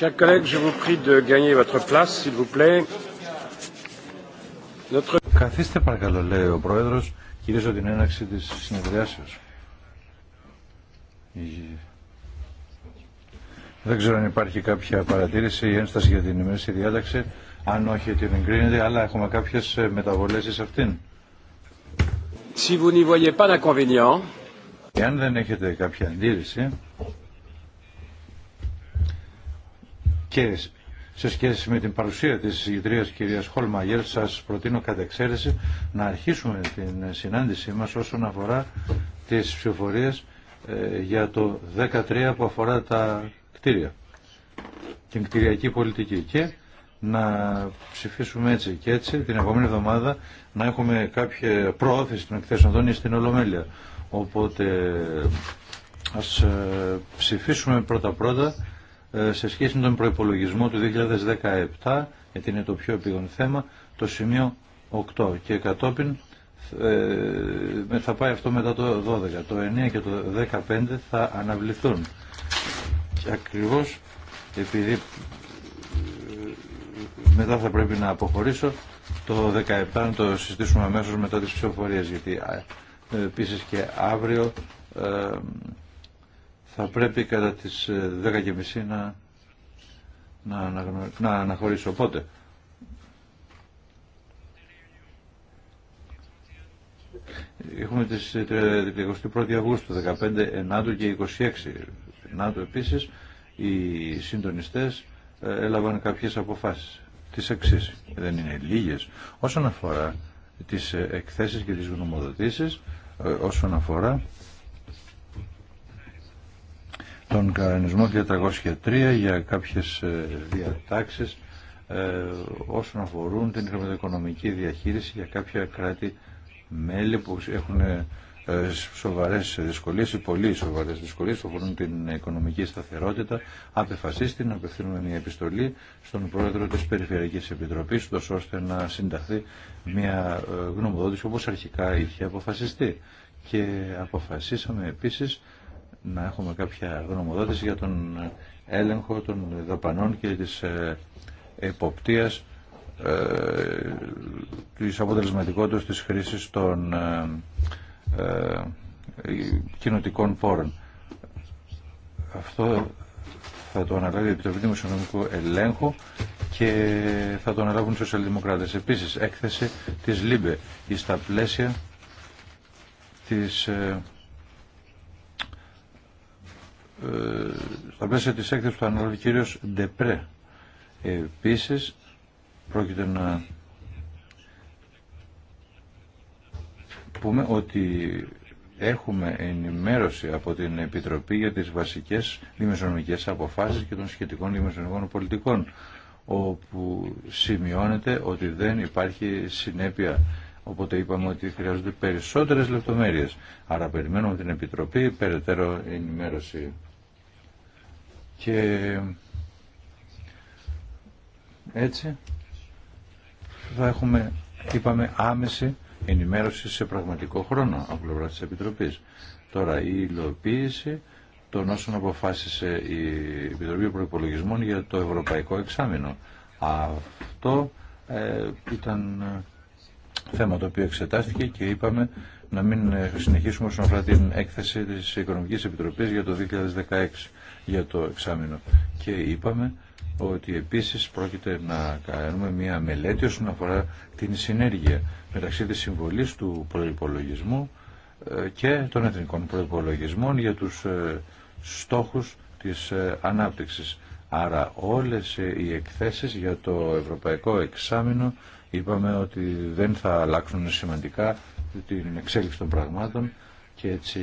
Chers Καθίστε παρακαλώ, λέει ο Πρόεδρος, κυρίζω την έναξη της συνεδριάσεως. Δεν ξέρω αν υπάρχει κάποια παρατήρηση ή ένσταση για την ημερήσια διάταξη. Αν όχι, την εγκρίνεται, αλλά έχουμε κάποιες ε, μεταβολές σε αυτήν. Si Εάν δεν έχετε κάποια αντίρρηση, Και σε σχέση με την παρουσία της συγκεκριτρίας κυρίας Χολμαγέρ σας προτείνω κατά εξαίρεση να αρχίσουμε την συνάντησή μας όσον αφορά τις ψηφοφορίες ε, για το 13 που αφορά τα κτίρια, την κτηριακή πολιτική και να ψηφίσουμε έτσι και έτσι την επόμενη εβδομάδα να έχουμε κάποια προώθηση των εκθέσεων ή στην Ολομέλεια. Οπότε ας ε, ψηφίσουμε πρώτα-πρώτα ε, σε σχέση με τον προϋπολογισμό του 2017, γιατί είναι το πιο επίγον θέμα, το σημείο 8 και κατόπιν ε, θα πάει αυτό μετά το 12. Το 9 και το 15 θα αναβληθούν. Και ακριβώς επειδή ε, μετά θα πρέπει να αποχωρήσω, το 17 να το συζητήσουμε αμέσως μετά τις ψηφοφορίες, γιατί επίσης και αύριο θα πρέπει κατά τις 10.30 ε, να, να, να, να αναχωρήσω. Οπότε, έχουμε τις 21 ε, Αυγούστου, 15 Ενάτου και 26 Ενάτου επίσης, οι συντονιστές ε, έλαβαν κάποιες αποφάσεις. Τις εξής, δεν είναι λίγες. Όσον αφορά τις εκθέσεις και τις γνωμοδοτήσεις, όσον αφορά τον κανονισμό 403 για κάποιες ε, διατάξεις ε, όσον αφορούν την χρηματοοικονομική διαχείριση για κάποια κράτη-μέλη που έχουν ε, σοβαρές δυσκολίες ή πολύ σοβαρές δυσκολίες που αφορούν την οικονομική σταθερότητα. Απεφασίστη να απευθύνουμε μια επιστολή στον πρόεδρο της Περιφερειακής Επιτροπής τόσο ώστε να συνταθεί μια γνωμοδότηση όπως αρχικά είχε αποφασιστεί. Και αποφασίσαμε επίσης να έχουμε κάποια γνωμοδότηση για τον έλεγχο των δαπανών και της υποπτίας ε, ε, της αποτελεσματικότητας της χρήσης των ε, κοινοτικών πόρων. Αυτό θα το αναλάβει η Επιτροπή Δημοσιονομικού Ελέγχου και θα το αναλάβουν οι σοσιαλδημοκράτες. Επίσης, έκθεση της ΛΥΜΠΕ στα πλαίσια της στα πλαίσια της έκθεσης που αναλάβει κύριος Ντεπρέ. Επίσης, πρόκειται να πούμε ότι έχουμε ενημέρωση από την Επιτροπή για τις βασικές δημοσιονομικές αποφάσεις και των σχετικών δημοσιονομικών πολιτικών όπου σημειώνεται ότι δεν υπάρχει συνέπεια οπότε είπαμε ότι χρειάζονται περισσότερες λεπτομέρειες άρα περιμένουμε την Επιτροπή περαιτέρω ενημέρωση και έτσι θα έχουμε, είπαμε, άμεση ενημέρωση σε πραγματικό χρόνο από πλευρά τη Επιτροπή. Τώρα η υλοποίηση των όσων αποφάσισε η Επιτροπή Προπολογισμών για το Ευρωπαϊκό Εξάμεινο. Αυτό ε, ήταν ε, θέμα το οποίο εξετάστηκε και είπαμε να μην ε, συνεχίσουμε όσον αφορά την έκθεση της Οικονομικής Επιτροπής για το 2016 για το εξάμεινο. Και είπαμε ότι επίσης πρόκειται να κάνουμε μια μελέτη όσον αφορά την συνέργεια μεταξύ της συμβολής του προϋπολογισμού ε, και των εθνικών προϋπολογισμών για τους ε, στόχους της ε, ανάπτυξης. Άρα όλες οι εκθέσεις για το ευρωπαϊκό εξάμεινο είπαμε ότι δεν θα αλλάξουν σημαντικά την εξέλιξη των πραγμάτων και έτσι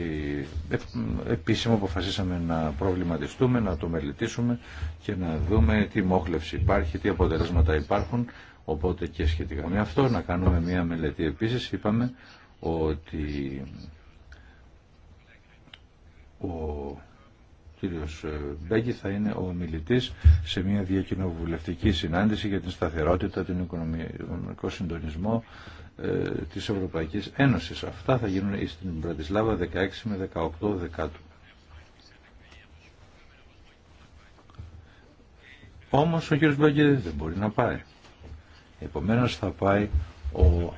επίσημα αποφασίσαμε να προβληματιστούμε, να το μελετήσουμε και να δούμε τι μόχλευση υπάρχει, τι αποτελέσματα υπάρχουν. Οπότε και σχετικά με αυτό να κάνουμε μια μελετή. Επίσης είπαμε ότι ο κύριος Μπέγκη θα είναι ο μιλητής σε μια διακοινοβουλευτική συνάντηση για την σταθερότητα, τον οικονομικό συντονισμό, ε, της Ευρωπαϊκής Ένωσης. Αυτά θα γίνουν στην Πρατισλάβα 16 με 18 Δεκάτου. Όμως ο κ. Μπλόγκη δεν μπορεί να πάει. Επομένως θα πάει ο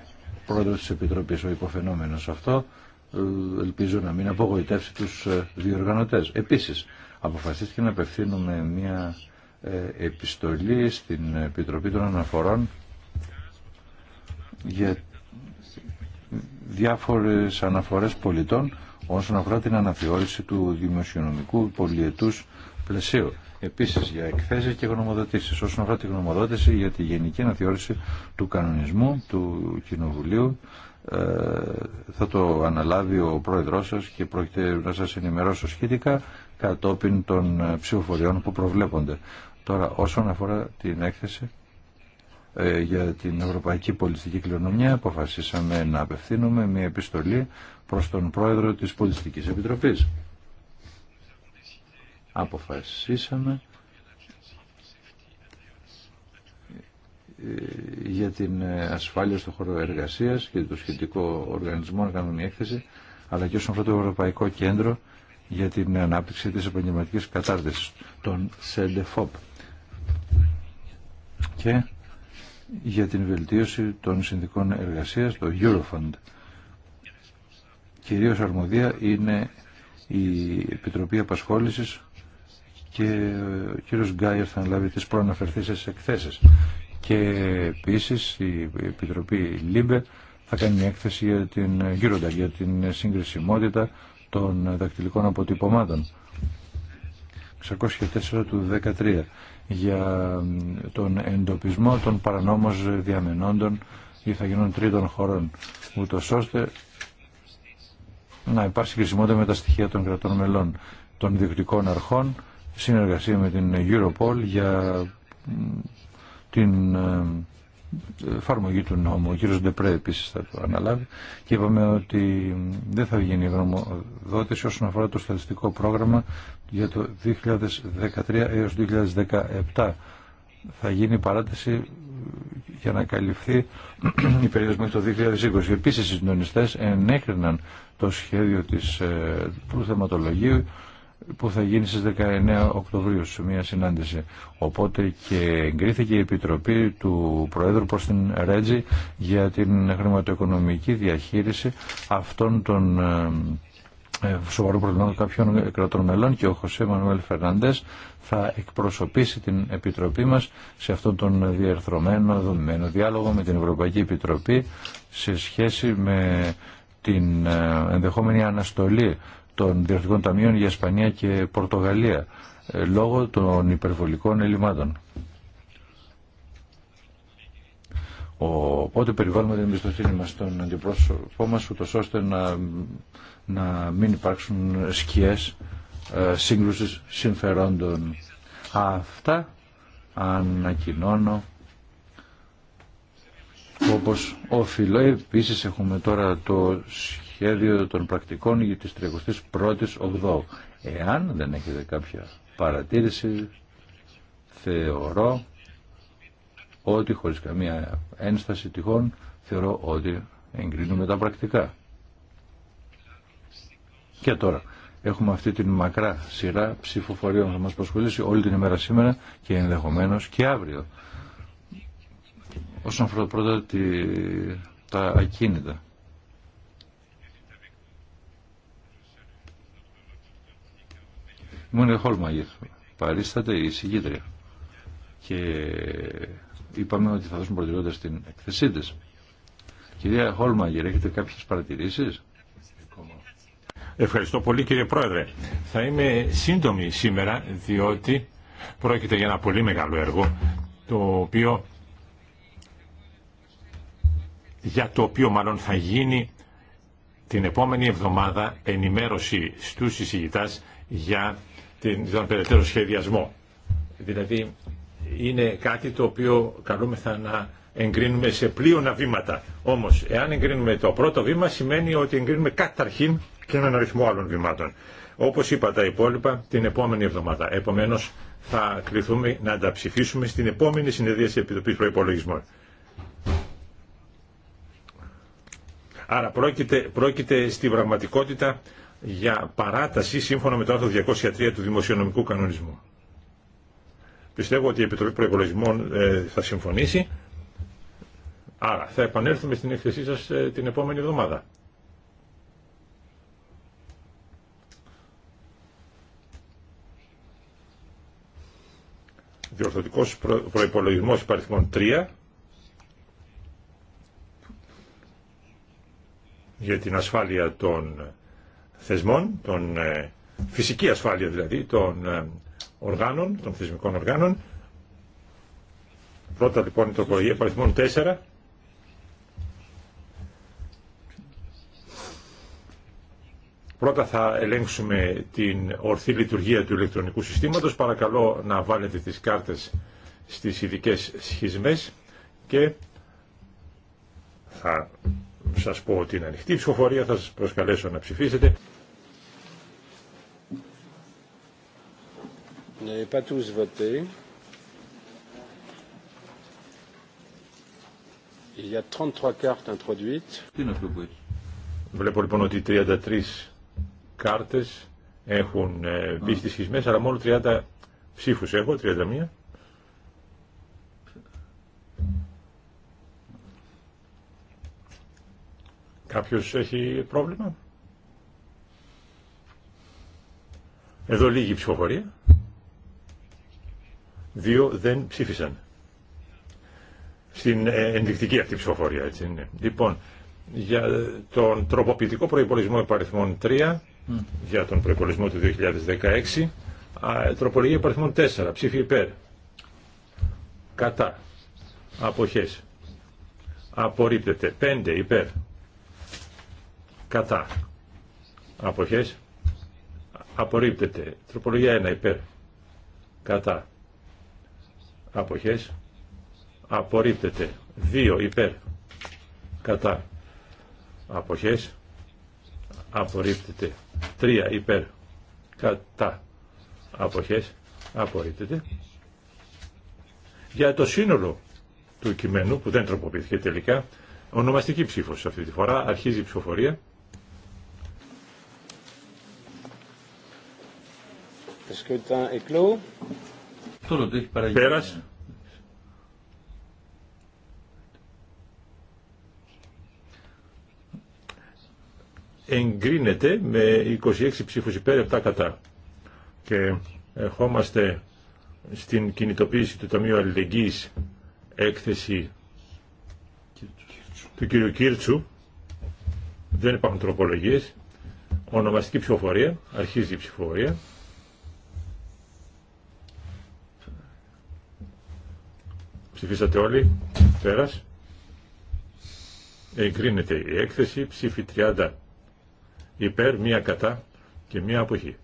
πρόεδρος της Επιτροπής, ο υποφαινόμενος αυτό, ελπίζω να μην απογοητεύσει τους ε, διοργανωτές. Επίσης, αποφασίστηκε να απευθύνουμε μια ε, επιστολή στην Επιτροπή των Αναφορών για διάφορες αναφορές πολιτών όσον αφορά την αναθεώρηση του δημοσιονομικού πολιετούς πλαισίου. Επίσης για εκθέσεις και γνωμοδοτήσεις. Όσον αφορά την γνωμοδότηση για τη γενική αναθεώρηση του κανονισμού του Κοινοβουλίου ε, θα το αναλάβει ο πρόεδρός σας και πρόκειται να σας ενημερώσω σχετικά κατόπιν των ψηφοφοριών που προβλέπονται. Τώρα όσον αφορά την έκθεση ε, για την Ευρωπαϊκή Πολιτιστική Κληρονομιά αποφασίσαμε να απευθύνουμε μια επιστολή προς τον Πρόεδρο της Πολιτιστικής Επιτροπής. Αποφασίσαμε ε, για την ε, ασφάλεια στο χώρο εργασίας και το σχετικό οργανισμό να κάνουμε μια έκθεση αλλά και όσον αφορά το Ευρωπαϊκό Κέντρο για την ανάπτυξη της επαγγελματικής κατάρτισης των ΣΕΝΤΕΦΟΠ. Και για την βελτίωση των συνδικών εργασίας, το Eurofund. Κυρίως αρμοδία είναι η Επιτροπή Απασχόλησης και ο κύριος Γκάιερ θα λάβει τις προαναφερθήσεις εκθέσεις. Και επίσης η Επιτροπή ΛΥΜΠΕ θα κάνει μια έκθεση για την για την συγκρισιμότητα των δακτυλικών αποτυπωμάτων. 604 του 13 για τον εντοπισμό των παρανόμως διαμενόντων ή θα γίνουν τρίτων χωρών ούτως ώστε να υπάρξει χρησιμότητα με τα στοιχεία των κρατών μελών των διοικητικών αρχών συνεργασία με την Europol για την ε, εφαρμογή του νόμου. Ο κύριος Ντεπρέ επίσης θα το αναλάβει και είπαμε ότι δεν θα γίνει γνωμοδότηση όσον αφορά το στατιστικό πρόγραμμα για το 2013 έως 2017. Θα γίνει παράταση για να καλυφθεί η περίοδος μέχρι το 2020. Επίσης οι συντονιστές ενέκριναν το σχέδιο της, ε, του θεματολογίου που θα γίνει στις 19 Οκτωβρίου σε μια συνάντηση. Οπότε και εγκρίθηκε η Επιτροπή του Προέδρου προς την Ρέτζη για την χρηματοοικονομική διαχείριση αυτών των ε, ε, σοβαρών προβλημάτων κάποιων κρατών μελών και ο Χωσέ Μανουέλ Φερναντές θα εκπροσωπήσει την Επιτροπή μας σε αυτόν τον διερθρωμένο δομημένο διάλογο με την Ευρωπαϊκή Επιτροπή σε σχέση με την ε, ενδεχόμενη αναστολή των διευθυντικών ταμείων για Ισπανία και Πορτογαλία ε, λόγω των υπερβολικών ελλημάτων. Οπότε περιβάλλουμε την εμπιστοσύνη μας στον αντιπρόσωπό μας ούτως ώστε να, να μην υπάρξουν σκιές σύγκρουση ε, σύγκρουσης συμφερόντων. Αυτά ανακοινώνω όπως οφειλώ. Επίσης έχουμε τώρα το σχέδιο σχέδιο των πρακτικών για τις 31ης 8, Εάν δεν έχετε κάποια παρατήρηση, θεωρώ ότι χωρίς καμία ένσταση τυχόν, θεωρώ ότι εγκρίνουμε τα πρακτικά. Και τώρα, έχουμε αυτή την μακρά σειρά ψηφοφορίων που θα μας προσχολήσει όλη την ημέρα σήμερα και ενδεχομένως και αύριο. Όσον αφορά πρώτα τη, τα ακίνητα. Η Χόλμαγερ παρίσταται η συγκίτρια και είπαμε ότι θα δώσουμε προτεραιότητα στην εκθεσή τη. Κυρία Χόλμαγερ, έχετε κάποιες παρατηρήσεις? Ευχαριστώ πολύ κύριε Πρόεδρε. Θα είμαι σύντομη σήμερα διότι πρόκειται για ένα πολύ μεγάλο έργο το οποίο για το οποίο μάλλον θα γίνει την επόμενη εβδομάδα ενημέρωση στους συζητητάς για την, τον περαιτέρω σχεδιασμό. Δηλαδή είναι κάτι το οποίο καλούμεθα να εγκρίνουμε σε πλείονα βήματα. Όμως, εάν εγκρίνουμε το πρώτο βήμα, σημαίνει ότι εγκρίνουμε καταρχήν και έναν αριθμό άλλων βημάτων. Όπως είπα τα υπόλοιπα, την επόμενη εβδομάδα. Επομένως, θα κληθούμε να τα στην επόμενη συνεδρίαση Επιτροπής Προϋπολογισμών. Άρα πρόκειται, πρόκειται στην πραγματικότητα για παράταση σύμφωνα με το άρθρο 203 του Δημοσιονομικού Κανονισμού. Πιστεύω ότι η Επιτροπή Προεκολογισμών ε, θα συμφωνήσει. Άρα θα επανέλθουμε στην έκθεσή σας ε, την επόμενη εβδομάδα. Διορθωτικός προϋπολογισμός υπαριθμών 3 για την ασφάλεια των θεσμών, των ε, φυσική ασφάλεια δηλαδή των ε, οργάνων, των θεσμικών οργάνων. Πρώτα λοιπόν η τροπολογία παριθμών 4. Πρώτα θα ελέγξουμε την ορθή λειτουργία του ηλεκτρονικού συστήματος. Παρακαλώ να βάλετε τις κάρτες στις ειδικέ σχισμές και θα σας πω ότι είναι ανοιχτή η ψηφοφορία, θα σας προσκαλέσω να ψηφίσετε. Il y Βλέπω λοιπόν ότι 33 κάρτες έχουν ε, μπει στις σχισμές, αλλά μόνο 30 ψήφους έχω, 31. Κάποιος έχει πρόβλημα. Εδώ λίγη ψηφοφορία. Δύο δεν ψήφισαν. Στην ε, ενδεικτική αυτή ψηφοφορία, έτσι είναι. Λοιπόν, για τον τροποποιητικό προϋπολογισμό υπαριθμών 3, για τον προϋπολογισμό του 2016, τροπολογία υπαριθμών 4, ψήφι υπέρ. Κατά. Αποχές. Απορρίπτεται. 5 υπέρ κατά αποχές απορρίπτεται τροπολογία 1 υπέρ κατά αποχές απορρίπτεται 2 υπέρ κατά αποχές απορρίπτεται 3 υπέρ κατά αποχές απορρίπτεται για το σύνολο του κειμένου που δεν τροποποιήθηκε τελικά ονομαστική ψήφος αυτή τη φορά αρχίζει η ψηφοφορία Le scrutin est clos. Εγκρίνεται με 26 ψήφους υπέρ 7 κατά. Και ερχόμαστε στην κινητοποίηση του Ταμείου Αλληλεγγύης έκθεση του κυρίου Κίρτσου. Δεν υπάρχουν τροπολογίες. Ονομαστική ψηφοφορία. Αρχίζει η ψηφοφορία. Ψηφίσατε όλοι. Πέρας. Εγκρίνεται η έκθεση. Ψήφι 30 υπέρ, μία κατά και μία αποχή.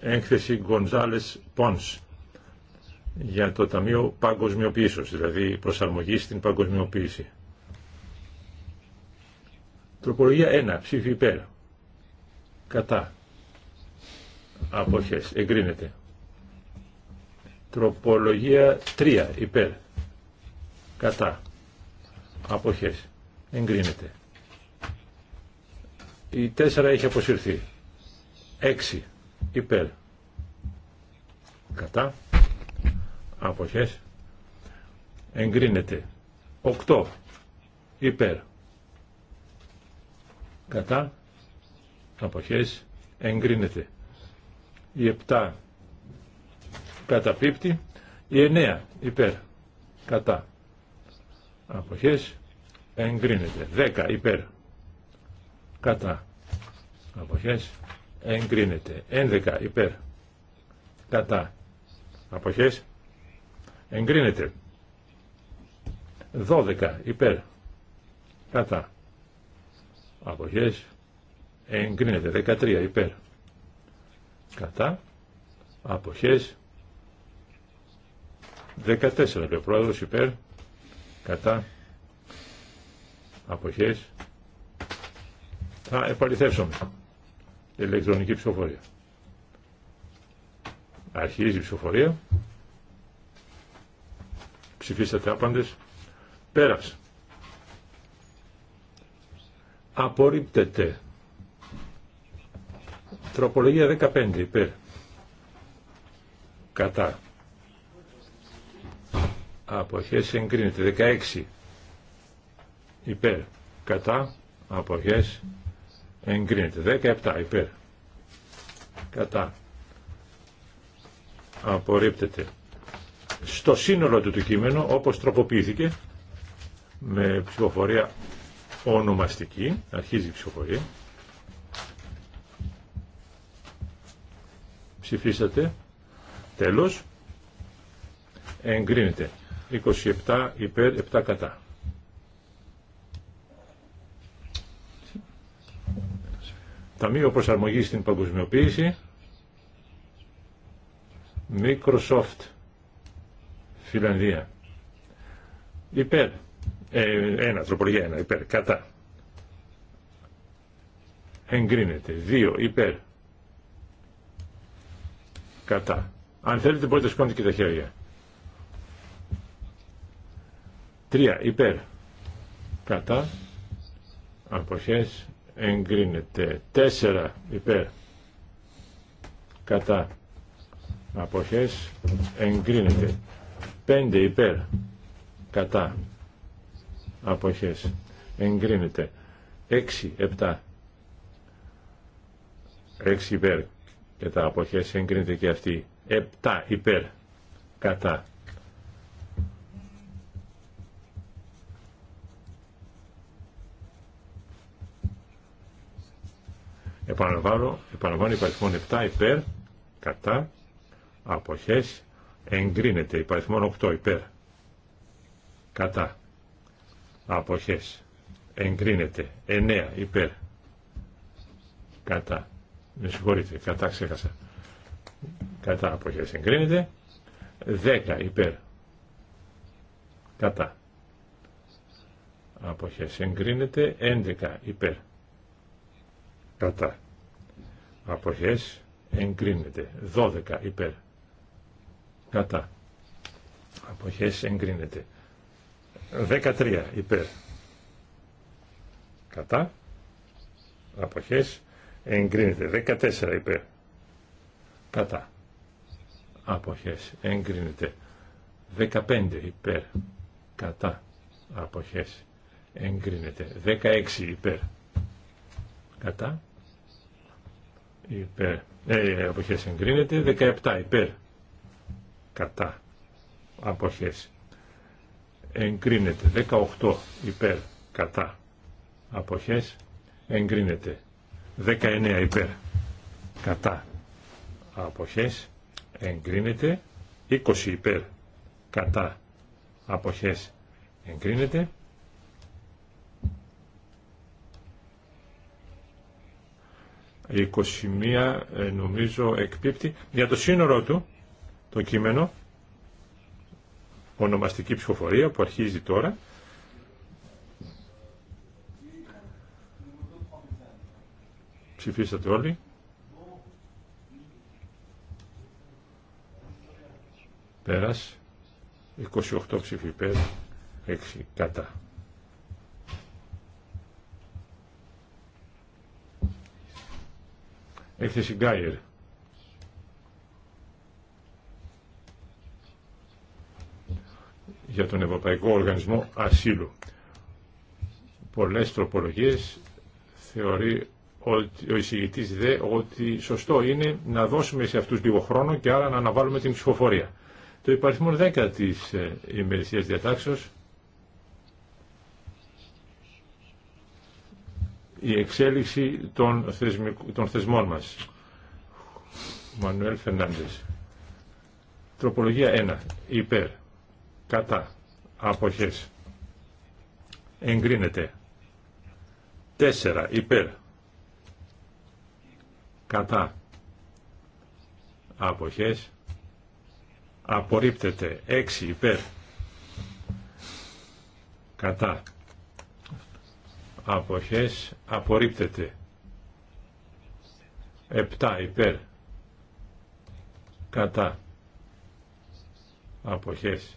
Έκθεση Γκονζάλες Πόνς για το Ταμείο Παγκοσμιοποίησης, δηλαδή προσαρμογή στην παγκοσμιοποίηση. Τροπολογία 1. Ψήφι υπέρ. Κατά αποχές εγκρίνεται τροπολογία 3 υπέρ κατά αποχές εγκρίνεται η 4 έχει αποσυρθεί 6 υπέρ κατά αποχές εγκρίνεται 8 υπέρ κατά αποχές εγκρίνεται η 7 καταπίπτει. Η 9 υπέρ. Κατά. Αποχές εγκρίνεται. 10 υπέρ. Κατά. Αποχές εγκρίνεται. 11 υπέρ. Κατά. Αποχές εγκρίνεται. 12 υπέρ. Κατά. Αποχές εγκρίνεται. 13 υπέρ κατά αποχές 14 λέει ο υπέρ κατά αποχές θα επαληθεύσουμε ηλεκτρονική ψηφοφορία αρχίζει η ψηφοφορία ψηφίσατε άπαντες πέρασε απορρίπτεται Τροπολογία 15 υπέρ. Κατά. Αποχές εγκρίνεται. 16 υπέρ. Κατά. Αποχές εγκρίνεται. 17 υπέρ. Κατά. Απορρίπτεται. Στο σύνολο του κείμενο όπως τροποποιήθηκε με ψηφοφορία ονομαστική. Αρχίζει η ψηφοφορία. Ψηφίσατε. Τέλος. Εγκρίνεται. 27 υπέρ 7 κατά. Ταμείο προσαρμογή στην Παγκοσμιοποίηση. Microsoft. Φιλανδία. Υπέρ. Ε, ένα, τροπολογία ένα, υπέρ, κατά. Εγκρίνεται. Δύο, υπέρ, Κατά. Αν θέλετε μπορείτε να σηκώνετε και τα χέρια. Τρία. Υπέρ. Κατά. Αποχές. Εγκρίνεται. Τέσσερα. Υπέρ. Κατά. Αποχές. Εγκρίνεται. Πέντε. Υπέρ. Κατά. Αποχές. Εγκρίνεται. Έξι. Επτά. Έξι υπέρ και τα αποχές εγκρίνεται και αυτή. 7 υπέρ. Κατά. Επαναλαμβάνω, επαναλαμβάνω υπαριθμόν 7 υπέρ, κατά, αποχές, εγκρίνεται υπαριθμόν 8 υπέρ, κατά, αποχές, εγκρίνεται 9 υπέρ, κατά, με συγχωρείτε, κατά ξέχασα. Κατά αποχές εγκρίνεται. 10 υπέρ. Κατά. Αποχές εγκρίνεται. 11 υπέρ. Κατά. Αποχές εγκρίνεται. 12 υπέρ. Κατά. Αποχές εγκρίνεται. 13 υπέρ. Κατά. Αποχές εγκρίνεται. 14 υπέρ. Κατά. Αποχές. Εγκρίνεται. 15 υπέρ. Κατά. Αποχές. Εγκρίνεται. 16 υπέρ. Κατά. Υπέρ. Ε, ε αποχές εγκρίνεται. 17 υπέρ. Κατά. Αποχές. Εγκρίνεται. 18 υπέρ. Κατά. Αποχές. Εγκρίνεται. 19 υπέρ κατά αποχές εγκρίνεται 20 υπέρ κατά αποχές εγκρίνεται 21 ε, νομίζω εκπίπτει για το σύνορο του το κείμενο ονομαστική ψηφοφορία που αρχίζει τώρα Ψηφίσατε όλοι. Πέρας. 28 ψηφίπες. 6 κατά. Έκθεση Γκάιερ. για τον Ευρωπαϊκό Οργανισμό Ασύλου. Πολλές τροπολογίες θεωρεί ο εισηγητής δε ότι σωστό είναι να δώσουμε σε αυτούς λίγο χρόνο και άρα να αναβάλουμε την ψηφοφορία. Το υπαριθμό 10 της ε, ημερησίας διατάξεως η εξέλιξη των, θεσμών μας. Μανουέλ Φερνάντες. Τροπολογία 1. Υπέρ. Κατά. Αποχές. Εγκρίνεται. 4. Υπέρ κατά αποχές απορρίπτεται 6 υπέρ κατά αποχές απορρίπτεται 7 υπέρ κατά αποχές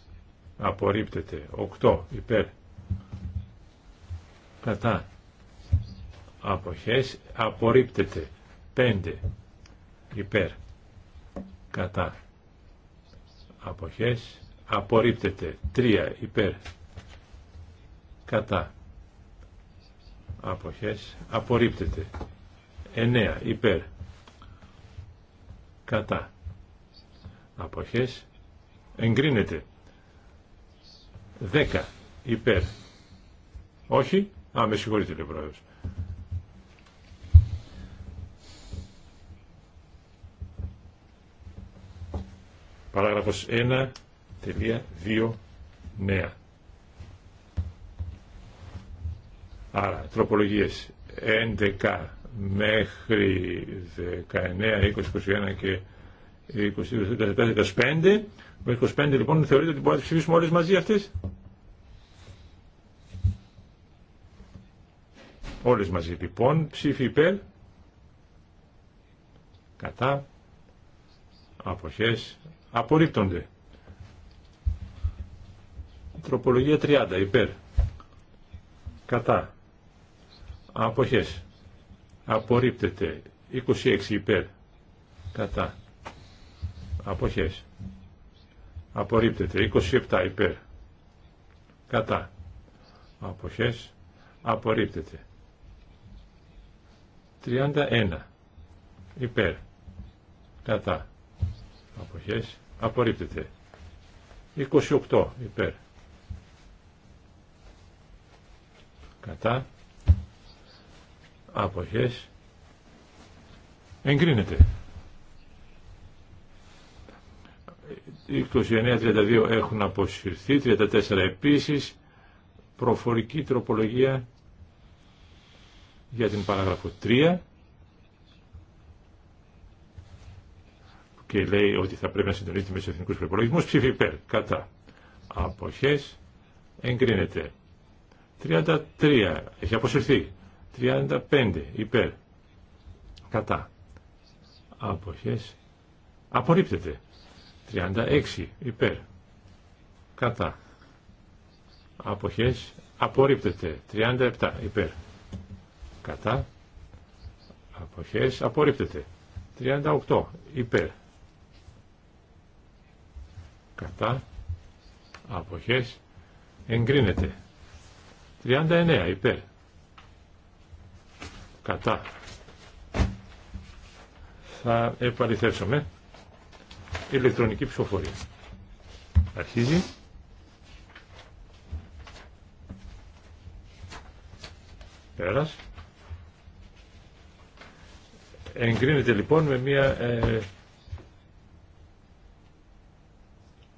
απορρίπτεται 8 υπέρ κατά αποχές απορρίπτεται 5 υπέρ κατά αποχές απορρίπτεται 3 υπέρ κατά αποχές απορρίπτεται 9 υπέρ κατά αποχές εγκρίνεται 10 υπέρ όχι α με συγχωρείτε λέει Παράγραφος 1.2 νέα. Άρα, τροπολογίες 11 μέχρι 19, 20, 21 και 20, 24, 25. Μέχρι 25 λοιπόν θεωρείτε ότι μπορούμε να ψηφίσουμε όλες μαζί αυτές. Όλες μαζί λοιπόν. Ψήφι υπέρ. Κατά. Αποχές. Απορρίπτονται. Τροπολογία 30. Υπέρ. Κατά. Αποχές. Απορρίπτεται. 26. Υπέρ. Κατά. Αποχές. Απορρίπτεται. 27. Υπέρ. Κατά. Αποχές. Απορρίπτεται. 31. Υπέρ. Κατά. Αποχές. Απορρίπτεται. 28 υπέρ. Κατά. Αποχές. Εγκρίνεται. 29-32 έχουν αποσυρθεί, 34 επίσης, προφορική τροπολογία για την παράγραφο 3 και λέει ότι θα πρέπει να συντονίζεται με του εθνικού προπολογισμού. Ψήφι υπέρ. Κατά. Αποχέ. Εγκρίνεται. 33. Έχει αποσυρθεί. 35. Υπέρ. Κατά. Αποχέ. Απορρίπτεται. 36. Υπέρ. Κατά. Αποχέ. Απορρίπτεται. 37. Υπέρ. Κατά. Αποχές απορρίπτεται. 38. Υπέρ κατά αποχές εγκρίνεται 39 υπέρ κατά θα επαληθεύσουμε ηλεκτρονική ψηφοφορία αρχίζει πέρας εγκρίνεται λοιπόν με μια ε,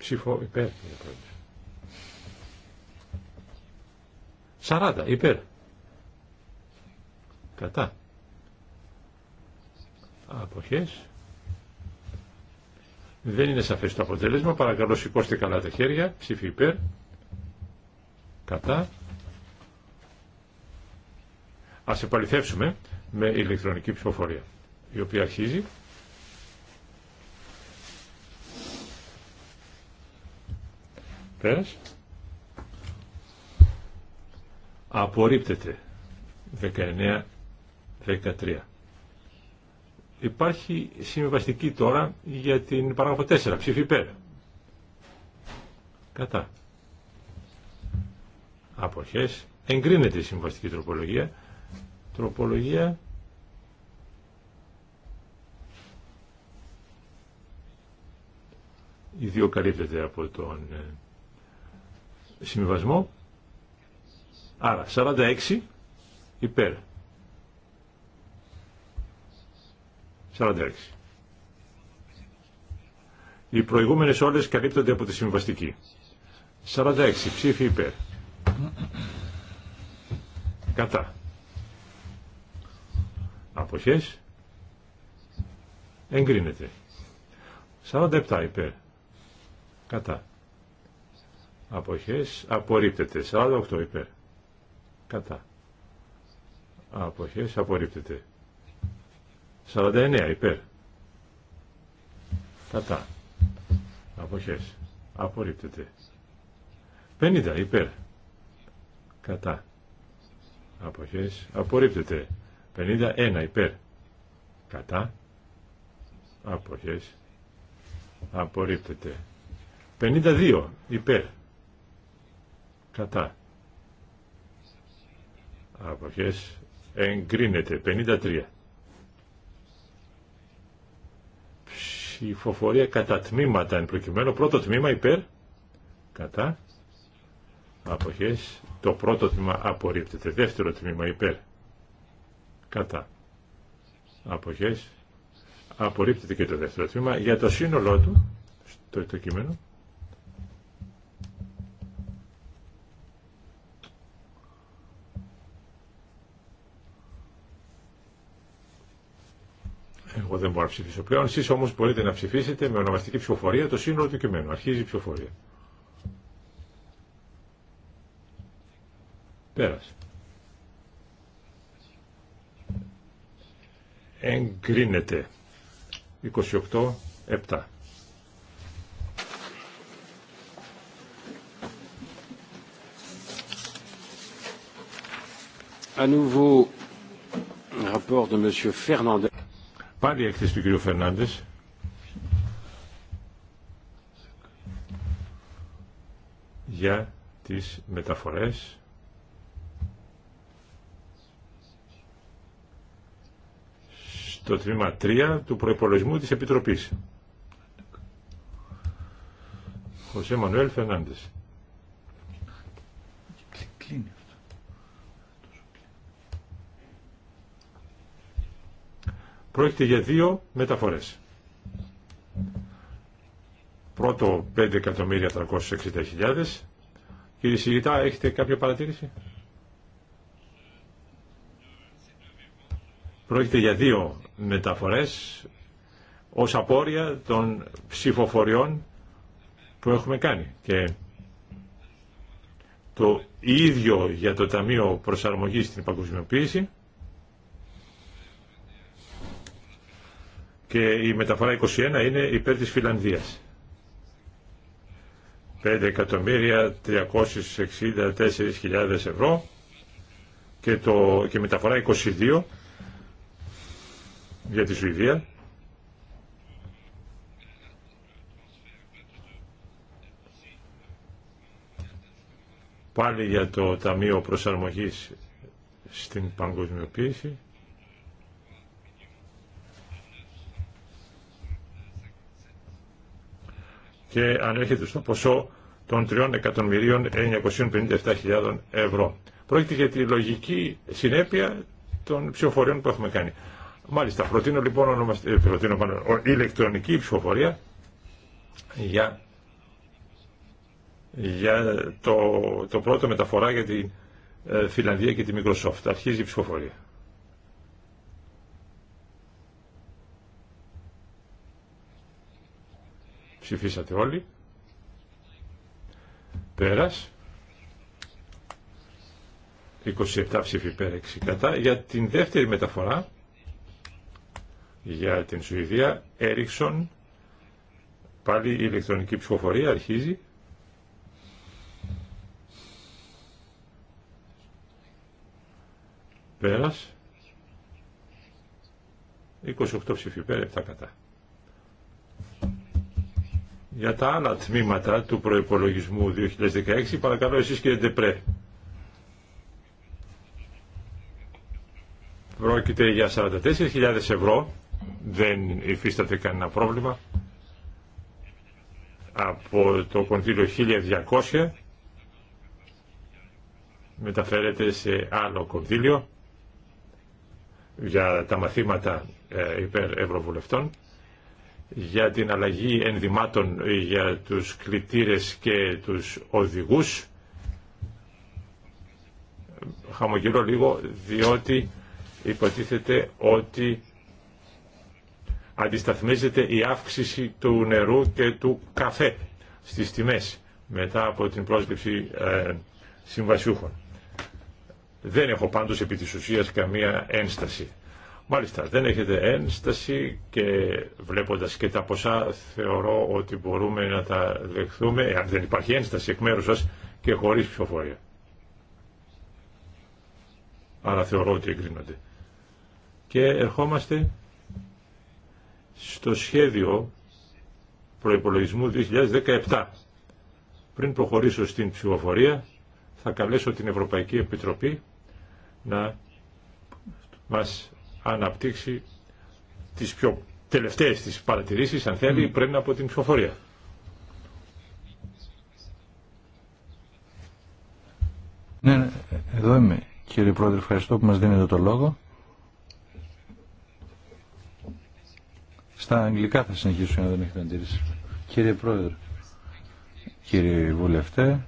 ψήφο υπέρ. Σαράντα. υπέρ. Κατά. Αποχές. Δεν είναι σαφές το αποτέλεσμα. Παρακαλώ σηκώστε καλά τα χέρια. Ψήφι υπέρ. Κατά. Ας επαληθεύσουμε με ηλεκτρονική ψηφοφορία, η οποία αρχίζει. Πέρας. Απορρίπτεται. 19-13. Υπάρχει συμβαστική τώρα για την παράγραφο 4. Ψήφι πέρα. Κατά. Αποχές. Εγκρίνεται η συμβαστική τροπολογία. Τροπολογία ιδιοκαλύπτεται από τον ε, συμβιβασμό. Άρα 46 υπέρ. 46. Οι προηγούμενες όλες καλύπτονται από τη συμβαστική. 46 ψήφι υπέρ. Κατά. Αποχές. Εγκρίνεται. 47 υπέρ. Κατά. Αποχές απορρίπτεται. 48 υπέρ. Κατά. Αποχές απορρίπτεται. 49 υπέρ. Κατά. Αποχές. Απορρίπτεται. 50 υπέρ. Κατά. Αποχές. Απορρίπτεται. 51 υπέρ. Κατά. Αποχές. Απορρίπτεται. 52 υπέρ κατά αποχές εγκρίνεται 53 ψηφοφορία κατά τμήματα εν προκειμένου πρώτο τμήμα υπέρ κατά αποχές το πρώτο τμήμα απορρίπτεται δεύτερο τμήμα υπέρ κατά αποχές απορρίπτεται και το δεύτερο τμήμα για το σύνολό του στο το κείμενο δεν μπορώ να ψηφίσω πλέον. Εσεί όμω μπορείτε να ψηφίσετε με ονομαστική ψηφοφορία το σύνολο του κειμένου. Αρχίζει η ψηφοφορία. Πέρασε. Εγκρίνεται. 28-7. À nouveau, rapport de M. Πάλι η έκθεση του κύριου Φερνάντε. για τις μεταφορές στο τμήμα 3 του προϋπολογισμού της Επιτροπής. Χωσέ Μανουέλ Φερνάντες. Κλείνει. Πρόκειται για δύο μεταφορές. Πρώτο 5.360.000. Κύριε Σιγητά, έχετε κάποια παρατήρηση. Πρόκειται για δύο μεταφορές ως απόρρια των ψηφοφοριών που έχουμε κάνει. Και το ίδιο για το Ταμείο Προσαρμογής στην Παγκοσμιοποίηση και η μεταφορά 21 είναι υπέρ της Φιλανδίας. 5.364.000 ευρώ και, το, και μεταφορά 22 για τη Σουηδία. Πάλι για το Ταμείο Προσαρμογής στην Παγκοσμιοποίηση. και ανέρχεται στο ποσό των 3.957.000 ευρώ. Πρόκειται για τη λογική συνέπεια των ψηφοφοριών που έχουμε κάνει. Μάλιστα, προτείνω λοιπόν ονομαστε, ε, προτείνω, ηλεκτρονική ψηφοφορία για, για το, το πρώτο μεταφορά για τη ε, Φιλανδία και τη Microsoft. Αρχίζει η ψηφοφορία. Ψηφίσατε όλοι. Πέρας. 27 ψηφί πέρα 6 κατά. Για την δεύτερη μεταφορά για την Σουηδία, Έριξον, πάλι η ηλεκτρονική ψηφοφορία αρχίζει. Πέρας. 28 ψηφί πέρα, 7 κατά. Για τα άλλα τμήματα του προϋπολογισμού 2016, παρακαλώ εσείς κύριε Ντεπρέ. Πρόκειται για 44.000 ευρώ, δεν υφίσταται κανένα πρόβλημα, από το κονδύλιο 1200 μεταφέρεται σε άλλο κονδύλιο για τα μαθήματα ε, υπέρ ευρωβουλευτών για την αλλαγή ενδυμάτων για τους κλητήρες και τους οδηγούς. Χαμογελώ λίγο διότι υποτίθεται ότι αντισταθμίζεται η αύξηση του νερού και του καφέ στις τιμές μετά από την πρόσκληση ε, συμβασιούχων. Δεν έχω πάντως επί της ουσίας καμία ένσταση. Μάλιστα, δεν έχετε ένσταση και βλέποντας και τα ποσά θεωρώ ότι μπορούμε να τα δεχθούμε, αν δεν υπάρχει ένσταση εκ μέρους σας και χωρίς ψηφοφορία. Άρα θεωρώ ότι εγκρίνονται. Και ερχόμαστε στο σχέδιο προϋπολογισμού 2017. Πριν προχωρήσω στην ψηφοφορία, θα καλέσω την Ευρωπαϊκή Επιτροπή να μας αναπτύξει τις πιο τελευταίες τις παρατηρήσεις, αν θέλει, πριν από την ψηφοφορία. Ναι, ναι, εδώ είμαι. Κύριε Πρόεδρε, ευχαριστώ που μας δίνετε το λόγο. Στα αγγλικά θα συνεχίσω, αν δεν έχετε αντίρρηση. Κύριε Πρόεδρε, κύριε Βουλευτέ,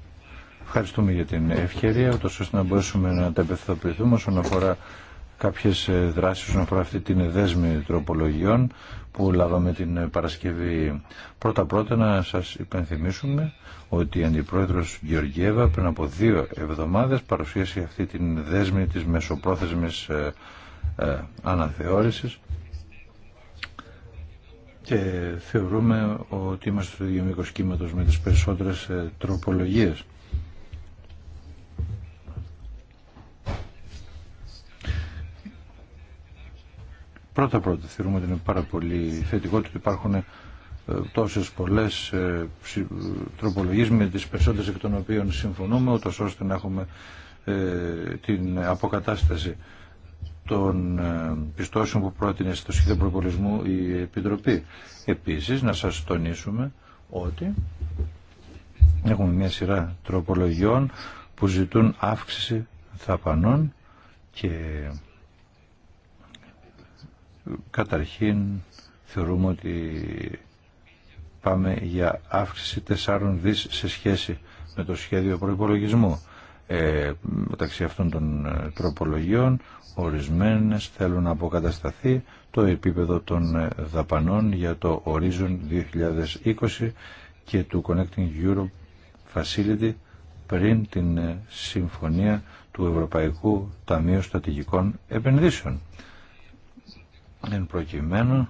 ευχαριστούμε για την ευκαιρία, ώστε να μπορέσουμε να τα επευθοποιηθούμε όσον αφορά κάποιες ε, δράσεις όσον αφορά αυτή την δέσμη τροπολογιών που λάβαμε την ε, Παρασκευή. Πρώτα-πρώτα να σας υπενθυμίσουμε ότι η Αντιπρόεδρος Γεωργιέβα πριν από δύο εβδομάδες παρουσίασε αυτή την δέσμη της μεσοπρόθεσμης ε, αναθεώρησης και θεωρούμε ότι είμαστε στο ίδιο μήκος κύματος με τις περισσότερες τροπολογίες. Πρώτα πρώτα θεωρούμε ότι είναι πάρα πολύ θετικό ότι υπάρχουν ε, τόσες πολλές ε, τροπολογίες με τις περισσότερες εκ των οποίων συμφωνούμε ούτως ώστε να έχουμε ε, την αποκατάσταση των πιστώσεων που πρότεινε στο σχέδιο προπολισμού η Επιτροπή. Επίσης, να σας τονίσουμε ότι έχουμε μια σειρά τροπολογιών που ζητούν αύξηση θαπανών και Καταρχήν θεωρούμε ότι πάμε για αύξηση 4 δις σε σχέση με το σχέδιο προϋπολογισμού. Ε, μεταξύ αυτών των ε, τροπολογιών ορισμένες θέλουν να αποκατασταθεί το επίπεδο των ε, δαπανών για το Horizon 2020 και του Connecting Europe Facility πριν την ε, συμφωνία του Ευρωπαϊκού Ταμείου Στατηγικών Επενδύσεων. Εν προκειμένου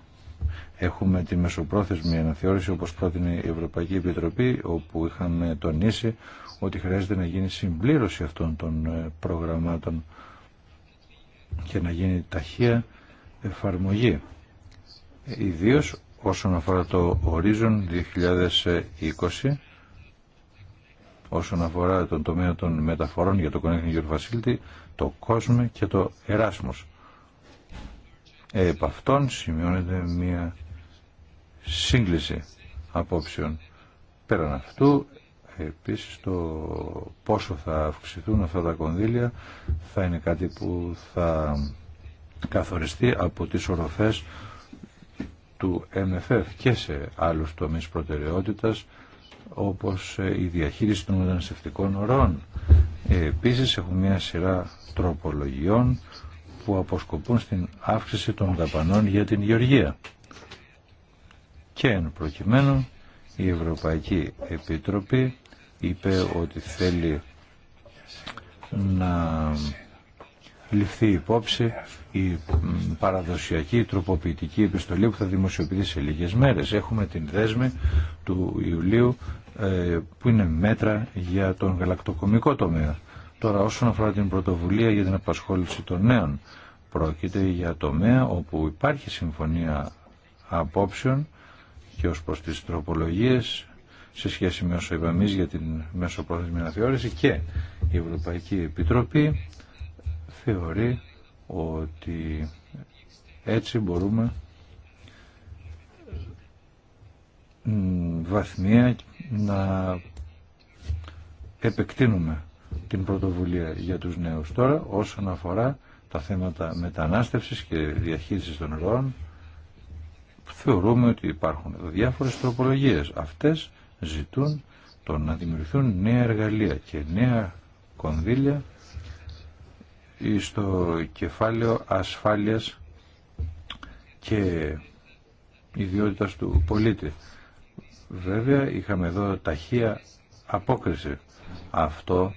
έχουμε τη μεσοπρόθεσμη αναθεώρηση όπως πρότεινε η Ευρωπαϊκή Επιτροπή όπου είχαμε τονίσει ότι χρειάζεται να γίνει συμπλήρωση αυτών των ε, προγραμμάτων και να γίνει ταχεία εφαρμογή. Ιδίως όσον αφορά το Horizon 2020 όσον αφορά τον τομέα των μεταφορών για το Connecting Your Facility, το COSME και το Erasmus. Επ' αυτόν σημειώνεται μία σύγκληση απόψεων. Πέραν αυτού, επίσης το πόσο θα αυξηθούν αυτά τα κονδύλια θα είναι κάτι που θα καθοριστεί από τις οροφές του MFF και σε άλλους τομείς προτεραιότητας όπως η διαχείριση των μεταναστευτικών ορών. Επίσης έχουμε μια σειρά τροπολογιών που αποσκοπούν στην αύξηση των δαπανών για την γεωργία. Και εν προκειμένου η Ευρωπαϊκή Επιτροπή είπε ότι θέλει να ληφθεί υπόψη η παραδοσιακή τροποποιητική επιστολή που θα δημοσιοποιηθεί σε λίγες μέρες. Έχουμε την δέσμη του Ιουλίου ε, που είναι μέτρα για τον γαλακτοκομικό τομέα. Τώρα όσον αφορά την πρωτοβουλία για την απασχόληση των νέων, Πρόκειται για τομέα όπου υπάρχει συμφωνία απόψεων και ως προς τις τροπολογίες σε σχέση με όσο είπαμε για την μεσοπρόθεσμη αναθεώρηση και η Ευρωπαϊκή Επιτροπή θεωρεί ότι έτσι μπορούμε βαθμία να επεκτείνουμε την πρωτοβουλία για τους νέους τώρα όσον αφορά τα θέματα μετανάστευσης και διαχείρισης των ροών θεωρούμε ότι υπάρχουν διάφορες τροπολογίες. Αυτές ζητούν το να δημιουργηθούν νέα εργαλεία και νέα κονδύλια στο κεφάλαιο ασφάλειας και ιδιότητας του πολίτη. Βέβαια είχαμε εδώ ταχεία απόκριση. Αυτό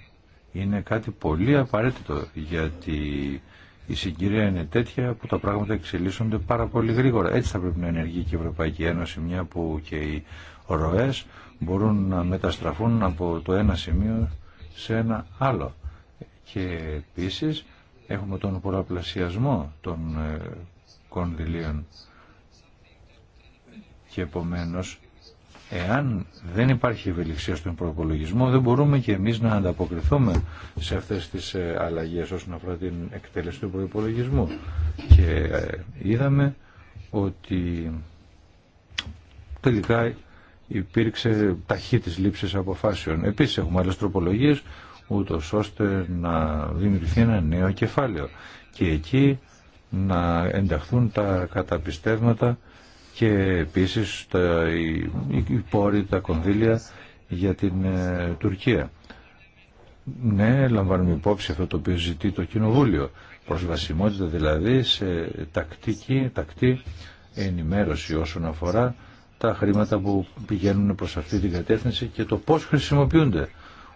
είναι κάτι πολύ απαραίτητο γιατί η συγκυρία είναι τέτοια που τα πράγματα εξελίσσονται πάρα πολύ γρήγορα. Έτσι θα πρέπει να ενεργεί και η Ευρωπαϊκή Ένωση, μια που και οι ροέ μπορούν να μεταστραφούν από το ένα σημείο σε ένα άλλο. Και επίση έχουμε τον πολλαπλασιασμό των ε, κονδυλίων και επομένως Εάν δεν υπάρχει ευελιξία στον προπολογισμό, δεν μπορούμε και εμείς να ανταποκριθούμε σε αυτές τις ε, αλλαγές όσον αφορά την εκτέλεση του προπολογισμού. Και ε, είδαμε ότι τελικά υπήρξε ταχύ της λήψης αποφάσεων. Επίσης έχουμε άλλες τροπολογίες, ούτως ώστε να δημιουργηθεί ένα νέο κεφάλαιο. Και εκεί να ενταχθούν τα καταπιστεύματα και επίσης τα, οι, πόροι, τα κονδύλια για την ε, Τουρκία. Ναι, λαμβάνουμε υπόψη αυτό το οποίο ζητεί το Κοινοβούλιο. Προσβασιμότητα δηλαδή σε τακτική, τακτή ενημέρωση όσον αφορά τα χρήματα που πηγαίνουν προς αυτή την κατεύθυνση και το πώς χρησιμοποιούνται.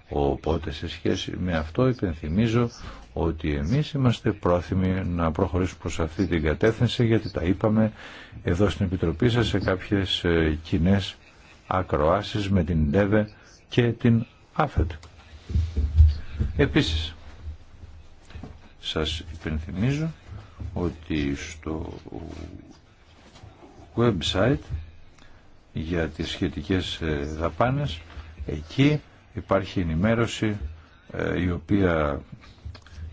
Οπότε σε σχέση με αυτό υπενθυμίζω ότι εμείς είμαστε πρόθυμοι να προχωρήσουμε προς αυτή την κατεύθυνση γιατί τα είπαμε εδώ στην Επιτροπή σας σε κάποιες ε, κοινέ ακροάσεις με την ΔΕΒΕ και την ΑΦΕΤ. Επίσης, σας υπενθυμίζω ότι στο website για τις σχετικές ε, δαπάνες εκεί υπάρχει ενημέρωση ε, η οποία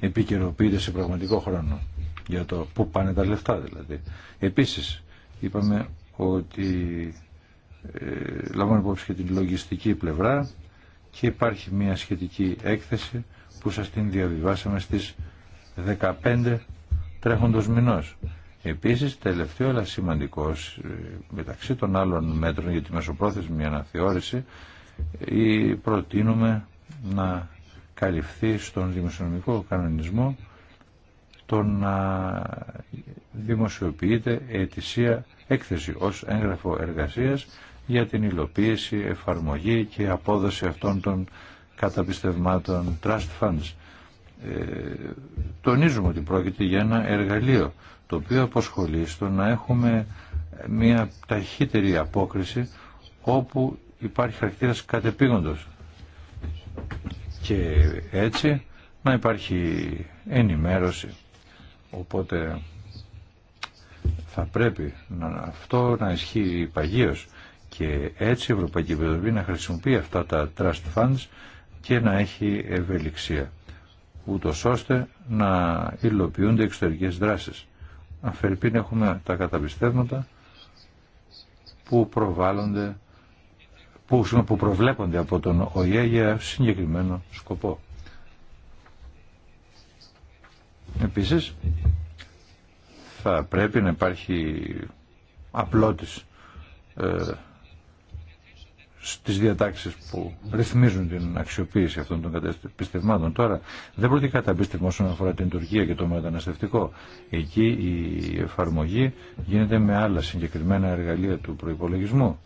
επικαιροποιείται σε πραγματικό χρόνο για το πού πάνε τα λεφτά δηλαδή. Επίσης είπαμε ότι ε, υπόψη και την λογιστική πλευρά και υπάρχει μια σχετική έκθεση που σας την διαβιβάσαμε στις 15 τρέχοντος μηνός. Επίσης τελευταίο αλλά σημαντικό ε, μεταξύ των άλλων μέτρων για τη μεσοπρόθεσμη αναθεώρηση ή προτείνουμε να καλυφθεί στον δημοσιονομικό κανονισμό το να δημοσιοποιείται αιτησία έκθεση ως έγγραφο εργασίας για την υλοποίηση, εφαρμογή και απόδοση αυτών των καταπιστευμάτων trust funds. Ε, τονίζουμε ότι πρόκειται για ένα εργαλείο το οποίο αποσχολεί στο να έχουμε μια ταχύτερη απόκριση όπου υπάρχει χαρακτήρας κατεπίγοντος και έτσι να υπάρχει ενημέρωση. Οπότε θα πρέπει να, αυτό να ισχύει παγίως και έτσι η Ευρωπαϊκή Επιτροπή να χρησιμοποιεί αυτά τα trust funds και να έχει ευελιξία ούτω ώστε να υλοποιούνται εξωτερικές δράσεις. Αφερπίν έχουμε τα καταπιστεύματα που προβάλλονται που, που προβλέπονται από τον ΟΗΕ για συγκεκριμένο σκοπό. Επίσης, θα πρέπει να υπάρχει απλότης ε, στις διατάξεις που ρυθμίζουν την αξιοποίηση αυτών των πιστευμάτων Τώρα, δεν πρόκειται πίστευμα όσον αφορά την Τουρκία και το μεταναστευτικό. Εκεί η εφαρμογή γίνεται με άλλα συγκεκριμένα εργαλεία του προϋπολογισμού.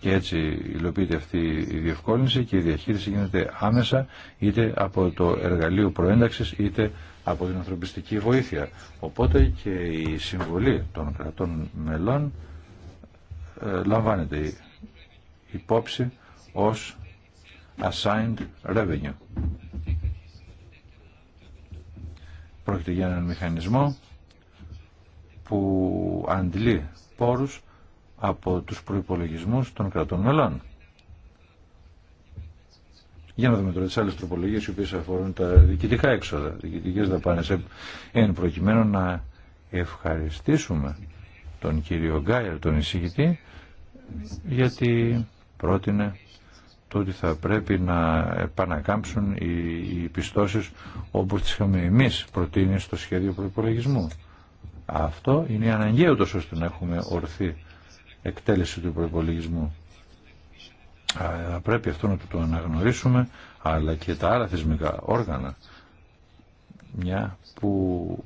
και έτσι υλοποιείται αυτή η διευκόλυνση και η διαχείριση γίνεται άμεσα είτε από το εργαλείο προένταξης είτε από την ανθρωπιστική βοήθεια. Οπότε και η συμβολή των κρατών μελών ε, λαμβάνεται υπόψη ως assigned revenue. Πρόκειται για έναν μηχανισμό που αντλεί πόρους από τους προϋπολογισμούς των κρατών μελών. Για να δούμε τώρα τις άλλες τροπολογίες οι οποίες αφορούν τα διοικητικά έξοδα, διοικητικές δαπάνες. Ε, εν προκειμένου να ευχαριστήσουμε τον κύριο Γκάιερ, τον εισηγητή, γιατί πρότεινε το ότι θα πρέπει να επανακάμψουν οι πιστώσεις όπως τις είχαμε εμείς προτείνει στο σχέδιο προϋπολογισμού. Αυτό είναι αναγκαίο τόσο ώστε να έχουμε ορθή εκτέλεση του προπολογισμού. Ε, πρέπει αυτό να το αναγνωρίσουμε, αλλά και τα άλλα θεσμικά όργανα, μια που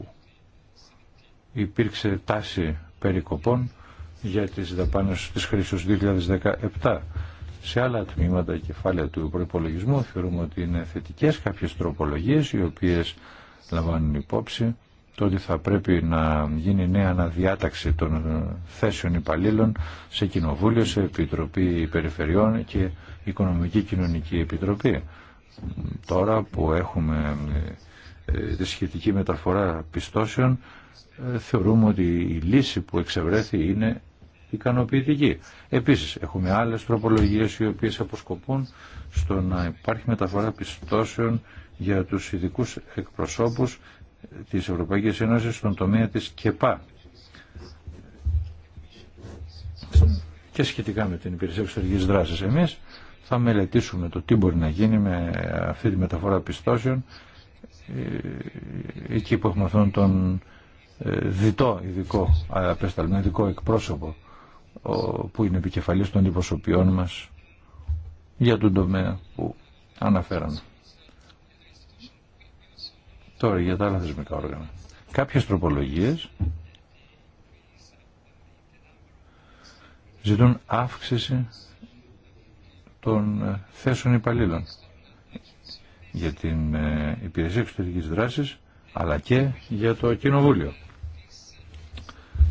υπήρξε τάση περικοπών για τις δαπάνες της χρήσης 2017. Σε άλλα τμήματα κεφάλαια του προπολογισμού θεωρούμε ότι είναι θετικές κάποιες τροπολογίες οι οποίες λαμβάνουν υπόψη ότι θα πρέπει να γίνει νέα αναδιάταξη των θέσεων υπαλλήλων σε κοινοβούλιο, σε επιτροπή περιφερειών και οικονομική κοινωνική επιτροπή. Τώρα που έχουμε ε, τη σχετική μεταφορά πιστώσεων, ε, θεωρούμε ότι η λύση που εξευρέθη είναι ικανοποιητική. Επίσης, έχουμε άλλες τροπολογίες οι οποίες αποσκοπούν στο να υπάρχει μεταφορά πιστώσεων για τους ειδικού εκπροσώπους της Ευρωπαϊκής Ένωσης στον τομέα της ΚΕΠΑ και σχετικά με την υπηρεσία εξωτερικής δράσης. Εμείς θα μελετήσουμε το τι μπορεί να γίνει με αυτή τη μεταφορά πιστώσεων ε, εκεί που έχουμε αυτόν τον ε, διτό ειδικό απέσταλμα, ειδικό εκπρόσωπο που είναι επικεφαλής των αντιπροσωπιών μας για τον τομέα που αναφέραμε. Τώρα για τα άλλα θεσμικά όργανα. Κάποιες τροπολογίες ζητούν αύξηση των ε, θέσεων υπαλλήλων για την ε, υπηρεσία εξωτερικής δράσης αλλά και για το κοινοβούλιο.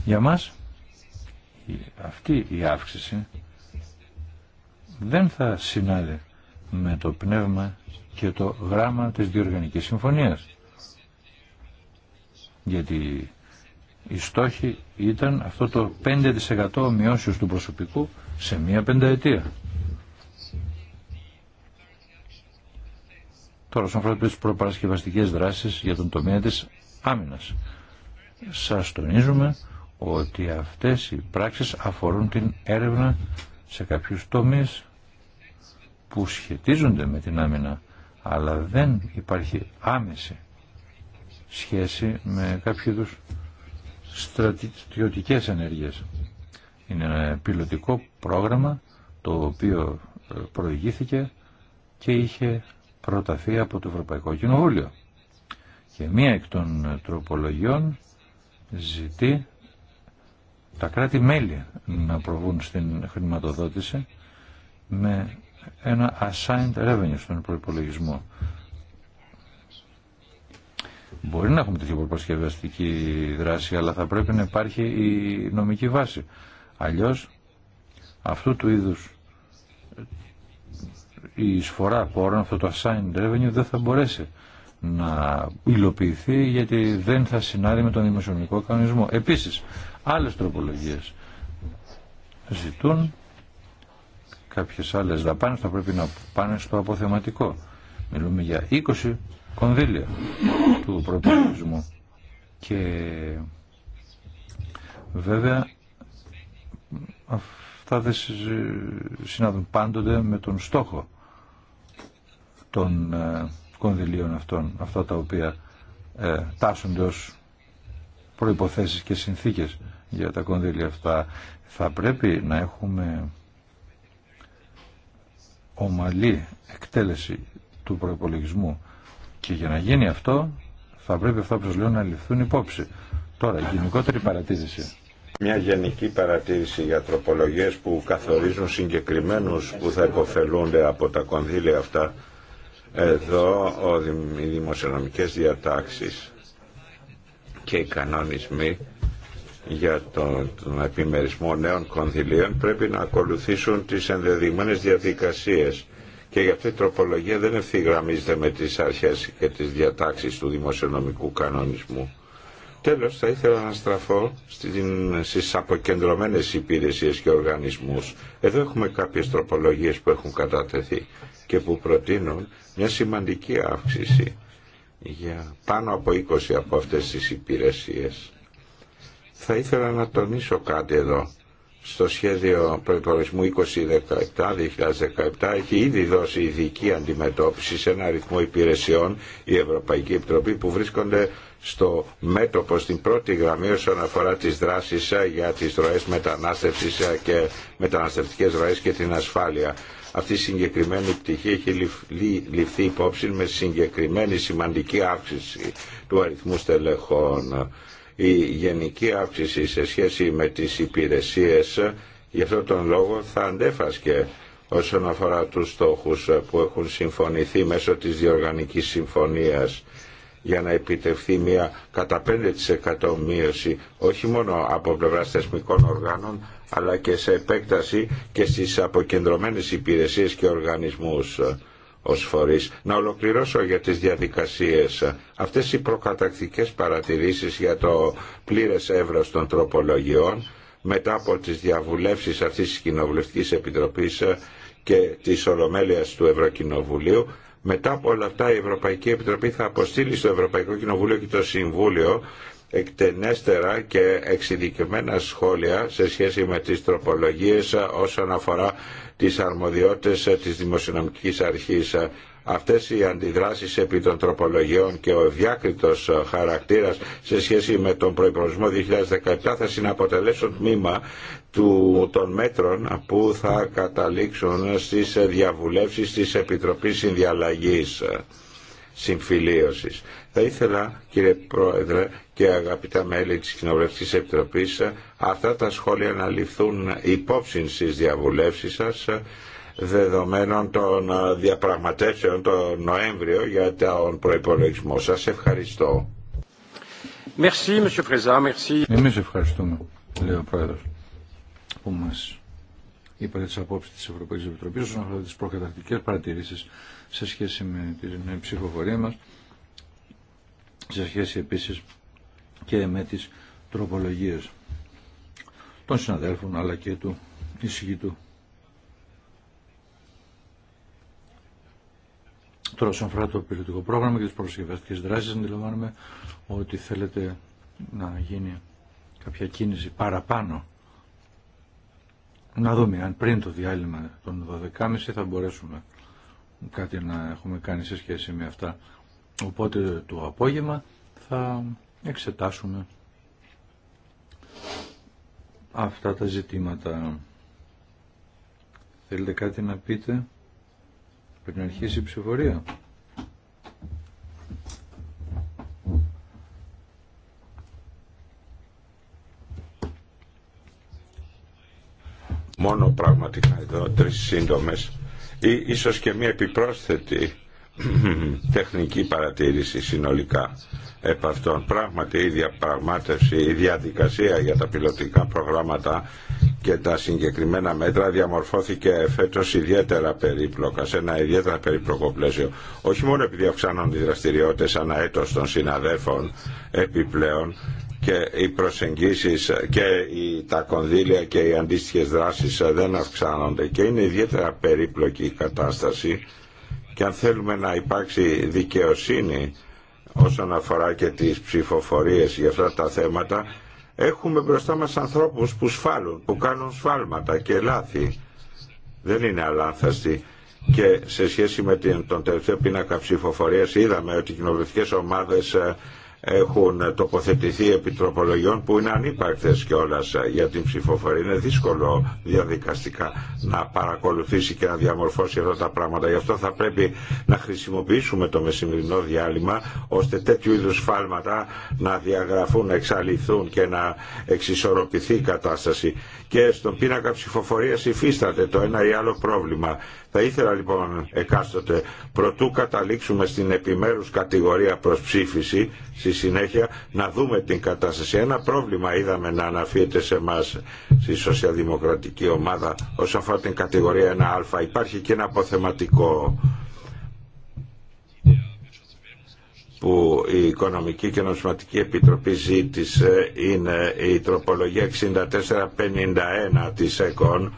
Για μας αυτή η αύξηση δεν θα συνάδει με το πνεύμα και το γράμμα της διοργανικής συμφωνίας γιατί οι στόχοι ήταν αυτό το 5% μειώσεως του προσωπικού σε μία πενταετία. Τώρα, όσον αφορά τις προπαρασκευαστικές δράσεις για τον τομέα της άμυνας, σας τονίζουμε ότι αυτές οι πράξεις αφορούν την έρευνα σε κάποιους τομείς που σχετίζονται με την άμυνα, αλλά δεν υπάρχει άμεση σχέση με κάποιου είδου στρατιωτικές ενέργειες. Είναι ένα πιλωτικό πρόγραμμα το οποίο ε, προηγήθηκε και είχε προταθεί από το Ευρωπαϊκό Κοινοβούλιο. Και μία εκ των τροπολογιών ζητεί τα κράτη-μέλη να προβούν στην χρηματοδότηση με ένα assigned revenue στον προπολογισμό. Μπορεί να έχουμε τέτοια προπαρασκευαστική δράση, αλλά θα πρέπει να υπάρχει η νομική βάση. Αλλιώ, αυτού του είδου η εισφορά πόρων, αυτό το assigned revenue δεν θα μπορέσει να υλοποιηθεί γιατί δεν θα συνάδει με τον δημοσιονομικό κανονισμό. Επίσης, άλλες τροπολογίες ζητούν κάποιες άλλες δαπάνες θα πρέπει να πάνε στο αποθεματικό. Μιλούμε για 20 κονδύλια του προπολογισμού. Και βέβαια αυτά δεν συναντούν πάντοτε με τον στόχο των ε, κονδυλίων αυτών, αυτά τα οποία ε, τάσσονται ως προϋποθέσεις και συνθήκες για τα κονδύλια αυτά. Θα πρέπει να έχουμε ομαλή εκτέλεση του προϋπολογισμού και για να γίνει αυτό θα πρέπει αυτά που λέω να ληφθούν υπόψη. Τώρα, γενικότερη παρατήρηση. Μια γενική παρατήρηση για τροπολογίες που καθορίζουν συγκεκριμένους που θα υποφελούνται από τα κονδύλια αυτά. Εδώ ο, οι δημοσιονομικές διατάξεις και οι κανονισμοί για τον, τον επιμερισμό νέων κονδυλίων πρέπει να ακολουθήσουν τις ενδεδειγμένες διαδικασίες και γι' αυτή η τροπολογία δεν ευθυγραμμίζεται με τις αρχές και τις διατάξεις του δημοσιονομικού κανονισμού. Τέλος, θα ήθελα να στραφώ στις αποκεντρωμένες υπηρεσίες και οργανισμούς. Εδώ έχουμε κάποιες τροπολογίες που έχουν κατατεθεί και που προτείνουν μια σημαντική αύξηση για πάνω από 20 από αυτές τις υπηρεσίες. Θα ήθελα να τονίσω κάτι εδώ στο σχέδιο προϋπολογισμού 2017-2017 έχει ήδη δώσει ειδική αντιμετώπιση σε ένα αριθμό υπηρεσιών η Ευρωπαϊκή Επιτροπή που βρίσκονται στο μέτωπο, στην πρώτη γραμμή όσον αφορά τις δράσεις για τις ροές μετανάστευσης και μεταναστευτικές ροές και την ασφάλεια. Αυτή η συγκεκριμένη πτυχή έχει ληφθεί υπόψη με συγκεκριμένη σημαντική αύξηση του αριθμού στελεχών η γενική αύξηση σε σχέση με τις υπηρεσίες γι' αυτόν τον λόγο θα αντέφασκε όσον αφορά τους στόχους που έχουν συμφωνηθεί μέσω της διοργανικής συμφωνίας για να επιτευχθεί μια κατά 5% μείωση όχι μόνο από πλευρά θεσμικών οργάνων αλλά και σε επέκταση και στις αποκεντρωμένες υπηρεσίες και οργανισμούς ως Να ολοκληρώσω για τις διαδικασίες. Αυτές οι προκατακτικές παρατηρήσεις για το πλήρες εύρος των τροπολογιών μετά από τις διαβουλεύσεις αυτής της Κοινοβουλευτικής Επιτροπής και της Ολομέλειας του Ευρωκοινοβουλίου μετά από όλα αυτά η Ευρωπαϊκή Επιτροπή θα αποστείλει στο Ευρωπαϊκό Κοινοβούλιο και το Συμβούλιο εκτενέστερα και εξειδικευμένα σχόλια σε σχέση με τις τροπολογίες όσον αφορά τις αρμοδιότητες της Δημοσιονομικής Αρχής. Αυτές οι αντιδράσεις επί των τροπολογιών και ο διάκριτος χαρακτήρας σε σχέση με τον προϋπολογισμό 2017 θα συναποτελέσουν τμήμα του, των μέτρων που θα καταλήξουν στις διαβουλεύσεις της Επιτροπής Συνδιαλλαγής Συμφιλίωσης. Θα ήθελα κύριε Πρόεδρε και αγαπητά μέλη της Κοινοβουλευτικής Επιτροπής αυτά τα σχόλια να ληφθούν υπόψη στις διαβουλεύσεις σας δεδομένων των διαπραγματεύσεων το Νοέμβριο για τον προϋπολογισμό. Σας ευχαριστώ. Merci, Monsieur Merci. Εμείς ευχαριστούμε, λέει ο Πρόεδρος, που μας είπατε τις απόψεις της Ευρωπαϊκής Επιτροπής όσον αφορά τις προκαταρκτικές παρατηρήσεις σε σχέση με την ψηφοφορία μας σε σχέση επίσης και με τις τροπολογίες των συναδέλφων αλλά και του εισηγητού. Τώρα, όσον αφορά το πυρητικό πρόγραμμα και τις προσκευαστικές δράσεις, αντιλαμβάνουμε ότι θέλετε να γίνει κάποια κίνηση παραπάνω. Να δούμε αν πριν το διάλειμμα των 12.30 θα μπορέσουμε κάτι να έχουμε κάνει σε σχέση με αυτά Οπότε το απόγευμα θα εξετάσουμε αυτά τα ζητήματα. Θέλετε κάτι να πείτε πριν αρχίσει η ψηφορία. Μόνο πραγματικά εδώ τρεις σύντομες ή ίσως και μία επιπρόσθετη τεχνική παρατήρηση συνολικά επ' αυτών. Πράγματι η διαπραγμάτευση, η διαδικασία για τα πιλωτικά προγράμματα και τα συγκεκριμένα μέτρα διαμορφώθηκε φέτος ιδιαίτερα περίπλοκα, σε ένα ιδιαίτερα περίπλοκο πλαίσιο. Όχι μόνο επειδή αυξάνονται οι δραστηριότητες ανά έτος των συναδέφων επιπλέον και οι προσεγγίσεις και τα κονδύλια και οι αντίστοιχες δράσεις δεν αυξάνονται και είναι ιδιαίτερα περίπλοκη η κατάσταση και αν θέλουμε να υπάρξει δικαιοσύνη όσον αφορά και τις ψηφοφορίες για αυτά τα θέματα έχουμε μπροστά μας ανθρώπους που σφάλουν, που κάνουν σφάλματα και λάθη δεν είναι αλάνθαστοι και σε σχέση με τον τελευταίο πίνακα ψηφοφορία είδαμε ότι οι κοινοβουλευτικές ομάδες ε, έχουν τοποθετηθεί επιτροπολογιών που είναι ανύπαρκτες κιόλα για την ψηφοφορία. Είναι δύσκολο διαδικαστικά να παρακολουθήσει και να διαμορφώσει αυτά τα πράγματα. Γι' αυτό θα πρέπει να χρησιμοποιήσουμε το μεσημερινό διάλειμμα ώστε τέτοιου είδους φάλματα να διαγραφούν, να εξαλειφθούν και να εξισορροπηθεί η κατάσταση. Και στον πίνακα ψηφοφορία υφίσταται το ένα ή άλλο πρόβλημα. Θα ήθελα λοιπόν εκάστοτε προτού καταλήξουμε στην επιμέρους κατηγορία προς ψήφιση στη συνέχεια να δούμε την κατάσταση. Ένα πρόβλημα είδαμε να αναφύεται σε εμά στη σοσιαλδημοκρατική ομάδα όσον αφορά την κατηγορία 1α. Υπάρχει και ένα αποθεματικό που η Οικονομική και Νομισματική Επιτροπή ζήτησε είναι η τροπολογία 6451 της ΕΚΟΝ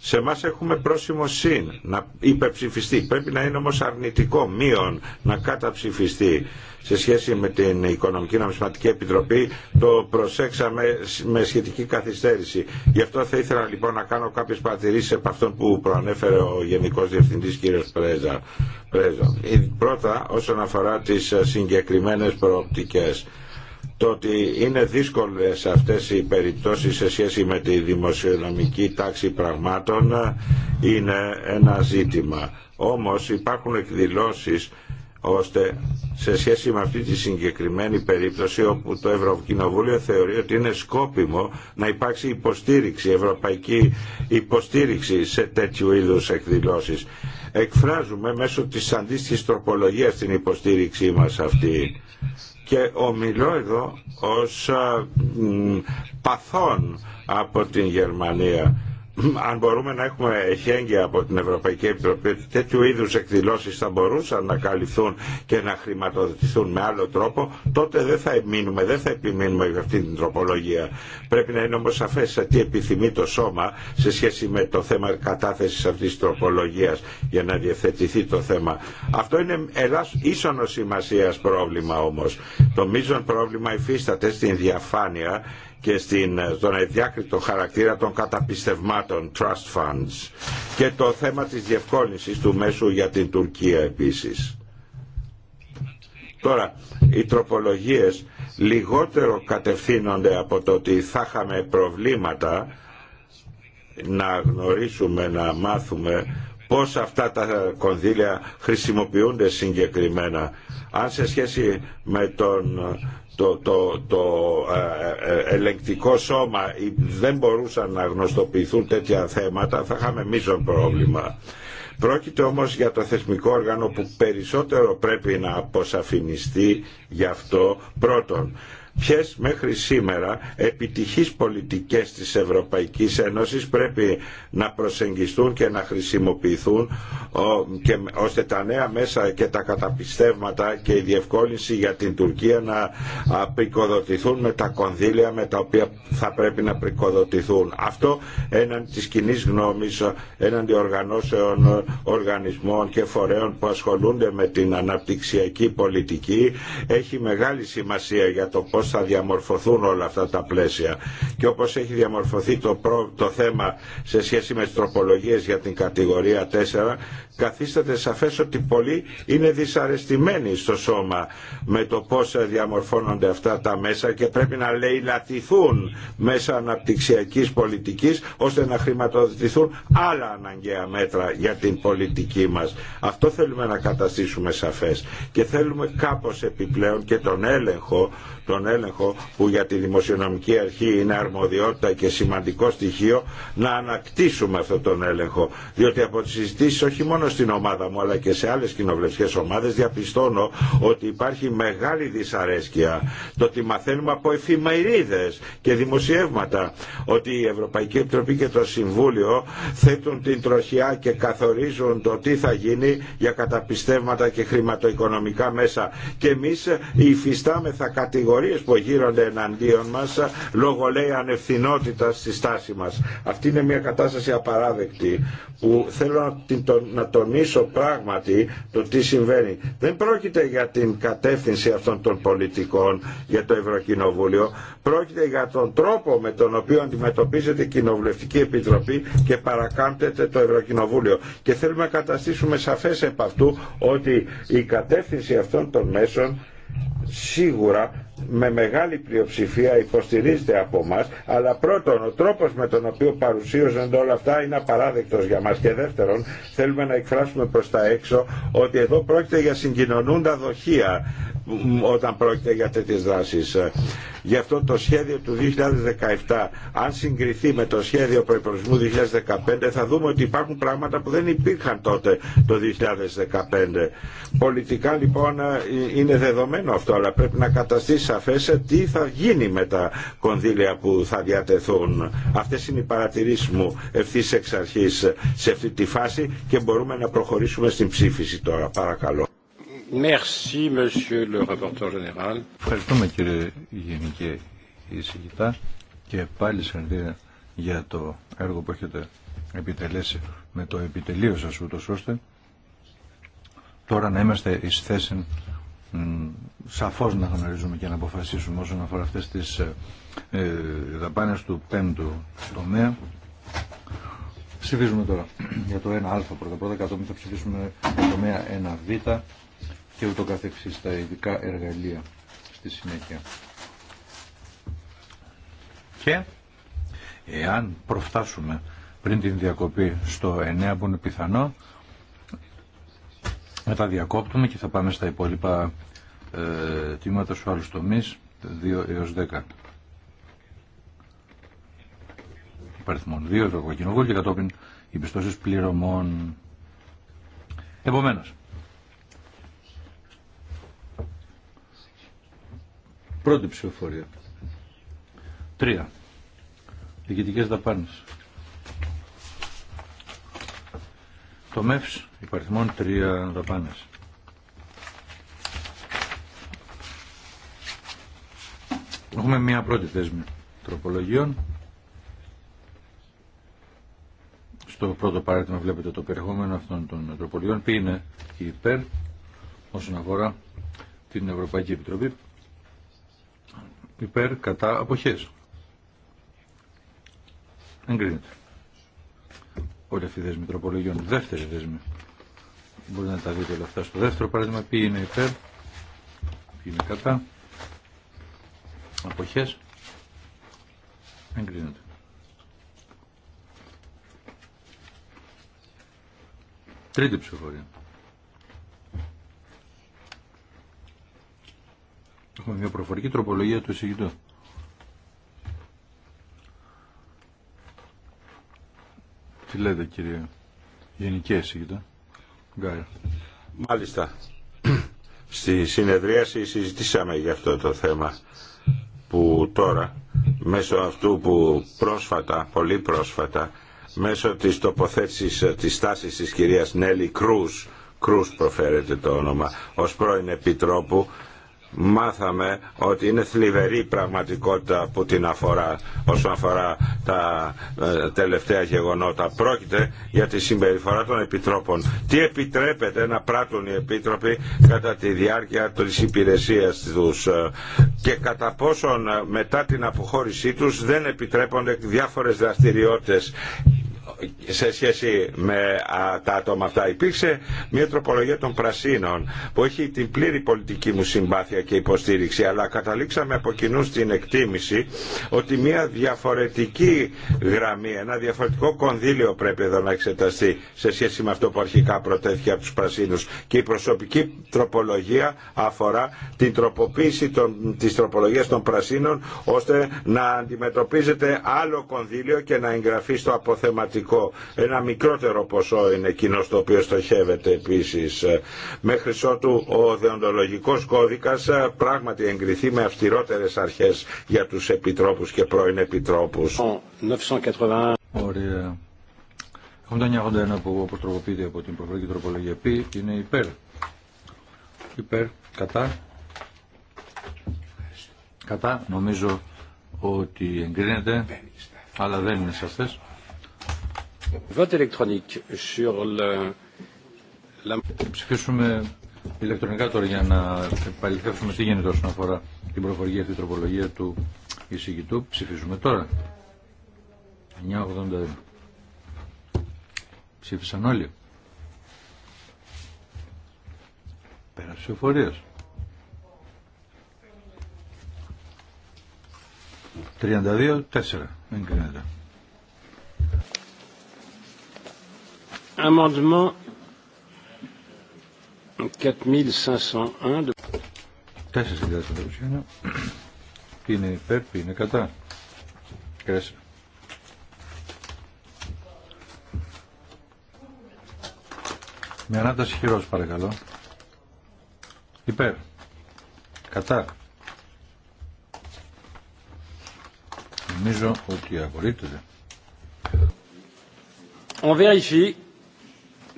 σε εμά έχουμε πρόσημο συν να υπεψηφιστεί. Πρέπει να είναι όμω αρνητικό μείον να καταψηφιστεί. Σε σχέση με την Οικονομική Νομισματική Επιτροπή το προσέξαμε με σχετική καθυστέρηση. Γι' αυτό θα ήθελα λοιπόν να κάνω κάποιε παρατηρήσει από αυτόν που προανέφερε ο Γενικό Διευθυντή κ. Πρέζα. Πρώτα όσον αφορά τι συγκεκριμένε προοπτικές το ότι είναι δύσκολες αυτές οι περιπτώσεις σε σχέση με τη δημοσιονομική τάξη πραγμάτων είναι ένα ζήτημα. Όμως υπάρχουν εκδηλώσεις ώστε σε σχέση με αυτή τη συγκεκριμένη περίπτωση όπου το Ευρωκοινοβούλιο θεωρεί ότι είναι σκόπιμο να υπάρξει υποστήριξη, ευρωπαϊκή υποστήριξη σε τέτοιου είδους εκδηλώσεις. Εκφράζουμε μέσω της αντίστοιχης τροπολογίας την υποστήριξή μας αυτή και ομιλώ εδώ ως παθών από την Γερμανία αν μπορούμε να έχουμε εχέγγυα από την Ευρωπαϊκή Επιτροπή ότι τέτοιου είδους εκδηλώσεις θα μπορούσαν να καλυφθούν και να χρηματοδοτηθούν με άλλο τρόπο, τότε δεν θα δεν θα επιμείνουμε για αυτή την τροπολογία. Πρέπει να είναι όμως σαφές τι επιθυμεί το σώμα σε σχέση με το θέμα κατάθεσης αυτής της τροπολογίας για να διευθετηθεί το θέμα. Αυτό είναι ίσονο σημασία πρόβλημα όμως. Το μείζον πρόβλημα υφίσταται στην διαφάνεια και στην, στον αδιάκριτο χαρακτήρα των καταπιστευμάτων trust funds και το θέμα της διευκόλυνσης του μέσου για την Τουρκία επίσης. Τώρα, οι τροπολογίες λιγότερο κατευθύνονται από το ότι θα είχαμε προβλήματα να γνωρίσουμε, να μάθουμε πώς αυτά τα κονδύλια χρησιμοποιούνται συγκεκριμένα. Αν σε σχέση με τον το, το, ε, ε, ε, ελεγκτικό σώμα δεν μπορούσαν να γνωστοποιηθούν τέτοια θέματα θα είχαμε μείζον πρόβλημα. Πρόκειται όμως για το θεσμικό όργανο που περισσότερο πρέπει να αποσαφινιστεί γι' αυτό πρώτον ποιες μέχρι σήμερα επιτυχείς πολιτικές της Ευρωπαϊκής Ένωσης πρέπει να προσεγγιστούν και να χρησιμοποιηθούν και ώστε τα νέα μέσα και τα καταπιστεύματα και η διευκόλυνση για την Τουρκία να πρικοδοτηθούν με τα κονδύλια με τα οποία θα πρέπει να πρικοδοτηθούν. Αυτό έναν της κοινή γνώμης, έναντι οργανώσεων, οργανισμών και φορέων που ασχολούνται με την αναπτυξιακή πολιτική έχει μεγάλη σημασία για το πώς θα διαμορφωθούν όλα αυτά τα πλαίσια και όπως έχει διαμορφωθεί το, το θέμα σε σχέση με τις τροπολογίες για την κατηγορία 4 καθίσταται σαφές ότι πολλοί είναι δυσαρεστημένοι στο σώμα με το πώς διαμορφώνονται αυτά τα μέσα και πρέπει να λαιλατηθούν μέσα αναπτυξιακής πολιτικής ώστε να χρηματοδοτηθούν άλλα αναγκαία μέτρα για την πολιτική μας. Αυτό θέλουμε να καταστήσουμε σαφές και θέλουμε κάπως επιπλέον και τον έλεγχο τον έλεγχο που για τη Δημοσιονομική Αρχή είναι αρμοδιότητα και σημαντικό στοιχείο να ανακτήσουμε αυτόν τον έλεγχο. Διότι από τι συζητήσει όχι μόνο στην ομάδα μου αλλά και σε άλλε κοινοβουλευτικέ ομάδε. διαπιστώνω ότι υπάρχει μεγάλη δυσαρέσκεια το ότι μαθαίνουμε από εφημερίδε και δημοσιεύματα ότι η Ευρωπαϊκή Επιτροπή και το Συμβούλιο θέτουν την τροχιά και καθορίζουν το τι θα γίνει για καταπιστεύματα και χρηματοοικονομικά μέσα. Και εμείς θα κατηγορίες που γύρονται εναντίον μας ε, λόγω λέει ανευθυνότητα στη στάση μας. Αυτή είναι μια κατάσταση απαράδεκτη που θέλω να τονίσω πράγματι το τι συμβαίνει. Δεν πρόκειται για την κατεύθυνση αυτών των πολιτικών για το Ευρωκοινοβούλιο. Πρόκειται για τον τρόπο με τον οποίο αντιμετωπίζεται η Κοινοβουλευτική Επιτροπή και παρακάμπτεται το Ευρωκοινοβούλιο. Και θέλουμε να καταστήσουμε σαφές επ' αυτού ότι η κατεύθυνση αυτών των μέσων σίγουρα με μεγάλη πλειοψηφία υποστηρίζεται από εμά, αλλά πρώτον ο τρόπος με τον οποίο παρουσίωσαν όλα αυτά είναι απαράδεκτος για μας και δεύτερον θέλουμε να εκφράσουμε προς τα έξω ότι εδώ πρόκειται για συγκοινωνούντα δοχεία όταν πρόκειται για τέτοιες δράσεις. Γι' αυτό το σχέδιο του 2017, αν συγκριθεί με το σχέδιο προπολογισμού 2015, θα δούμε ότι υπάρχουν πράγματα που δεν υπήρχαν τότε το 2015. Πολιτικά λοιπόν ε, είναι δεδομένο αυτό, αλλά πρέπει να καταστήσει σαφές τι θα γίνει με τα κονδύλια που θα διατεθούν. Αυτές είναι οι παρατηρήσεις μου ευθύς εξ αρχής σε αυτή τη φάση και μπορούμε να προχωρήσουμε στην ψήφιση τώρα. Παρακαλώ. Merci, monsieur le rapporteur général. Ευχαριστούμε κύριε Γενική Ισηγητά και πάλι συγχαρητήρια για το έργο που έχετε επιτελέσει με το επιτελείο σας ούτως ώστε τώρα να είμαστε εις θέση σαφώς να γνωρίζουμε και να αποφασίσουμε όσον αφορά αυτές τις ε, ε δαπάνες του πέμπτου τομέα. Ψηφίζουμε τώρα για το 1α πρώτα πρώτα, κατόπιν θα ψηφίσουμε το τομέα 1β και ούτω καθεξής τα ειδικά εργαλεία στη συνέχεια. Και εάν προφτάσουμε πριν την διακοπή στο 9 που είναι πιθανό, μετά διακόπτουμε και θα πάμε στα υπόλοιπα ε, τμήματα στους άλλους τομείς, 2 έως 10. Υπαριθμών 2, Ευρωπαϊκό Κοινοβούλιο και κατόπιν οι πιστώσεις πληρωμών. Επομένως, πρώτη ψηφοφορία. Τρία. Διοικητικές δαπάνες. Το ΜΕΦΣ υπαριθμών τρία δαπάνες. Έχουμε μία πρώτη θέσμη τροπολογιών. Στο πρώτο παράδειγμα βλέπετε το περιεχόμενο αυτών των τροπολογιών. που είναι υπέρ όσον αφορά την Ευρωπαϊκή Επιτροπή. Υπέρ κατά αποχές. Εγκρίνεται. Όλοι αυτοί οι δέσμοι τροπολογιών. Δεύτερη δέσμη. Μπορείτε να τα δείτε όλα αυτά στο δεύτερο παράδειγμα. Ποιοι είναι υπέρ, ποιοι είναι κατά. Αποχές. εγκρίνονται. Τρίτη ψηφοφορία. Έχουμε μια προφορική τροπολογία του εισηγητού. Τι λέτε κύριε Γενική Μάλιστα. Στη συνεδρίαση συζητήσαμε για αυτό το θέμα που τώρα μέσω αυτού που πρόσφατα, πολύ πρόσφατα μέσω της τοποθέτησης της στάσης της κυρίας Νέλη Κρούς Κρούς προφέρεται το όνομα ως πρώην Επιτρόπου μάθαμε ότι είναι θλιβερή πραγματικότητα που την αφορά όσον αφορά τα ε, τελευταία γεγονότα. Πρόκειται για τη συμπεριφορά των επιτρόπων. Τι επιτρέπεται να πράττουν οι επίτροποι κατά τη διάρκεια της υπηρεσίας τους ε, και κατά πόσον ε, μετά την αποχώρησή τους δεν επιτρέπονται διάφορες δραστηριότητες σε σχέση με τα άτομα αυτά. Υπήρξε μια τροπολογία των πρασίνων που έχει την πλήρη πολιτική μου συμπάθεια και υποστήριξη αλλά καταλήξαμε από κοινού στην εκτίμηση ότι μια διαφορετική γραμμή, ένα διαφορετικό κονδύλιο πρέπει εδώ να εξεταστεί σε σχέση με αυτό που αρχικά προτέθηκε από τους πρασίνους και η προσωπική τροπολογία αφορά την τροποποίηση τη της τροπολογίας των πρασίνων ώστε να αντιμετωπίζεται άλλο κονδύλιο και να εγγραφεί στο αποθεματικό ένα μικρότερο ποσό είναι εκείνο το οποίο στοχεύεται επίσης. Μέχρι ότου ο δεοντολογικός κώδικας πράγματι εγκριθεί με αυστηρότερες αρχές για τους επιτρόπους και πρώην επιτρόπους. Ωραία. Έχουμε το 981 που όπω τροποποιείται από την προφορική τροπολογία π είναι υπέρ. Υπέρ, κατά. Κατά, νομίζω ότι εγκρίνεται, αλλά δεν είναι σαφές. Ψηφίσουμε ηλεκτρονικά τώρα για να παληθεύσουμε τι γίνεται όσον αφορά την προφορική αυτή τροπολογία του εισηγητού. Ψηφίζουμε τώρα. 9.82. Ψήφισαν όλοι. Πέρασε ο φορείας. 32-4. Δεν κρίνεται. Amendement 4501 de... 4.501 είναι υπέρ, είναι κατά. Κρέσε. Με ανάταση χειρός παρακαλώ. Υπέρ. Κατά. Νομίζω ότι απορρίπτεται. On vérifie.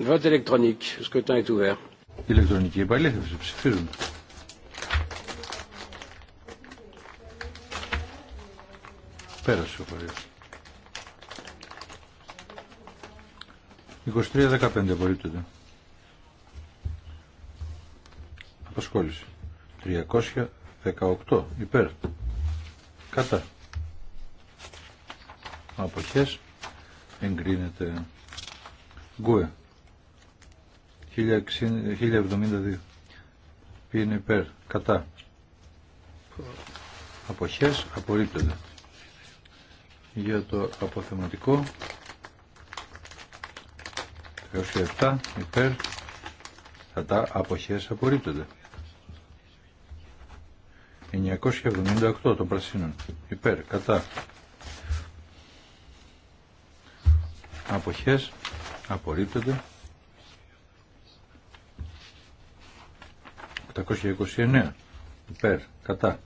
Vote électronique. Le Ηλεκτρονική επαλήθευση. Ψηφίζουμε. Πέρασε ο 23 23-15 απορρίπτεται. Απασχόληση. 318 υπέρ. Κατά. Αποχές. Εγκρίνεται. Γκουε. 1072. Ποιοι είναι υπέρ, κατά. Αποχές απορρίπτονται. Για το αποθεματικό 27 υπέρ κατά αποχές απορρίπτονται. 978 των πρασίνων υπέρ κατά αποχές απορρίπτονται. 729 υπέρ κατά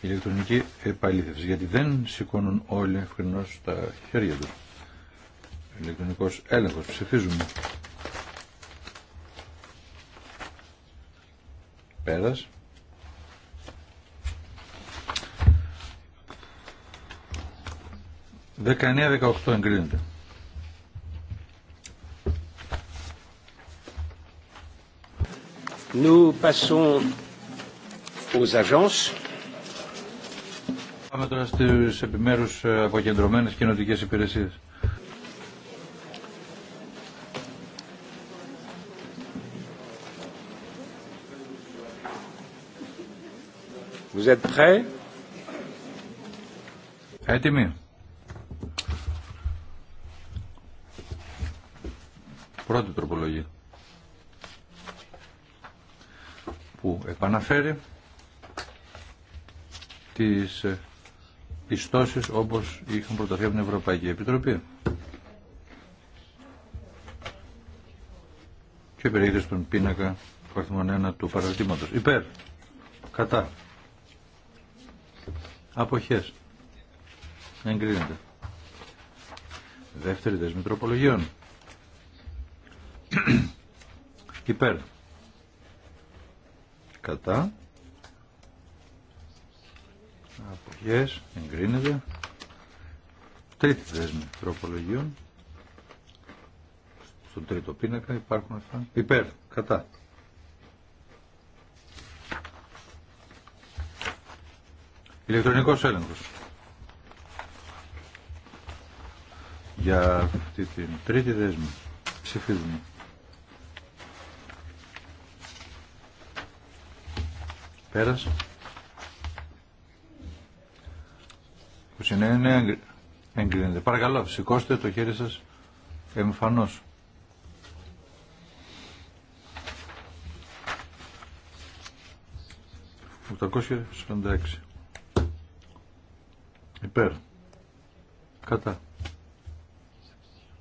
ηλεκτρονική επαλήθευση γιατί δεν σηκώνουν όλοι ευκρινώς τα χέρια του. ηλεκτρονικός έλεγχος ψηφίζουμε πέρας 19-18 εγκρίνεται. Πάμε τώρα στις επιμέρους ε, αποκεντρωμένες κοινωτικές υπηρεσίες. Vous êtes Έτοιμοι. Πρώτη τροπολογία. επαναφέρει τις πιστώσεις όπως είχαν προταθεί από την Ευρωπαϊκή Επιτροπή. Και περιέχεται στον πίνακα αριθμών 1 του παραδείγματος. Υπέρ. Κατά. Αποχές. Εγκρίνεται. Δεύτερη δεσμητροπολογιών. Υπέρ κατά αποχές εγκρίνεται τρίτη δέσμη τροπολογιών στον τρίτο πίνακα υπάρχουν αυτά υπέρ κατά ηλεκτρονικός έλεγχος για αυτή την τρίτη δέσμη ψηφίζουμε πέρασε. 29 ναι, εγκρίνεται. Παρακαλώ, σηκώστε το χέρι σας εμφανώς. Υπέρ. Κατά.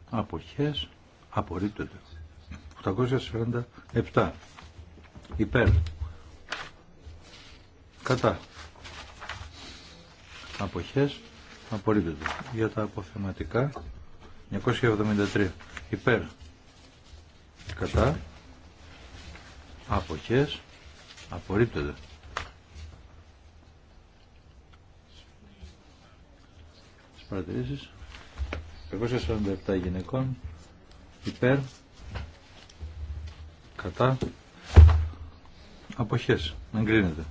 Αποχές. Απορρίπτεται. 847. Υπέρ κατά αποχές απορρίπτεται για τα αποθεματικά 973 υπέρ κατά αποχές απορρίπτεται τις παρατηρήσεις 247 γυναικών υπέρ κατά αποχές εγκρίνεται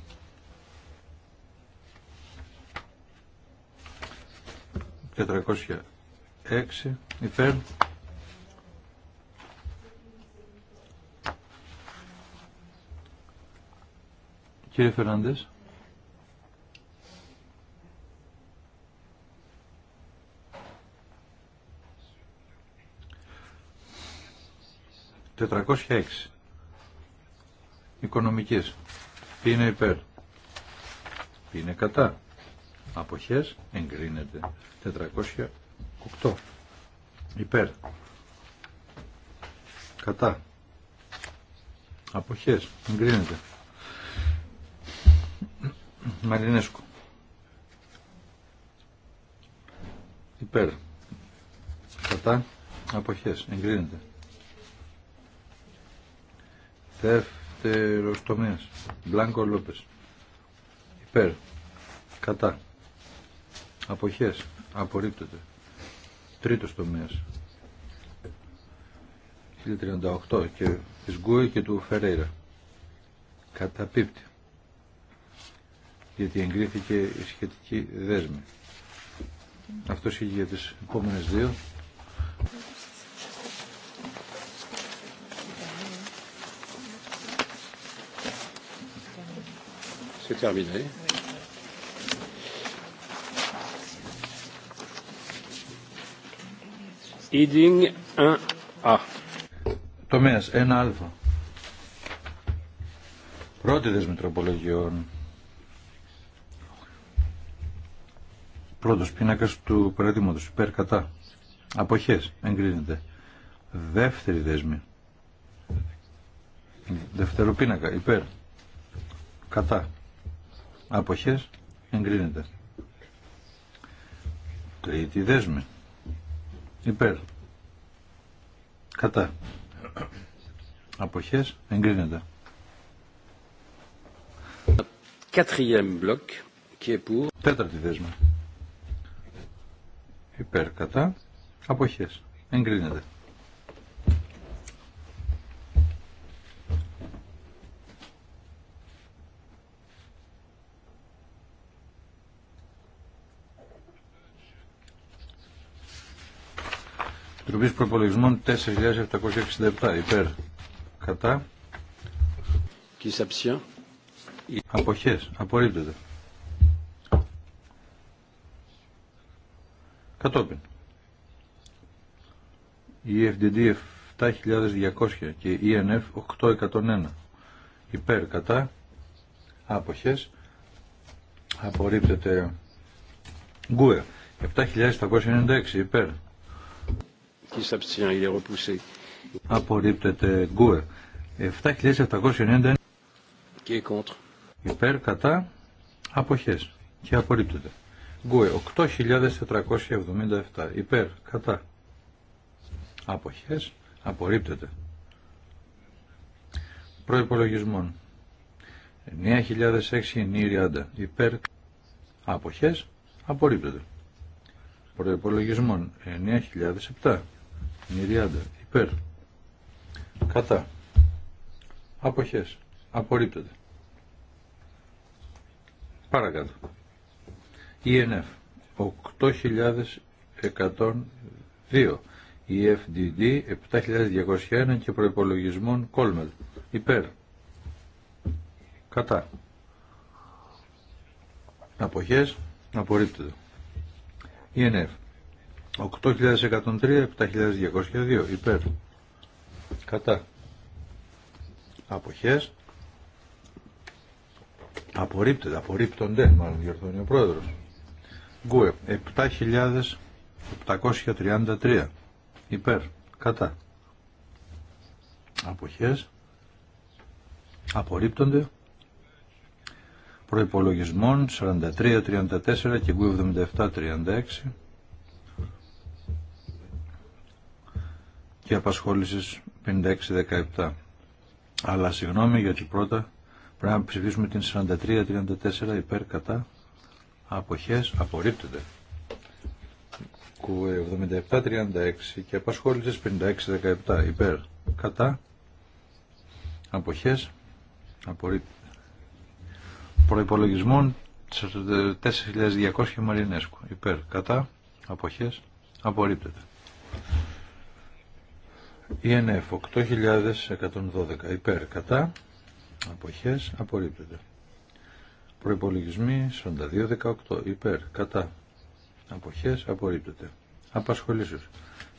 406 υπέρ Κύριε Φερνάντες Τετρακόσια έξι οικονομικής. Ποιοι είναι υπέρ. Ποιοι είναι κατά αποχές εγκρίνεται 408 υπέρ κατά αποχές εγκρίνεται Μαρινέσκο υπέρ κατά αποχές εγκρίνεται δεύτερος τομέας Μπλάνκο Λόπες υπέρ κατά Αποχές. Απορρίπτεται. Τρίτος τομέας. 1038 και της Γκούε και του Φερέιρα. Καταπίπτει. Γιατί εγκρίθηκε η σχετική δέσμη. Αυτό είχε για τις επόμενες δύο. Σε terminé. Τομέα 1A. 1α. Πρώτη δεσμή τροπολογιών. Πρώτος πίνακας του παραδείγματο υπέρ κατά. Αποχέ εγκρίνεται. Δεύτερη δέσμη. Δεύτερο πίνακα υπέρ. Κατά. Αποχέ, εγκρίνεται. Τρίτη δέσμη Υπέρ. Κατά. Αποχές εγκρίνεται. Τέταρτη δέσμα. Υπέρ. Κατά. Αποχές. Εγκρίνεται. Επιτροπής Προπολογισμών 4.767 υπέρ κατά αποχές απορρίπτεται κατόπιν η FDD 7200 και η ENF 801 υπέρ κατά άποχες απορρίπτεται γκουε 7796 υπέρ Qui s'abstient, il est repoussé. Απορρίπτεται γκουε. 7.790. και Υπέρ, κατά, αποχές. Και απορρίπτεται. Γκουε 8.477. Υπέρ, κατά. Αποχές. Απορρίπτεται. Προϋπολογισμών. 9.690. Υπέρ. Αποχές. Απορρίπτεται. Προϋπολογισμών. 9.007 μυριάδα, Υπέρ. Κατά. Αποχές. Απορρίπτεται. Παρακάτω. ENF. 8.102. EFDD 7.201 και προϋπολογισμών Κόλμελ. Υπέρ. Κατά. Αποχές. Απορρίπτεται. ENF 8.103, 7.202 υπέρ. Κατά. Αποχές. Απορρίπτεται, απορρίπτονται, μάλλον διορθώνει ο πρόεδρος. Γκουε, 7.733 υπέρ. Κατά. Αποχές. Απορρίπτονται. Προϋπολογισμών 43-34 και γκουε 77-36 και απασχόλησης 56-17. Αλλά συγγνώμη γιατί πρώτα πρέπει να ψηφίσουμε την 43-34 υπέρ κατά αποχές απορρίπτεται. 77-36 και απασχόλησης 56-17 υπέρ κατά αποχές απορρίπτεται. Προϋπολογισμών 4.200 Μαρινέσκου υπέρ κατά αποχές απορρίπτεται. ΕΝΕΦ 8112 υπέρ κατά αποχές απορρίπτεται. Προϋπολογισμοί 4218 υπέρ κατά αποχές απορρίπτεται. απασχολήσεις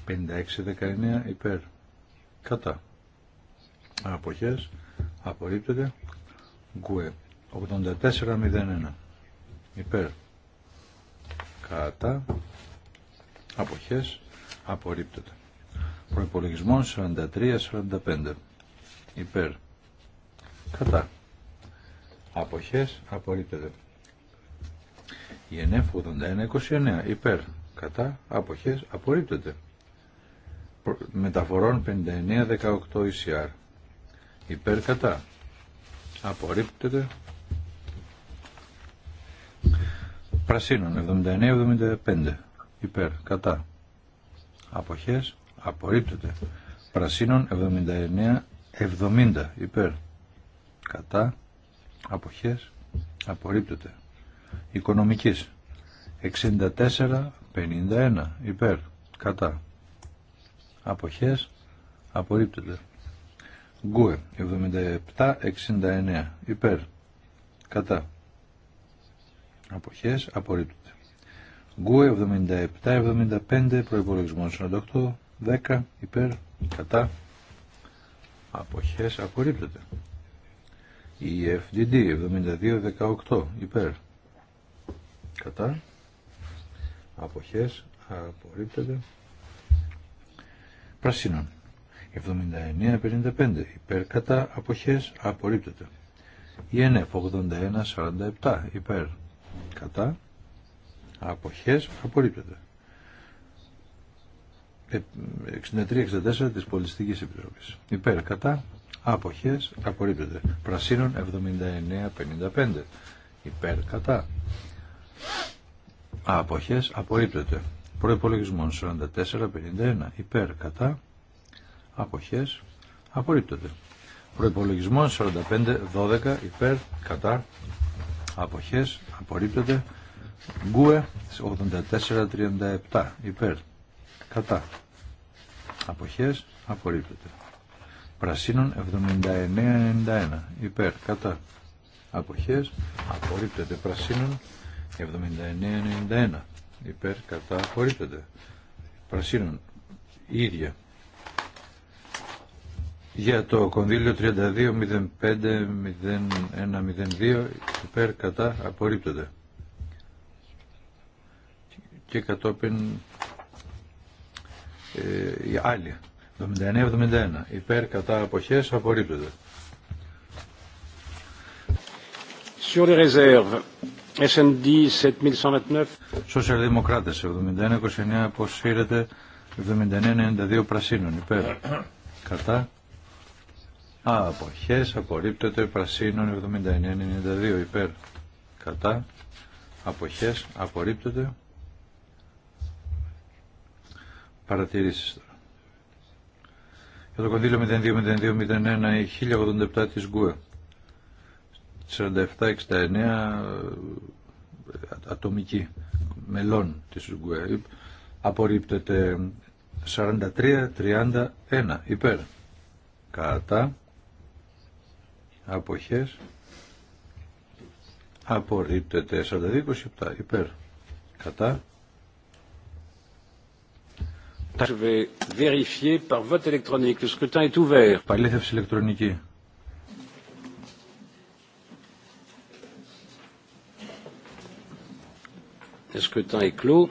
5619 υπέρ κατά αποχές απορρίπτεται. Γκουε 8401 υπέρ κατά αποχές απορρίπτεται. Προπολογισμό 43-45. Υπέρ. Κατά. Αποχές απορρίπτεται. Η ΕΝΕΦ 81-29. Υπέρ. Κατά. Αποχές απορρίπτεται. Μεταφορών 59-18 ECR. Υπέρ. Κατά. Απορρίπτεται. Πρασίνων 79-75. Υπέρ. Κατά. Αποχές απορρίπτεται. Πρασίνων 79-70 υπέρ. Κατά αποχές απορρίπτεται. Οικονομικής 64-51 υπέρ. Κατά αποχές απορρίπτεται. Γκουε 77-69 υπέρ. Κατά αποχές απορρίπτεται. Γκουε 77-75 προϋπολογισμών 48 10 υπέρ κατά αποχές απορρίπτεται. Η FDD 7218 υπέρ κατά αποχές απορρίπτεται. Πρασίνων 7955 υπέρ κατά αποχές απορρίπτεται. Η ΕΝΕΦ 8147 υπέρ κατά αποχές απορρίπτεται. 63-64 ε, ε, της Πολιστικής Επιτροπής. Υπέρ, κατά, αποχές, απορρίπτεται. Πρασίνων 79-55. Υπέρ, κατά. Αποχές, απορρίπτεται. Προϋπολογισμών 44-51. Υπέρ, κατά. Αποχές, απορρίπτεται. Προϋπολογισμών 45-12. Υπέρ, κατά. Αποχές, απορρίπτεται. Γκουε 84-37. Υπέρ, Κατά. Αποχές απορρίπτεται. Πρασίνων 79-91. Υπέρ. Κατά. Αποχές απορρίπτεται. Πρασίνων 79-91. Υπέρ. Κατά. Απορρίπτεται. Πρασίνων. ίδια. Για το κονδύλιο 32-05-01-02. Υπέρ. Κατά. Απορρίπτεται. Και κατόπιν ε, οι άλλοι. 79-71. Υπέρ κατά αποχές απορρίπτεται. Sur les réserves, SND 7129. σοσιαλδημοκρατε 71 71-29 αποσύρεται 79-92 πρασίνων. Υπέρ κατά Α, αποχές απορρίπτεται πρασίνων 79-92 υπέρ κατά απόχέ, απορρίπτεται παρατηρήσεις τώρα. Για το κονδύλιο 0202-01 1087 της ΓΚΟΕ. 69 ε, ατομική μελών της ΓΚΟΕ. Απορρίπτεται 43-31 υπέρ. Κατά αποχές απορρίπτεται 42-27 υπέρ. Κατά Je vais Παλήθευση ηλεκτρονική. Le scrutin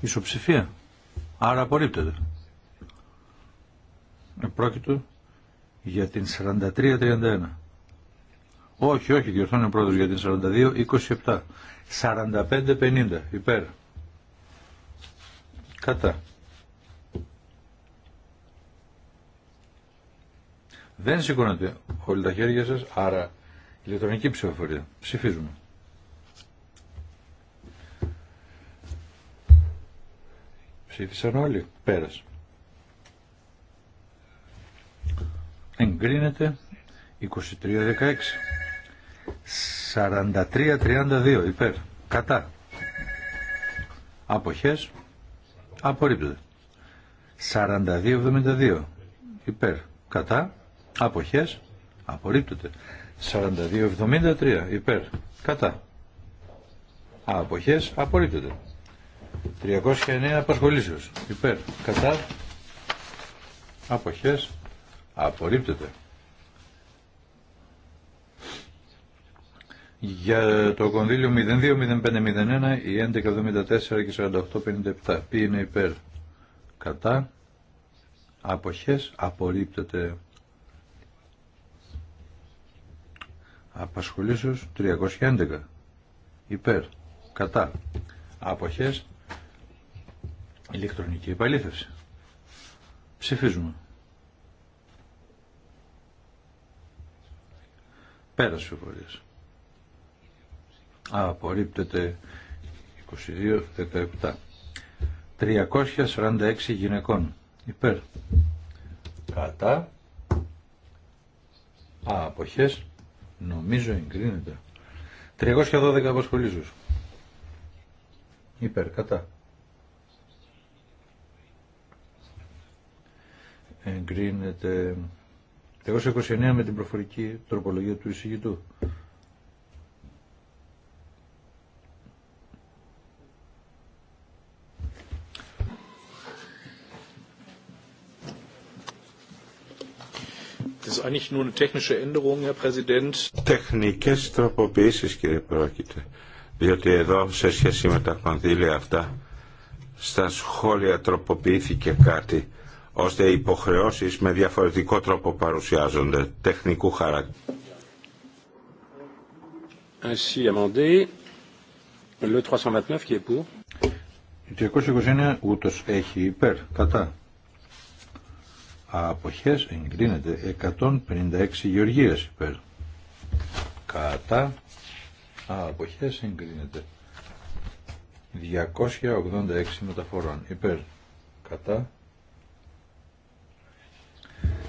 Ισοψηφία. Άρα απορρίπτεται. Επρόκειτο για την 43-31. Όχι, όχι, διορθώνει ο πρώτος για την 42, 27. 45-50, υπέρ. Κατά. Δεν σηκώνατε όλοι τα χέρια σας, άρα ηλεκτρονική ψηφοφορία. Ψηφίζουμε. Ψήφισαν όλοι. Πέρας. Εγκρίνεται 23-16. 43-32 υπέρ. Κατά. Αποχές. Απορρίπτεται. 42-72 υπέρ. Κατά. Αποχές. Απορρίπτεται. 42-73 υπέρ. Κατά. Αποχές. Απορρίπτεται. 309 απασχολήσεως υπέρ. Κατά. Αποχές. Απορρίπτεται. Για το κονδύλιο 020501 η 1174 και 4857. Ποιοι είναι υπέρ. Κατά. Αποχές. Απορρίπτεται. Απασχολήσεως 311. Υπέρ. Κατά. Αποχές. Ηλεκτρονική επαλήθευση. Ψηφίζουμε. Πέρασε ο απορρίπτεται 22-17 346 γυναικών υπέρ κατά Α, αποχές νομίζω εγκρίνεται 312 απασχολήσεις υπέρ κατά εγκρίνεται 329 με την προφορική τροπολογία του εισηγητού Είναι eigentlich nur eine technische Änderung, Herr Präsident? Τεχνικές τροποποιήσεις, κύριε Πρόκειται. Διότι εδώ, σε σχέση με τα κονδύλια αυτά, στα σχόλια τροποποιήθηκε κάτι, ώστε οι υποχρεώσεις με διαφορετικό τρόπο παρουσιάζονται, τεχνικού χαρακτήρα. Ainsi amendé, le 329 qui est pour. 229 ούτως έχει υπέρ, κατά αποχές εγκρίνεται 156 γεωργίες υπέρ κατά αποχές εγκρίνεται 286 μεταφορών υπέρ κατά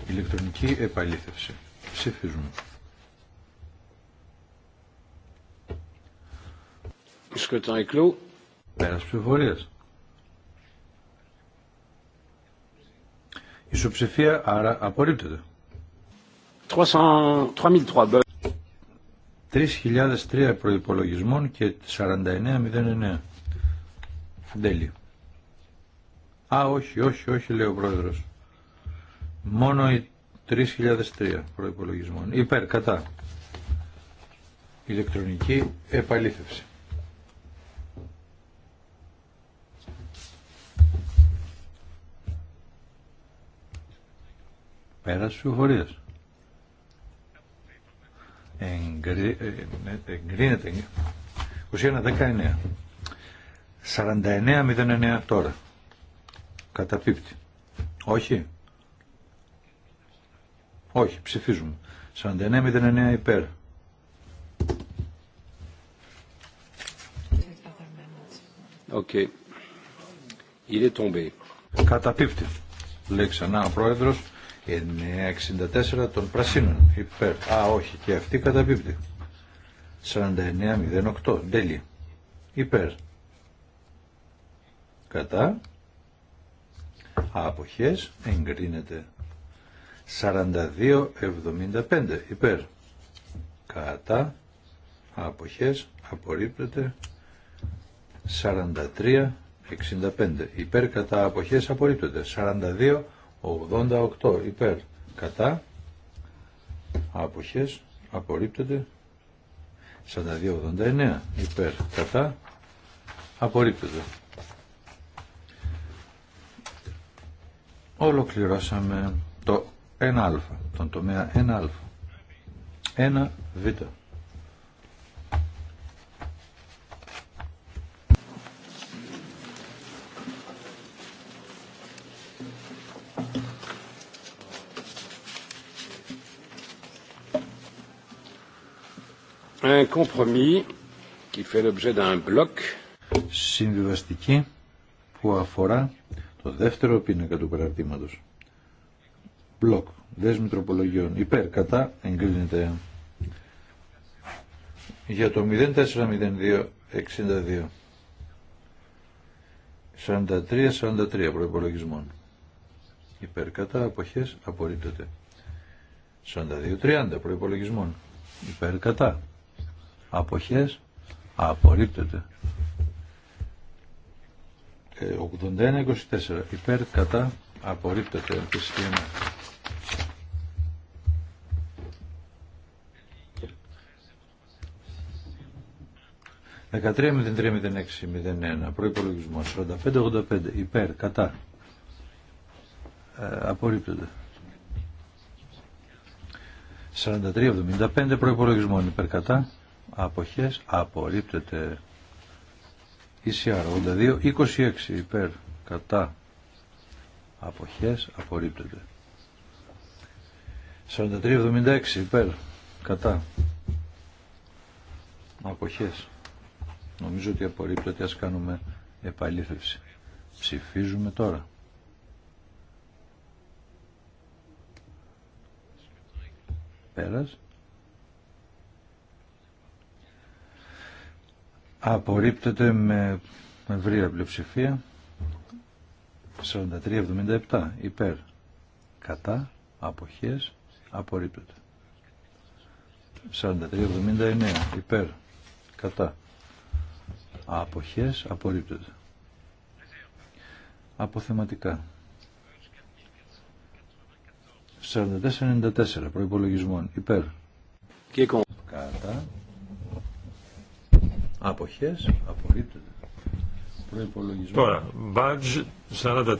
ηλεκτρονική επαλήθευση ψηφίζουμε Σκοτάει κλού. Πέρας ψηφορίας. Ισοψηφία, άρα απορρίπτεται. 3003 προϋπολογισμών και 49.09. Τέλειο. Α, όχι, όχι, όχι, λέει ο πρόεδρος. Μόνο οι 3.003 προϋπολογισμών. Υπέρ, κατά. Ηλεκτρονική επαλήθευση. Πέρας τη Εγκρι... Ε, ναι, εγκρίνεται. 21-19. 49-09 τώρα. Καταπίπτει. Όχι. Όχι. Ψηφίζουμε. 49-09 υπέρ. Okay. Είναι τομπή. Καταπίπτει. Λέει ξανά ο πρόεδρος. 964 των Πρασίνων. Υπέρ. Α, όχι. Και αυτή καταπίπτει. 4908. Ντέλη. Υπέρ. Κατά. Αποχές. Εγκρίνεται. 4275. Υπέρ. Κατά. Αποχές. Απορρίπτεται. 4365. Υπέρ κατά αποχές απορρίπτεται. 42 88 υπέρ κατά αποχές απορρίπτεται 42-89 υπέρ κατά απορρίπτεται ολοκληρώσαμε το 1α τον τομέα 1α 1β un Συμβιβαστική που αφορά το δεύτερο πίνακα του παραρτήματος. Μπλοκ. Δέσμη τροπολογιών. Υπέρ. Κατά. Εγκρίνεται. Για το 040262. 62 43-43 προϋπολογισμών. Υπέρ. Κατά. Αποχές. Απορρίπτεται. 42-30 προϋπολογισμών. Υπέρ. Κατά αποχές απορρίπτεται 81-24 υπέρ απορριπτεται απορρίπτεται επιστήμη 13-03-06-01 προπολογισμό 45-85 υπέρ κατά απορρίπτεται 43-75 προπολογισμό υπέρ κατά ε, αποχές απορρίπτεται ECR 82 26 υπέρ κατά αποχές απορρίπτεται 43-76 υπέρ κατά αποχές νομίζω ότι απορρίπτεται ας κάνουμε επαλήθευση ψηφίζουμε τώρα πέρας απορρίπτεται με ευρία πλειοψηφία 43-77 υπέρ κατά αποχές απορρίπτεται 43-79 υπέρ κατά αποχές απορρίπτεται αποθεματικά 44-94 προϋπολογισμών υπέρ και κατά Αποχές. Απορρίπτεται. Προϋπολογισμό. badge 4495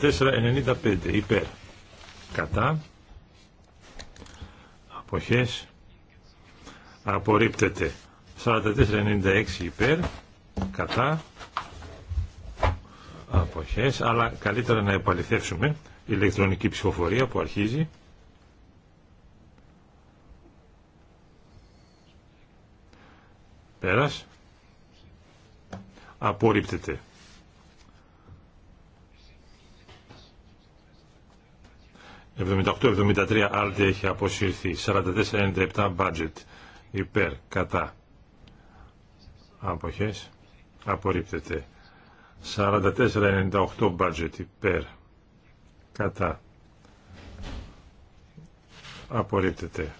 44-95 υπέρ. Κατά. Αποχές. 4496 υπέρ. Κατά. Αποχές. Αλλά καλύτερα να επαληθεύσουμε ηλεκτρονική ψηφοφορία που αρχίζει. Πέρας απορρίπτεται. «78-73 Άλτε έχει αποσυρθεί. 44-97 Budget υπέρ κατά αποχές απορρίπτεται. 44-98 Budget υπέρ κατά απορρίπτεται.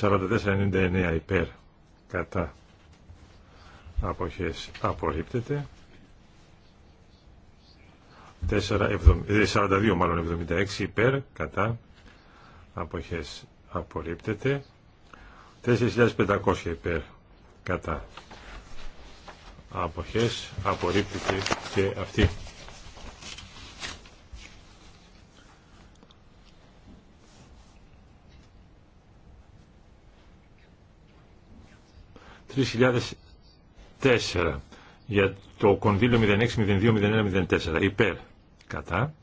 44-99 υπέρ κατά αποχές απορρίπτεται 42 ε, μάλλον 76 υπέρ κατά αποχές απορρίπτεται 4.500 υπέρ κατά αποχές απορρίπτεται και αυτή Τρεις 4 για το κονδύλιο 06-02-01-04 υπέρ κατά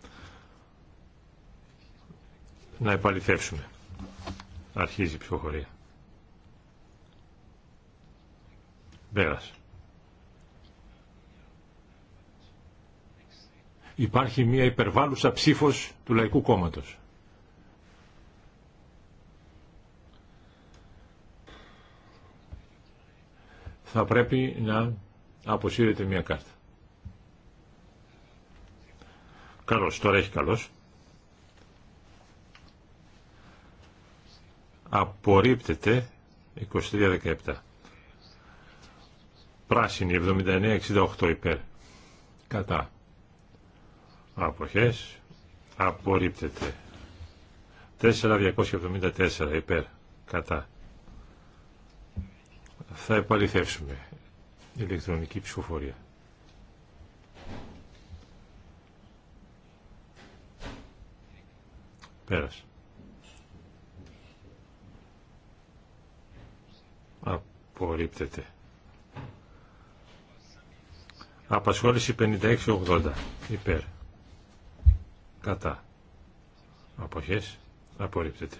να επαληθεύσουμε. Αρχίζει η ψυχοχωρία Πέρας. Υπάρχει μια υπερβάλλουσα ψήφος του Λαϊκού Κόμματος. θα πρέπει να αποσύρεται μια κάρτα. Καλώς, τώρα έχει καλώς. Απορρίπτεται 23-17. Πράσινη 79-68 υπέρ. Κατά. Αποχές. Απορρίπτεται. 4-274 υπέρ. Κατά θα επαληθεύσουμε ηλεκτρονική ψηφοφορία. Πέρασε. Απορρίπτεται. Απασχόληση 56-80. Υπέρ. Κατά. Αποχές. Απορρίπτεται.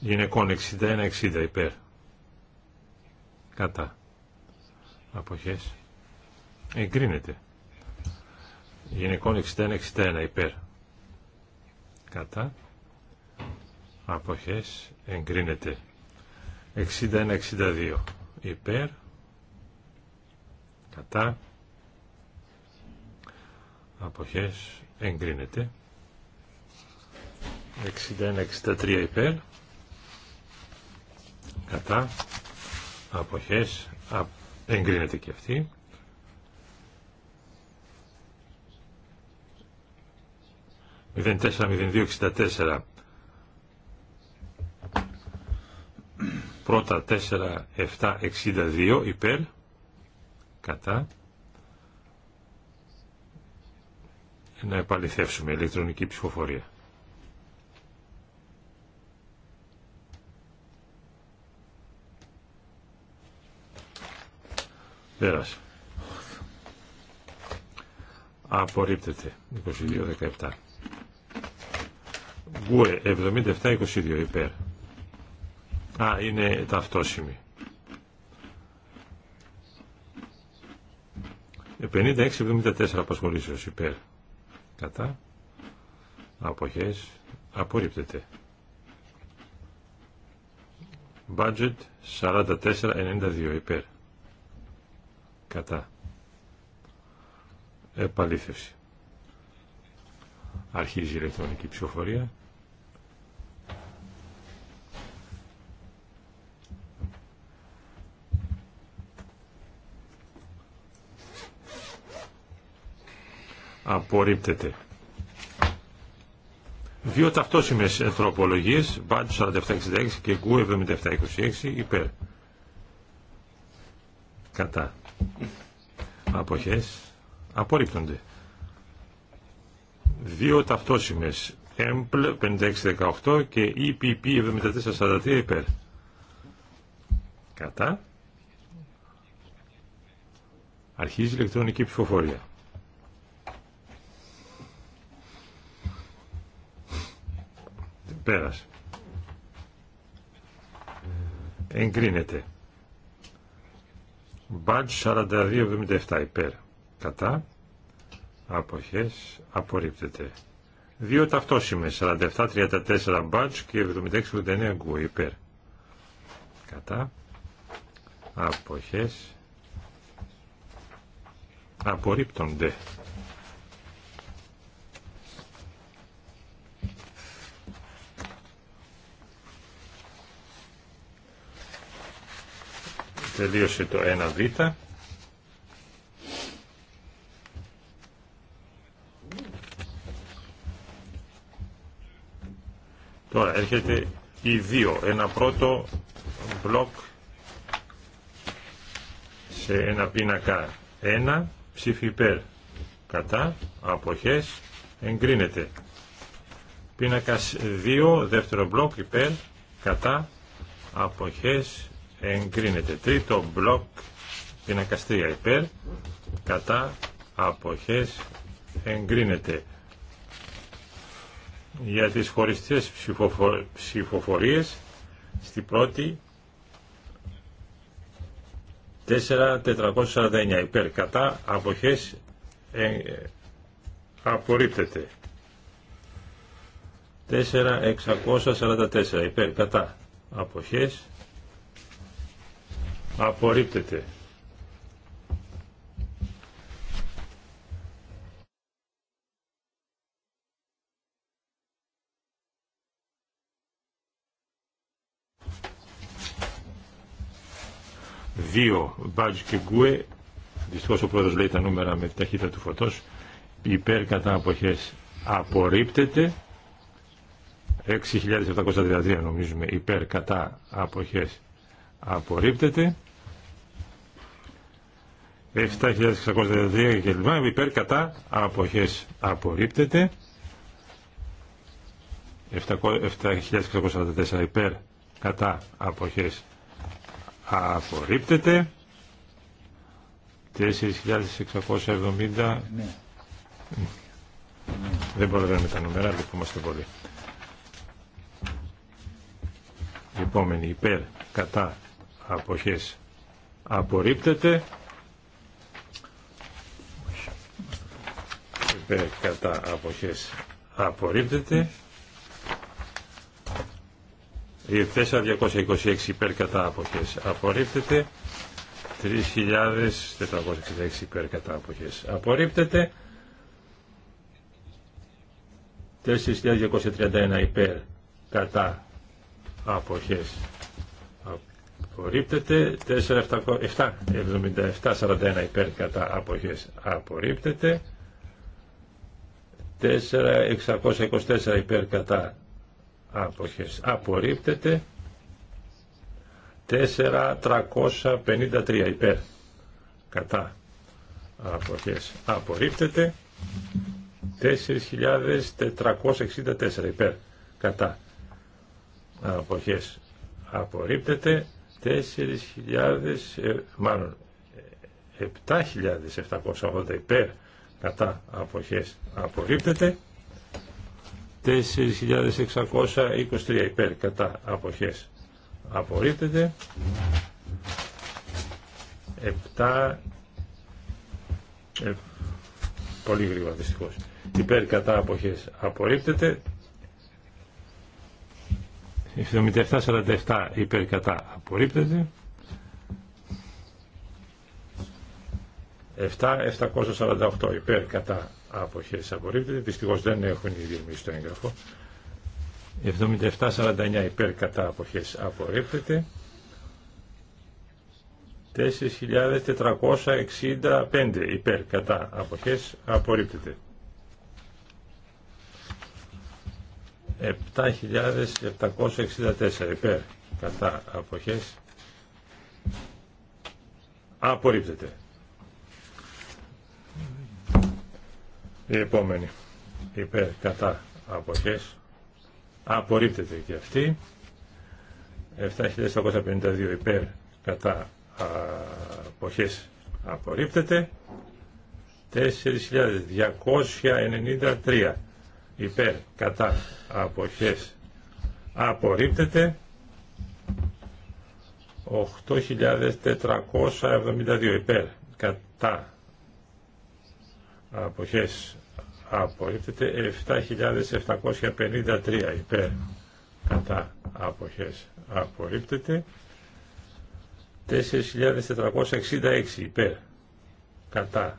Γυναικών 61-60. Υπέρ κατά αποχές εγκρίνεται γυναικών 61-61 υπέρ κατά αποχές εγκρίνεται 61-62 υπέρ κατά αποχές εγκρίνεται 61-63 υπέρ κατά αποχές εγκρίνεται και αυτή 02 πρώτα 4, 7, 62 υπέρ, κατά. Να επαληθεύσουμε ηλεκτρονική ψηφοφορία. περασε απορριπτεται Απορρίπτεται. 22-17. Γκουε 77-22 υπέρ. Α, είναι ταυτόσιμη. 56-74 απασχολήσεως υπέρ. Κατά. Αποχές. Απορρίπτεται. Budget 44-92 υπέρ κατά επαλήθευση. Αρχίζει η ηλεκτρονική ψηφοφορία. Απορρίπτεται. Δύο ταυτόσιμες ανθρωπολογίες, BAD 4766 και Γκου 7726, υπέρ. Κατά αποχές απορρίπτονται. Δύο ταυτόσημες ΕΜΠΛ 5618 και EPP 7443 υπέρ. Κατά. Αρχίζει η ηλεκτρονική ψηφοφορία. Πέρασε. Εγκρίνεται. Μπάτζ 4277 υπέρ. Κατά. Αποχές. Απορρίπτεται. Δύο 4734 47-34 μπάτζ και 7689 γκου υπέρ. Κατά. Αποχές. Απορρίπτονται. τελείωσε το 1β. Τώρα έρχεται η 2 Ένα πρώτο μπλοκ σε ένα πίνακα 1 ψήφι υπέρ κατά αποχές εγκρίνεται. Πίνακας 2 δεύτερο μπλοκ υπέρ κατά αποχές εγκρίνεται. Τρίτο μπλοκ πινακαστρία υπέρ, κατά αποχές εγκρίνεται. Για τις χωριστές ψηφοφορίες, στη πρώτη 4.449 υπέρ κατά αποχές ε, απορρίπτεται 4.644 υπέρ κατά αποχές Απορρίπτεται. Δύο μπάτζ και γκουε. Δυστυχώ ο πρόεδρο λέει τα νούμερα με τη ταχύτητα του φωτό. Υπέρ κατά αποχέ απορρίπτεται. 6.733 νομίζουμε υπέρ κατά αποχές απορρίπτεται 7.632 κλπ. Υπέρ κατά αποχές απορρίπτεται 7.644 υπέρ κατά αποχές απορρίπτεται 4.670 ναι. δεν προλαβαίνουμε τα νούμερα λυπούμαστε πολύ επόμενη υπέρ κατά αποχές απορρίπτεται ε, υπέρ κατά αποχές απορρίπτεται η 4.226 υπέρ κατά αποχές απορρίπτεται 3.466 υπέρ κατά αποχές απορρίπτεται 4.231 υπέρ κατά αποχές απορρίπτεται 4.777.41 υπέρ κατά αποχές απορρίπτεται 4.624 υπέρ κατά αποχές απορρίπτεται 4.353 υπέρ κατά αποχές απορρίπτεται 4.464 υπέρ κατά αποχές απορρίπτεται 4.000, ε, μάλλον 7.780 ε, υπέρ κατά αποχές απορρίπτεται 4.623 υπέρ κατά αποχές απορρίπτεται 7 ε, πολύ γρήγορα δυστυχώς υπέρ κατά αποχές απορρίπτεται 77-47 υπέρ κατά απορρίπτεται. 7-748 υπέρ κατά αποχές απορρίπτεται. Δυστυχώς δεν έχουν οι διερμήσεις το έγγραφο. 77-49 υπέρ κατά αποχές απορρίπτεται. 4.465 υπέρ κατά αποχές απορρίπτεται. 7.764 υπέρ κατά αποχές απορρίπτεται. Η επόμενη υπέρ κατά αποχές απορρίπτεται και αυτή. 7.752 υπέρ κατά αποχές απορρίπτεται. 4.293 υπέρ κατά αποχές απορρίπτεται 8.472 υπέρ κατά αποχές απορρίπτεται 7.753 υπέρ κατά αποχές απορρίπτεται 4.466 υπέρ κατά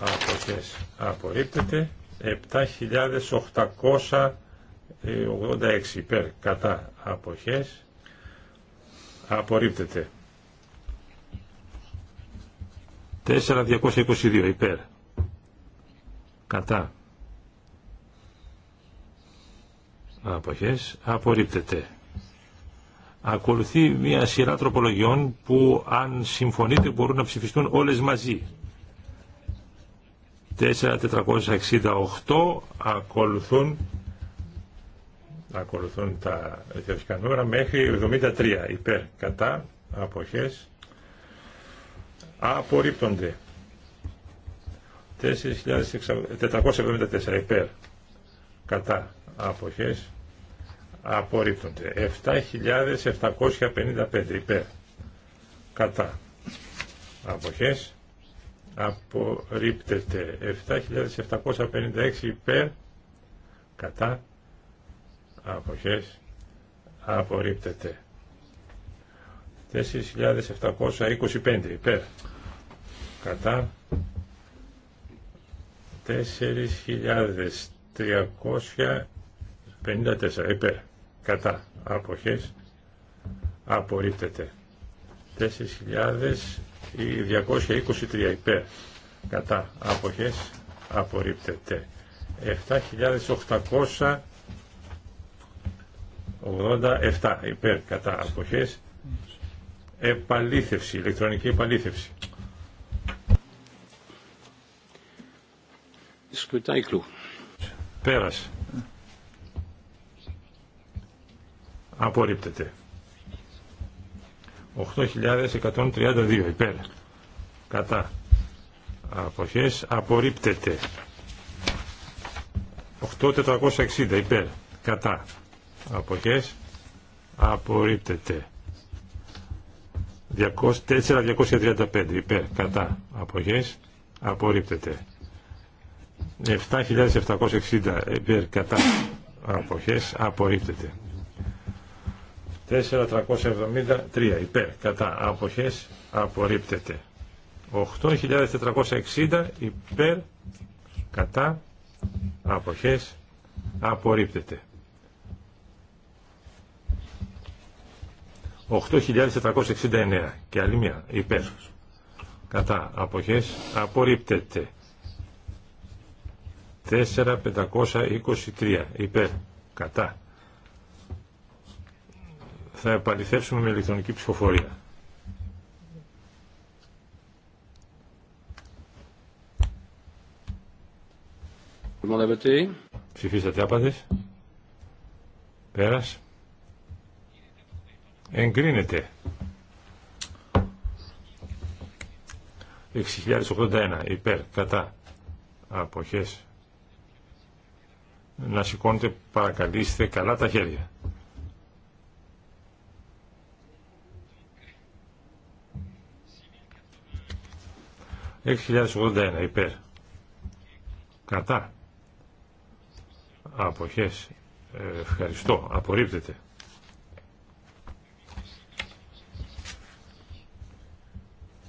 αποχές απορρίπτεται 7.886 υπέρ κατά αποχές απορρίπτεται 4.222 υπέρ κατά αποχές απορρίπτεται ακολουθεί μια σειρά τροπολογιών που αν συμφωνείτε μπορούν να ψηφιστούν όλες μαζί 4.468 ακολουθούν ακολουθούν τα εθιωτικά νούμερα μέχρι 73 υπέρ κατά αποχές απορρίπτονται 4.474 υπέρ κατά αποχές απορρίπτονται 7.755 υπέρ κατά αποχές απορρίπτεται 7.756 υπέρ κατά αποχές απορρίπτεται 4.725 υπέρ κατά 4.354 υπέρ κατά αποχές απορρίπτεται 4.000 ή 223 υπέρ κατά αποχές απορρίπτεται 7.887 υπέρ κατά αποχές επαλήθευση, ηλεκτρονική επαλήθευση. Πέρασε. Απορρίπτεται. 8.132 υπέρ κατά αποχές απορρίπτεται 8.460 υπέρ κατά αποχές απορρίπτεται 4.235 υπέρ κατά αποχές απορρίπτεται 7.760 υπέρ κατά αποχές απορρίπτεται 4.373 υπέρ κατά αποχές απορρίπτεται 8.460 υπέρ κατά αποχές απορρίπτεται 8.469 και άλλη μια υπέρ κατά αποχές απορρίπτεται 4.523 υπέρ κατά θα επαληθεύσουμε με ηλεκτρονική ψηφοφορία. Ψηφίσατε άπατες. Πέρας. Εγκρίνεται. 6.081 υπέρ, κατά, αποχές. Να σηκώνετε παρακαλείστε καλά τα χέρια. 6081 υπέρ. Κατά. Αποχές. Ε, ευχαριστώ. Απορρίπτεται.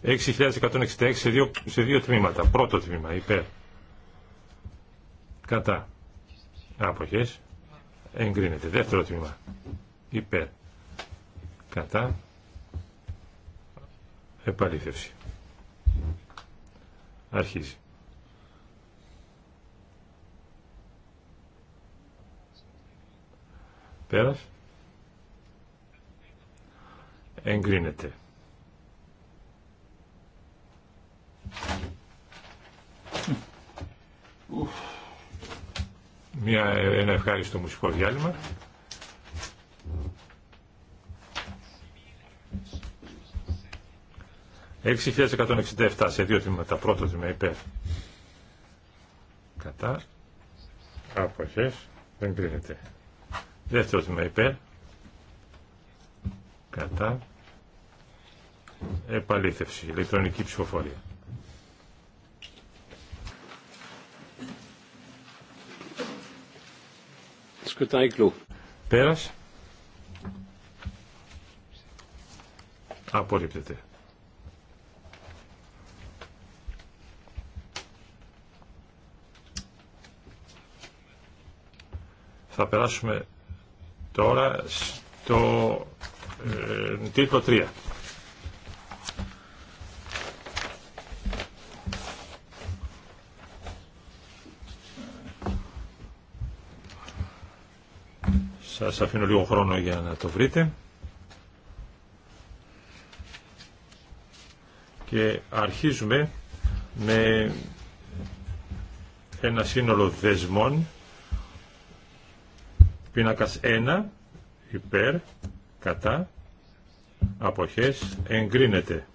...6.166 σε δύο, σε δύο τμήματα. Πρώτο τμήμα, υπέρ. Κατά. Άποχες. Εγκρίνεται. Δεύτερο τμήμα. Υπέρ. Κατά. Επαλήθευση. Αρχίζει. Πέρας. Εγκρίνεται. Μια, ένα ευχάριστο μουσικό διάλειμμα. 6.167 σε δύο τμήματα. Πρώτο τμήμα υπέρ. Κατά. Αποχές. Δεν κρίνεται. Δεύτερο τμήμα υπέρ. Κατά. Επαλήθευση. Ηλεκτρονική ψηφοφορία. κλού Πέρας. Απορρίπτεται. Θα περάσουμε τώρα στο ε, τίτλο 3. Σας αφήνω λίγο χρόνο για να το βρείτε. Και αρχίζουμε με ένα σύνολο δεσμών Πίνακας 1 υπέρ κατά αποχές εγκρίνεται.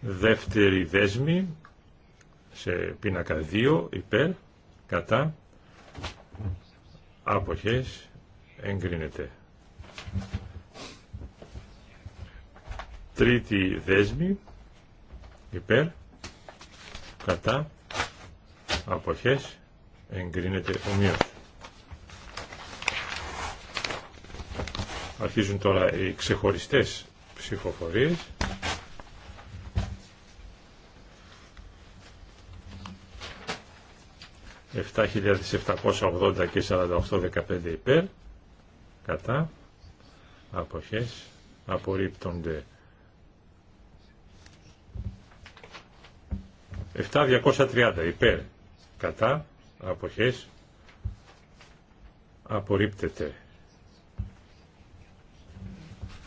Δεύτερη δέσμη σε πίνακα 2 υπέρ κατά αποχές εγκρίνεται. Τρίτη δέσμη υπέρ κατά αποχές εγκρίνεται ομοίως. Αρχίζουν τώρα οι ξεχωριστές ψηφοφορίες. «7.780 και 48.15 υπέρ, κατά, αποχές, απορρίπτονται 7.230 υπέρ, κατά, αποχές, απορρίπτεται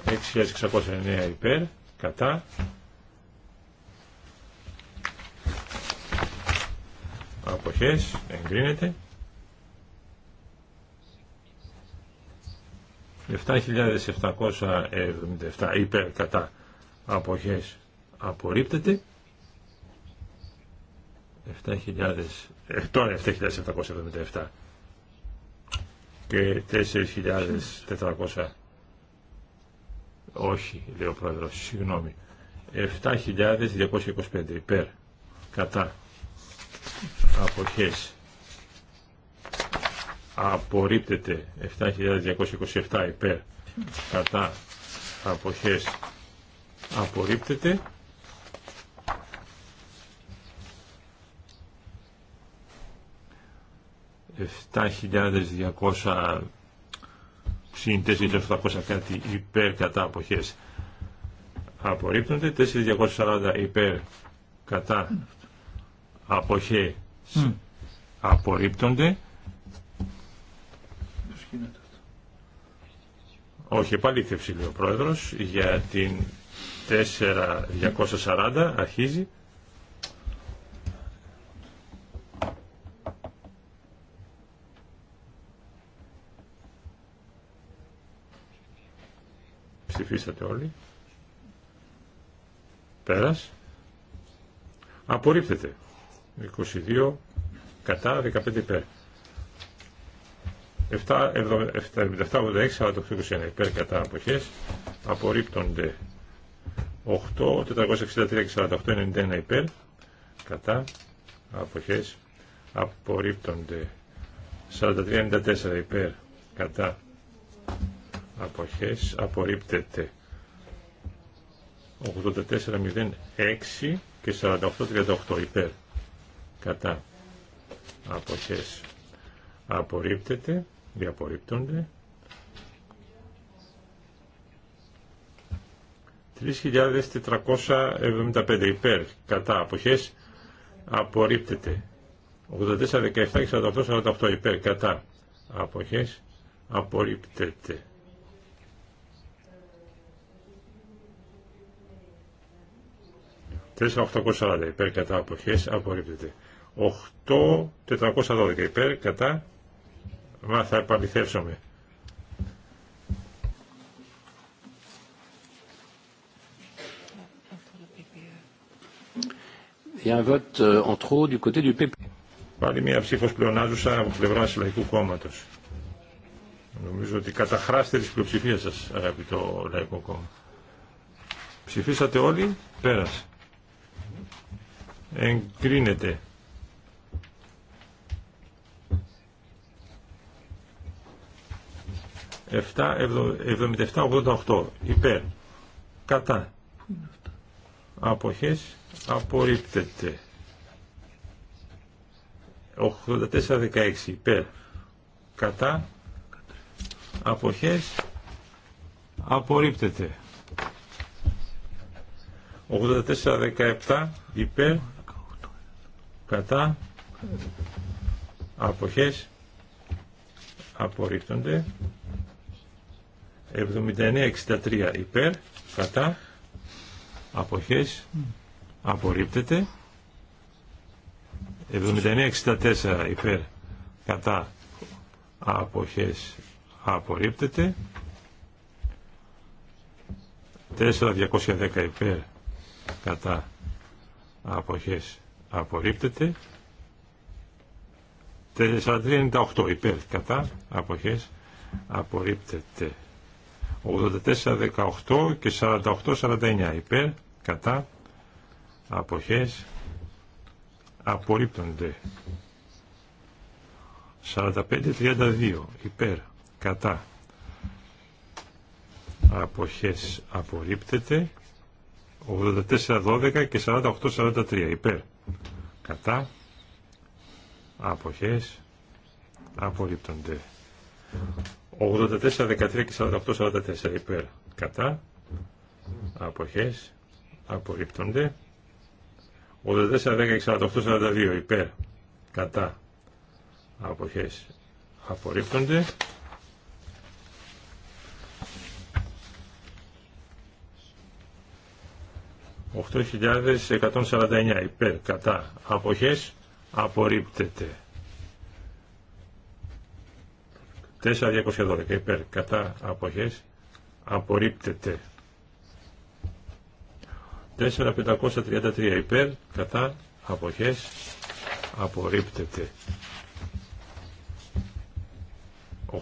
6.609 υπέρ, κατά. Αποχές, εγκρίνεται. 7.777 υπέρ, κατά. Αποχές, απορρίπτεται. 7.777 ε, και 4.400 όχι, λέει ο πρόεδρος, συγγνώμη. 7.225 υπέρ, κατά, αποχές. Απορρίπτεται 7.227 υπέρ, κατά, αποχές. Απορρίπτεται συν 4.700 κάτι υπέρ κατά αποχές απορρίπτονται 4.240 υπέρ κατά αποχές απορρίπτονται όχι επαλήθευση λέει ο πρόεδρος για την 4.240 αρχίζει Ψηφίσατε όλοι. Πέρας. Απορρίπτεται. 22 κατά 15 υπέρ. 7,86, υπέρ κατά αποχές. Απορρίπτονται 8, 463 48, 91 υπέρ κατά αποχές. Απορρίπτονται 43, 94 υπέρ κατά αποχές απορρίπτεται 8406 και 4838 υπέρ κατά αποχές απορρίπτεται διαπορρίπτονται 3.475 υπέρ κατά αποχές 84.17 και 4848 κατά αποχές απορρίπτεται 4.840 υπέρ κατά αποχές απορρίπτεται. 8.412 υπέρ κατά μα θα επαληθεύσουμε. Il Πάλι μια ψήφος πλεονάζουσα από πλευρά Λαϊκού Κόμματος. Νομίζω ότι καταχράστε τις πλειοψηφίες σας, αγαπητό Λαϊκό Κόμμα. Ψηφίσατε όλοι, πέρασε εγκρινεται 77 77-88 Εφτά, υπέρ, κατά, αποχές, απορρίπτεται. 84-16 υπέρ, κατά, αποχές, απορρίπτεται. 84-17 υπέρ, κατά αποχές απορρίπτονται 79-63 υπέρ κατά αποχές απορρίπτεται 79-64 υπέρ κατά αποχές απορρίπτεται 4-210 υπέρ κατά αποχές απορρίπτεται 4398 υπέρ κατά αποχές απορρίπτεται 8418 και 4849 υπέρ κατά αποχές απορρίπτονται 4532 υπέρ κατά αποχές απορρίπτεται 8412 και 4843 υπέρ κατά αποχές απορρίπτονται 84, 13 και 48, 44 υπέρ κατά αποχές απορρίπτονται 84, 10 48, 42 υπέρ κατά αποχές απορρίπτονται 8.149 υπέρ κατά αποχές απορρίπτεται. 4.212 υπέρ κατά αποχές απορρίπτεται. 4.533 υπέρ κατά αποχές απορρίπτεται.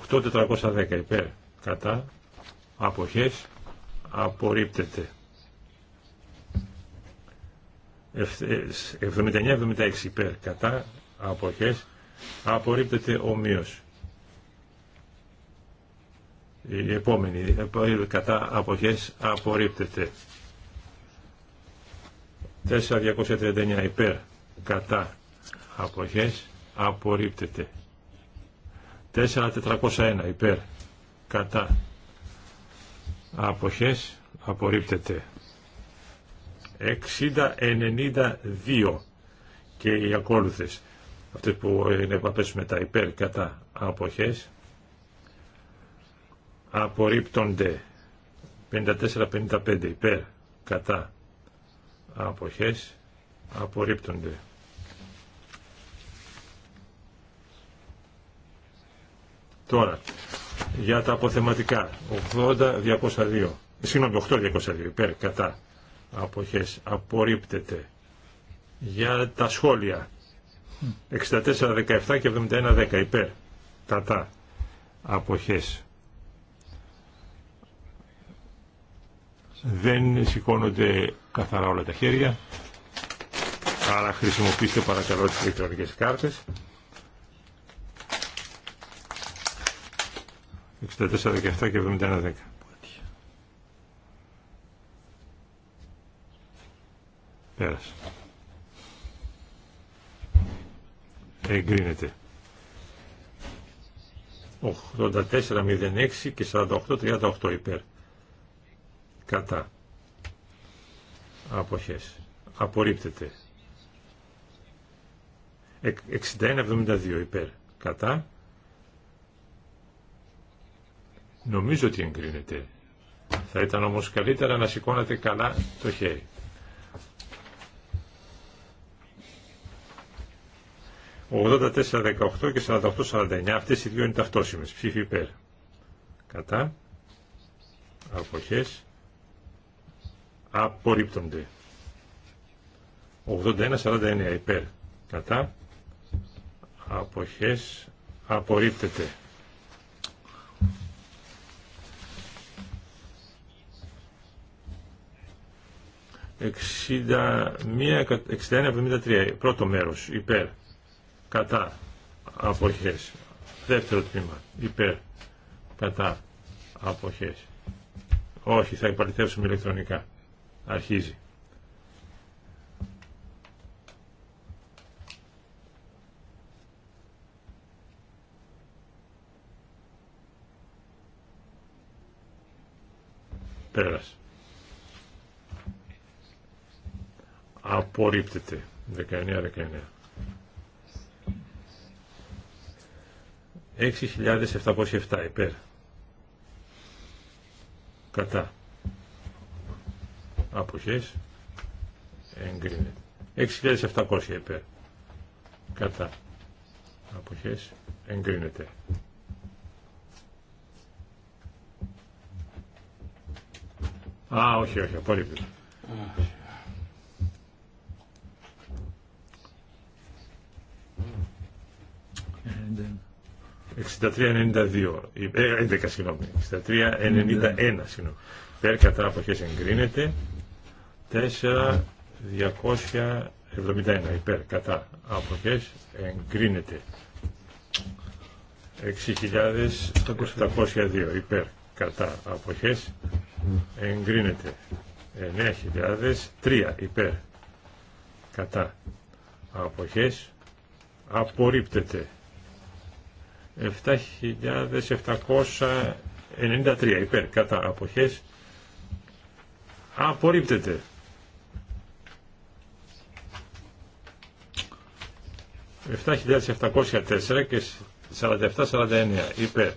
8.410 υπέρ κατά αποχές απορρίπτεται. 79-76 υπέρ κατά αποχές απορρίπτεται ομοίως. Η επόμενη κατά αποχές απορρίπτεται. 4-239 υπέρ κατά αποχές απορρίπτεται. 4.401 υπέρ κατά αποχές απορρίπτεται. 60-92 και οι ακόλουθες αυτές που είναι επαπές με τα υπέρ κατά αποχές απορρίπτονται 54-55 υπέρ κατά αποχές απορρίπτονται τώρα για τα αποθεματικά 80-202 συγγνώμη 8-202 υπέρ κατά αποχές απορρίπτεται για τα σχόλια 64-17 και 71-10 υπέρ κατά αποχές δεν σηκώνονται καθαρά όλα τα χέρια άρα χρησιμοποιήστε παρακαλώ τις ηλεκτρονικές κάρτες 64-17 και 71-10 Πέρασε. Εγκρίνεται. 84-06 και 48-38 υπέρ. Κατά. Αποχές. Απορρίπτεται. 72 υπέρ. Κατά. Νομίζω ότι εγκρίνεται. Θα ήταν όμως καλύτερα να σηκώνατε καλά το χέρι. 84-18 και 48-49. Αυτές οι δύο είναι ταυτόσιμες. Ψήφι υπέρ. Κατά. Αποχές. Απορρίπτονται. 81-49 υπέρ. Κατά. Αποχές. Απορρίπτεται. 61-73. Πρώτο μέρος. Υπέρ κατά αποχές δεύτερο τμήμα υπέρ κατά αποχές όχι θα υπαλληθευσουμε ηλεκτρονικα ηλεκτρονικά αρχίζει πέρας απορρίπτεται 19-19 6.707 υπέρ. Κατά. Αποχές. Εγκρίνεται. 6.700 υπέρ. Κατά. Αποχές. Εγκρίνεται. Α, όχι, όχι, πολύ 63-92, ε, 11 ε, συγγνώμη, 63-91 συγγνώμη. Περ κατά αποχές εγκρίνεται, 4-271 υπέρ κατά αποχές εγκρίνεται. 6.702 υπέρ κατά αποχές εγκρίνεται 9.003 υπέρ κατά αποχές απορρίπτεται 7.793 υπέρ κατά αποχές απορρίπτεται. «7.704 και 47.49 υπέρ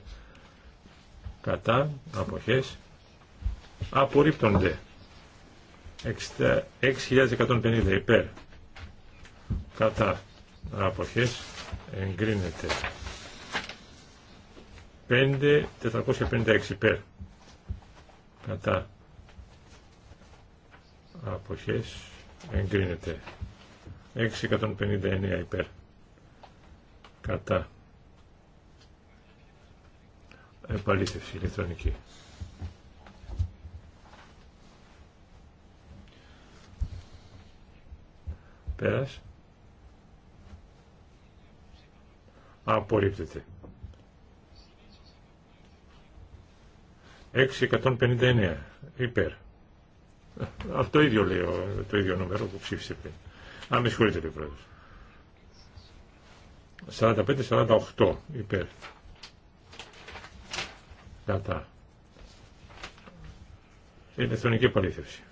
κατά αποχές απορρίπτονται 6.150 υπέρ κατά αποχές εγκρίνεται 5.456 περ. Κατά. Αποχές. Εγκρίνεται. 659 υπέρ. Κατά. Επαλήθευση ηλεκτρονική. Πέρας. Απορρίπτεται. 659 υπέρ. Αυτό ίδιο λέει το ίδιο νούμερο που ψήφισε πριν. Α, με συγχωρείτε λέει ο 45 45-48 υπέρ. Κατά. Ηλεκτρονική επαλήθευση.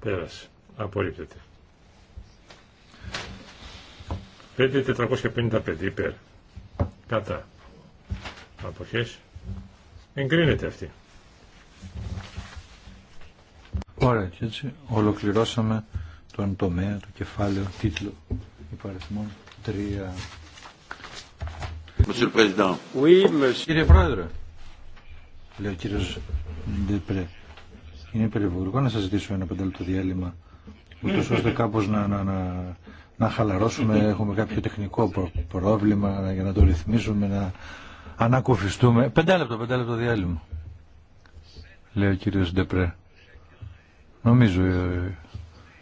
Πέρασε. Απορρίπτεται. 5455 υπέρ. Κατά. Αποχές. Εγκρίνεται αυτή. Ωραία και έτσι ολοκληρώσαμε τον τομέα, το κεφάλαιο, τίτλο υπαριθμών 3. Monsieur Κύριε Πρόεδρε, λέει ο κύριος Ντεπρέ, είναι περιβολικό να σας ζητήσω ένα πεντάλεπτο διάλειμμα, ούτως mm. ώστε κάπως να, να, να να χαλαρώσουμε, έχουμε κάποιο τεχνικό πρόβλημα για να το ρυθμίζουμε, να ανακουφιστούμε. Πεντάλεπτο, λεπτό, διάλειμμα, λέει ο κύριος Ντεπρέ. Νομίζω ε,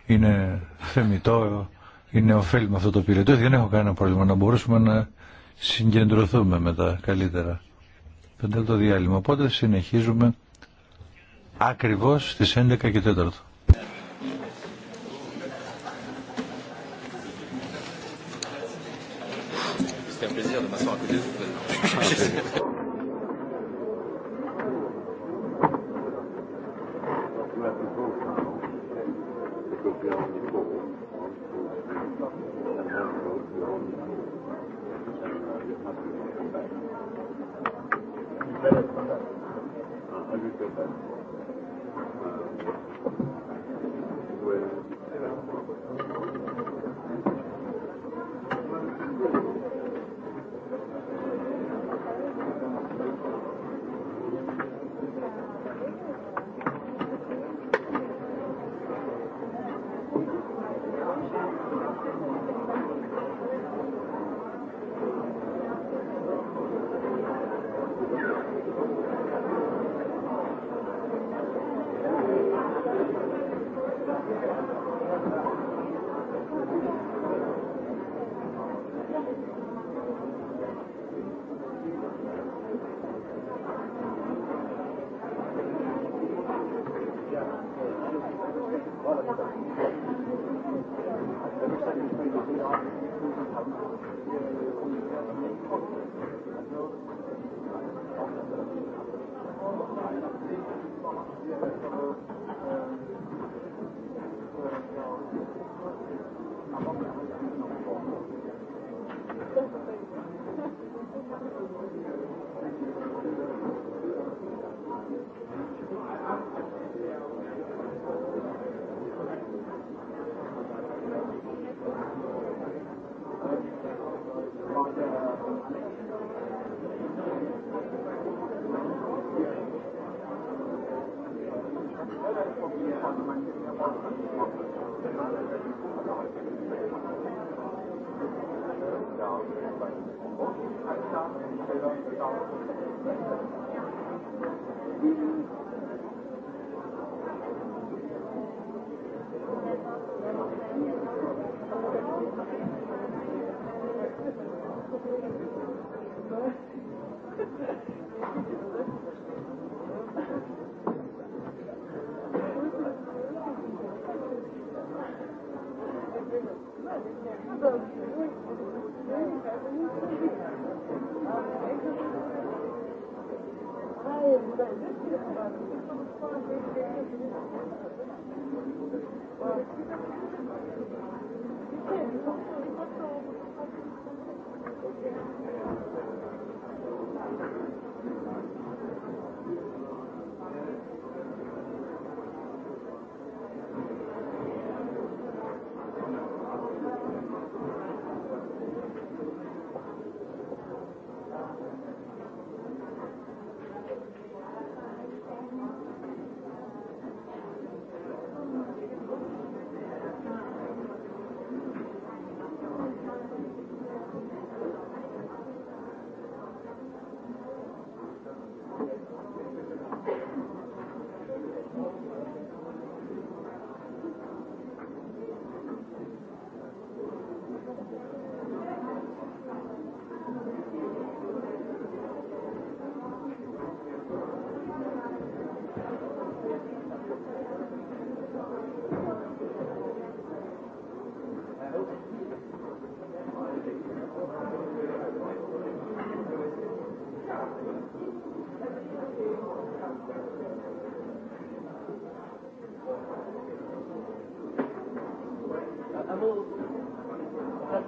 είναι θεμητό, είναι ωφέλιμο αυτό το πυρετό, δεν έχω κανένα πρόβλημα να μπορούσαμε να συγκεντρωθούμε μετά καλύτερα. Πεντάλεπτο διάλειμμα, οπότε συνεχίζουμε ακριβώς στις 11 και 4. Ποιο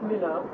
now.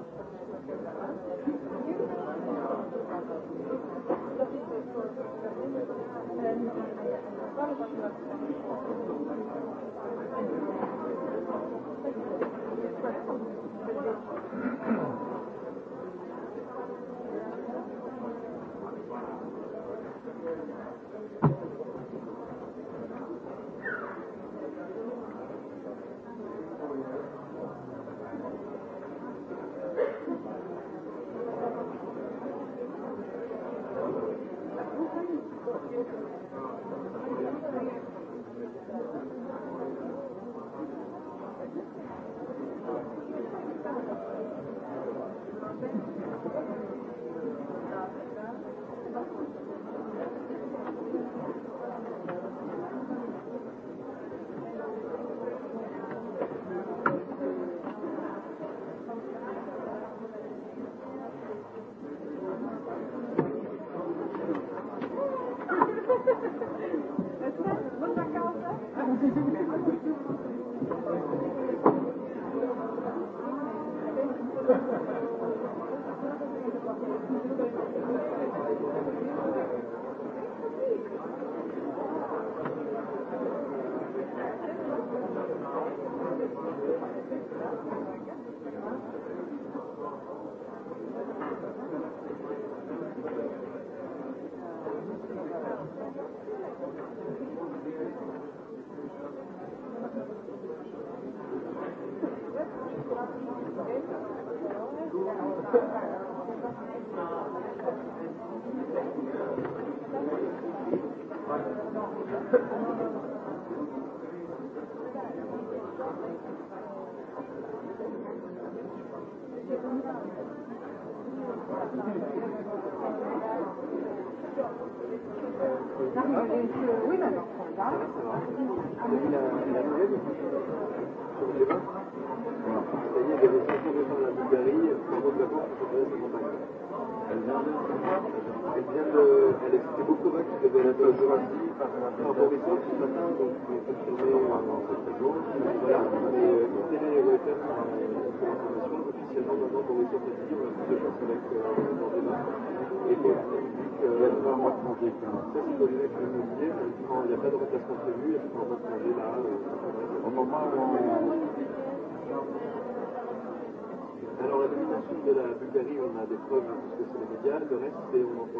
Thank you.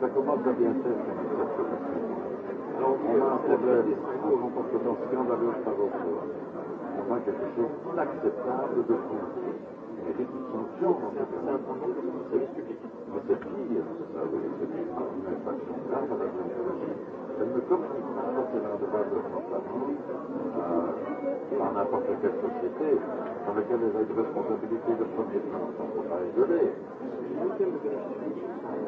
Ça commence à bien faire. Alors, on a un problème, un comportement scandaleux par emploi. On a quelque chose d'acceptable de fond. Mais des petites sanctions, c'est pire, ça, oui, c'est pire. Une infraction grave à la déontologie. Elle ne communique pas forcément de base de transparence dans n'importe quelle société dans laquelle elle a une responsabilité de premier plan. On ne peut pas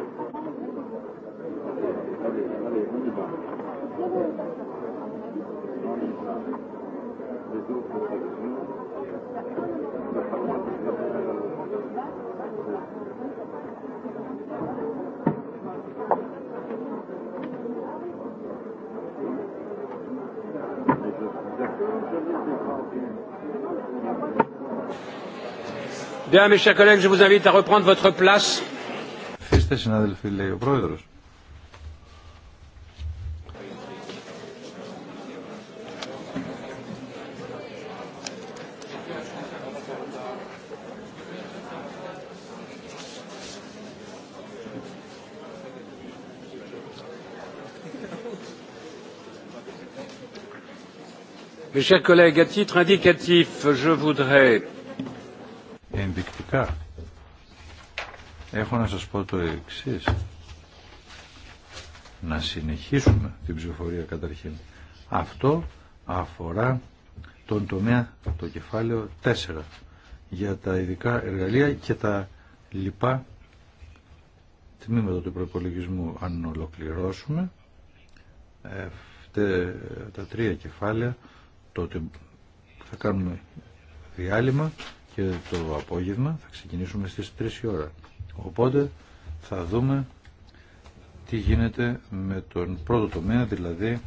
Bien, mes chers collègues, je vous invite à reprendre votre place. Συνάδελφοι, λέει ο πρόεδρος. Mes chers collègues, à titre indicatif, je voudrais... Ενδεικτικά, έχω να σας πω το εξή Να συνεχίσουμε την ψηφορία καταρχήν. Αυτό αφορά τον τομέα, το κεφάλαιο 4 για τα ειδικά εργαλεία και τα λοιπά τμήματα του προπολογισμού αν ολοκληρώσουμε ε, τα τρία κεφάλαια τότε θα κάνουμε διάλειμμα και το απόγευμα θα ξεκινήσουμε στις 3 η ώρα. Οπότε θα δούμε τι γίνεται με τον πρώτο τομέα, δηλαδή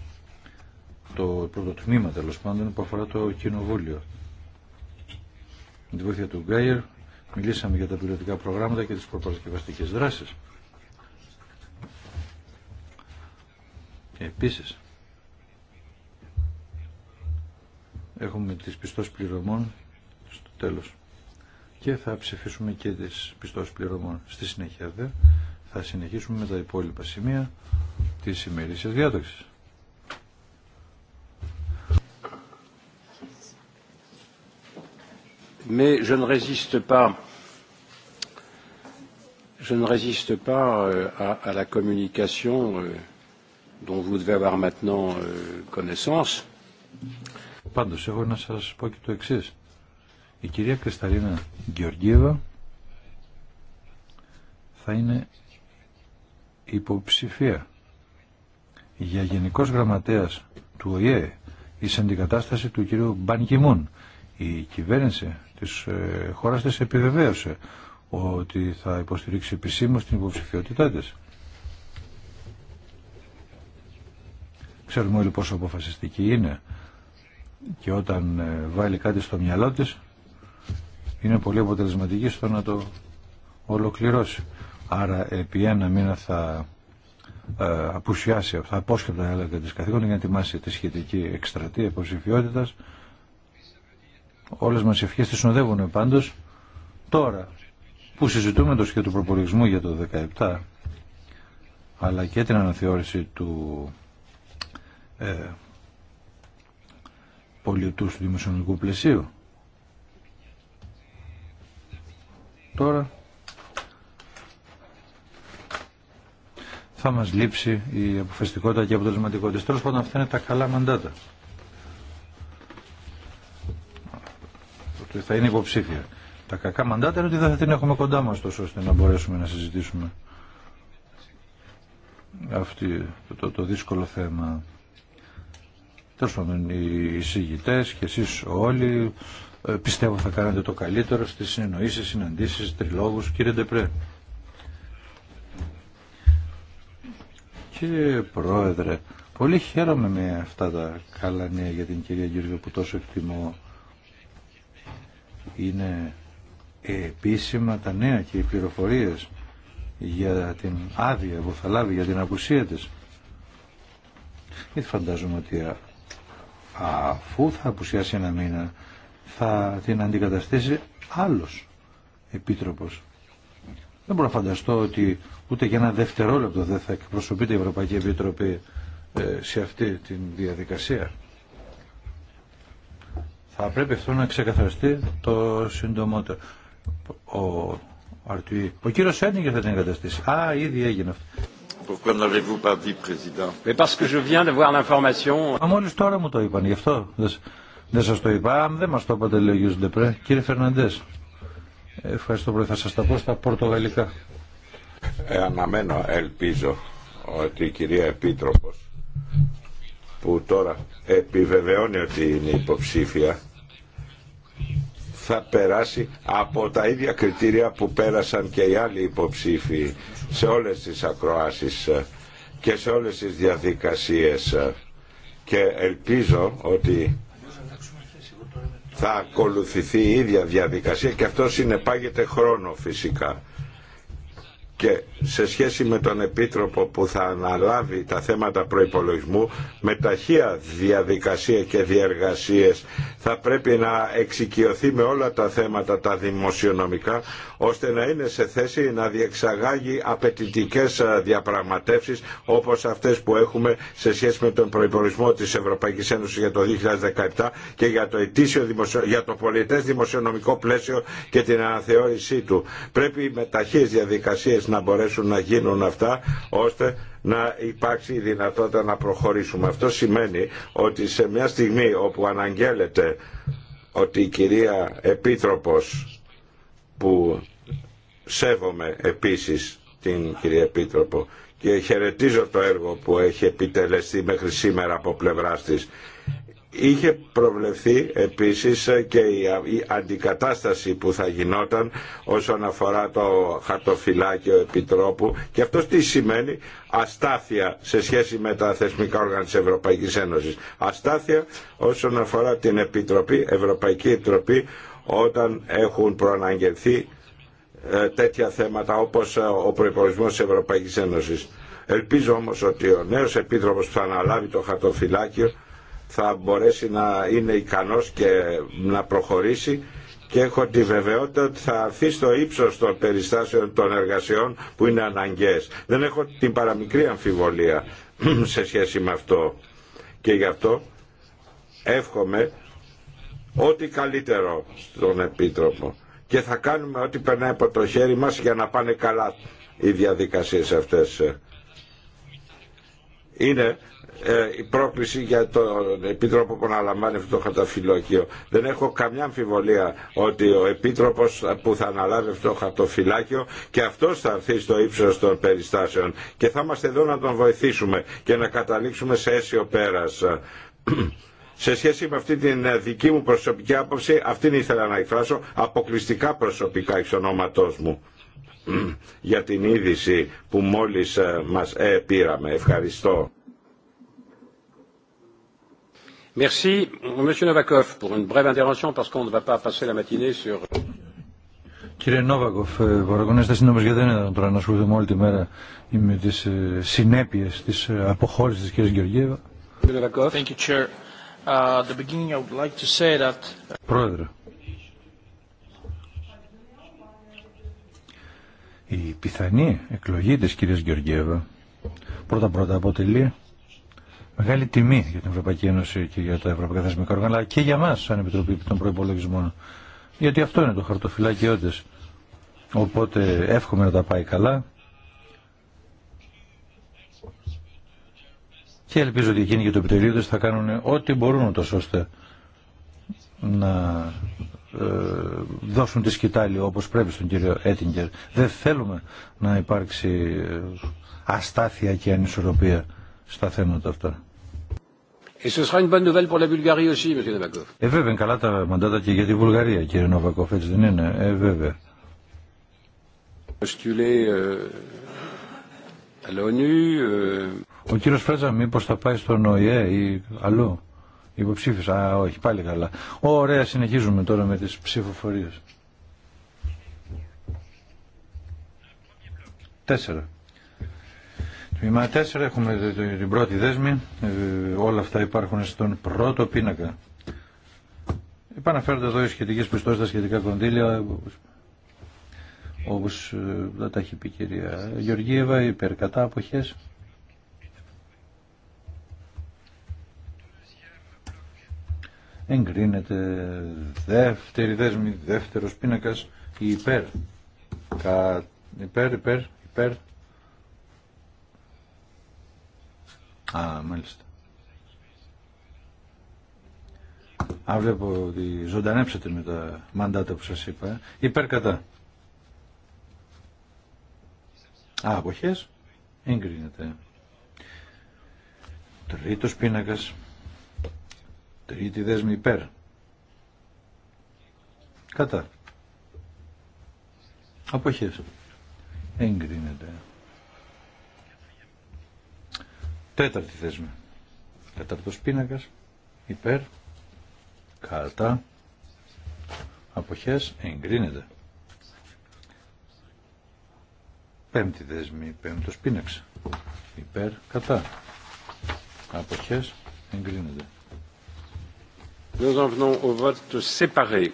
το πρώτο τμήμα τέλο πάντων που αφορά το κοινοβούλιο. Με τη βοήθεια του Γκάιερ μιλήσαμε για τα πιλωτικά προγράμματα και τις προπαρασκευαστικές δράσεις. Επίσης, έχουμε τις πιστώσεις πληρωμών στο τέλος και θα ψηφίσουμε και τις πιστώσεις πληρωμών στη συνέχεια δε θα συνεχίσουμε με τα υπόλοιπα σημεία της ημερήσιας διάταξης. Mais je ne résiste pas, je ne résiste pas euh, à, à la communication euh, dont vous devez avoir maintenant euh, connaissance. Euh, Πάντως έχω να σας πω και το εξής. Η κυρία Κρυσταλίνα Γεωργίεβα θα είναι υποψηφία για Γενικός Γραμματέας του ΟΗΕ η αντικατάσταση του κυρίου Μπανκιμούν. Η κυβέρνηση της ε, χώρας της επιβεβαίωσε ότι θα υποστηρίξει επισήμως την υποψηφιότητά της. Ξέρουμε όλοι πόσο αποφασιστική είναι και όταν ε, βάλει κάτι στο μυαλό της είναι πολύ αποτελεσματική στο να το ολοκληρώσει. Άρα επί ένα μήνα θα ε, απουσιάσει, θα απόσκεπτα τα έλεγα της καθήκοντα για να ετοιμάσει τη σχετική εκστρατεία υποψηφιότητα. Όλες μας οι ευχές τις συνοδεύουν πάντως τώρα που συζητούμε το σχέδιο του προπολογισμού για το 2017 αλλά και την αναθεώρηση του ε, πολιτού του δημοσιονομικού πλαισίου. Τώρα θα μας λείψει η αποφασιστικότητα και η αποτελεσματικότητα. Τέλος πάντων αυτά είναι τα καλά μαντάτα. Ότι θα είναι υποψήφια. Τα κακά μαντάτα είναι ότι δεν θα την έχουμε κοντά μας τόσο ώστε να μπορέσουμε να συζητήσουμε αυτή, το, το δύσκολο θέμα οι συγητέ και εσεί όλοι ε, πιστεύω θα κάνετε το καλύτερο στι συνεννοήσει, συναντήσει, τριλόγους. Κύριε Ντεπρέ. Κύριε Πρόεδρε, πολύ χαίρομαι με αυτά τα καλά νέα για την κυρία Γιώργη που τόσο εκτιμώ. Είναι επίσημα τα νέα και οι πληροφορίες για την άδεια που θα λάβει, για την απουσία της. φαντάζομαι ότι αφού θα απουσιάσει ένα μήνα θα την αντικαταστήσει άλλος επίτροπος. Δεν μπορώ να φανταστώ ότι ούτε για ένα δευτερόλεπτο δεν θα εκπροσωπείται η Ευρωπαϊκή Επιτροπή ε, σε αυτή τη διαδικασία. Θα πρέπει αυτό να ξεκαθαριστεί το συντομότερο. Ο, ο κύριος Σένιγκερ θα την εγκαταστήσει. Α, ήδη έγινε αυτό. Μόλις τώρα μου το είπαν, γι' αυτό δεν σας το είπα. Αν δεν μας το είπατε, λέει ο Γιώργο Ντεπρέ. Κύριε Φερναντές, ευχαριστώ πολύ. Θα σας τα πω στα πορτογαλικά. Ε, αναμένω, ελπίζω, ότι η κυρία Επίτροπος, που τώρα επιβεβαιώνει ότι είναι υποψήφια, θα περάσει από τα ίδια κριτήρια που πέρασαν και οι άλλοι υποψήφοι σε όλες τις ακροάσεις και σε όλες τις διαδικασίες και ελπίζω ότι θα ακολουθηθεί η ίδια διαδικασία και αυτό συνεπάγεται χρόνο φυσικά και σε σχέση με τον Επίτροπο που θα αναλάβει τα θέματα προϋπολογισμού με ταχεία διαδικασία και διεργασίες θα πρέπει να εξοικειωθεί με όλα τα θέματα τα δημοσιονομικά ώστε να είναι σε θέση να διεξαγάγει απαιτητικέ ε, διαπραγματεύσεις όπως αυτές που έχουμε σε σχέση με τον προϋπολογισμό της Ευρωπαϊκής Ένωσης για το 2017 και για το, ετήσιο για το πολιτές δημοσιονομικό πλαίσιο και την αναθεώρησή του. Πρέπει με ταχείες διαδικασίες να μπορέσουν να γίνουν αυτά ώστε να υπάρξει η δυνατότητα να προχωρήσουμε. Αυτό σημαίνει ότι σε μια στιγμή όπου αναγγέλλεται ότι η κυρία Επίτροπος που σέβομαι επίσης την κυρία Επίτροπο και χαιρετίζω το έργο που έχει επιτελεστεί μέχρι σήμερα από πλευράς της Είχε προβλεφθεί επίσης και η αντικατάσταση που θα γινόταν όσον αφορά το χαρτοφυλάκιο επιτρόπου και αυτό τι σημαίνει αστάθεια σε σχέση με τα θεσμικά όργανα της Ευρωπαϊκής Ένωσης. Αστάθεια όσον αφορά την Επιτροπή, Ευρωπαϊκή Επιτροπή όταν έχουν προαναγγελθεί ε, τέτοια θέματα όπως ε, ο προϋπολογισμός της Ευρωπαϊκής Ένωσης. Ελπίζω όμως ότι ο νέος επίτροπος που θα αναλάβει το χαρτοφυλάκιο θα μπορέσει να είναι ικανός και να προχωρήσει και έχω τη βεβαιότητα ότι θα αφήσει στο ύψος των περιστάσεων των εργασιών που είναι αναγκαίες. Δεν έχω την παραμικρή αμφιβολία σε σχέση με αυτό και γι' αυτό εύχομαι ό,τι καλύτερο στον Επίτροπο και θα κάνουμε ό,τι περνάει από το χέρι μας για να πάνε καλά οι διαδικασίες αυτές. Είναι ε, η πρόκληση για τον Επίτροπο που αναλαμβάνει αυτό το χαρτοφυλάκιο. Δεν έχω καμιά αμφιβολία ότι ο επίτροπο που θα αναλάβει αυτό το χαρτοφυλάκιο και αυτό θα έρθει στο ύψο των περιστάσεων και θα είμαστε εδώ να τον βοηθήσουμε και να καταλήξουμε σε αίσιο πέρας. Σε σχέση με αυτή την δική μου προσωπική άποψη, αυτήν ήθελα να εκφράσω αποκλειστικά προσωπικά εξ ονόματός μου για την είδηση που μόλις ε, μας ε, πήραμε. Ευχαριστώ. Κύριε Νόβακοφ, ε, παρακολουθώ γιατί δεν ήταν τώρα να ασχοληθούμε όλη τη μέρα με τι ε, συνέπειε τη ε, αποχώρηση τη κυρία Γεωργίευα. Uh, Πρόεδρε, η πιθανή εκλογή της κυρίας Γεωργίευα πρώτα-πρώτα αποτελεί μεγάλη τιμή για την Ευρωπαϊκή Ένωση και για τα Ευρωπαϊκά Θεσμικά Όργανα, αλλά και για μας σαν Επιτροπή των Προϋπολογισμών. Γιατί αυτό είναι το χαρτοφυλάκιό της. Οπότε εύχομαι να τα πάει καλά. Και ελπίζω ότι εκείνοι και το επιτελείο θα κάνουν ό,τι μπορούν τόσο ώστε να ε, δώσουν τη σκητάλη όπως πρέπει στον κύριο Έτιγκερ. Δεν θέλουμε να υπάρξει ε, αστάθεια και ανισορροπία στα θέματα αυτά. Ε, βέβαια, καλά τα μαντάτα και για τη Βουλγαρία, κύριε Νοβακόφ, έτσι δεν είναι. Ε, βέβαια. Euh, euh, Ο κύριος Φρέτζα, μήπω θα πάει στον ΟΗΕ ή αλλού. Υποψήφιος. Α, όχι, πάλι καλά. Ωραία, συνεχίζουμε τώρα με τις ψηφοφορίες. Τέσσερα. Βήμα 4 έχουμε την πρώτη δέσμη. Ε, όλα αυτά υπάρχουν στον πρώτο πίνακα. Επαναφέρονται εδώ οι σχετικέ πιστώσει, τα σχετικά κονδύλια, όπω ε, τα έχει πει η κυρία Γεωργίευα, υπερκατά αποχέ. Εγκρίνεται δεύτερη δέσμη, δεύτερος πίνακας, η υπέρ. Κα, υπέρ, υπέρ, υπέρ, Α, μάλιστα. Α, βλέπω ότι ζωντανέψατε με τα μαντάτα που σας είπα. Ε. Υπέρ κατά. Α, αποχές. Εγκρίνεται. Τρίτος πίνακας. Τρίτη δέσμη υπέρ. Κατά. Αποχές. Εγκρίνεται. Τέταρτη θέσμη. Τέταρτος πίνακας. Υπέρ. Κατά. Αποχές. Εγκρίνεται. Πέμπτη δέσμη. Πέμπτος πίναξ. Υπέρ. Κατά. Αποχές. Εγκρίνεται. Nous en venons au vote séparé.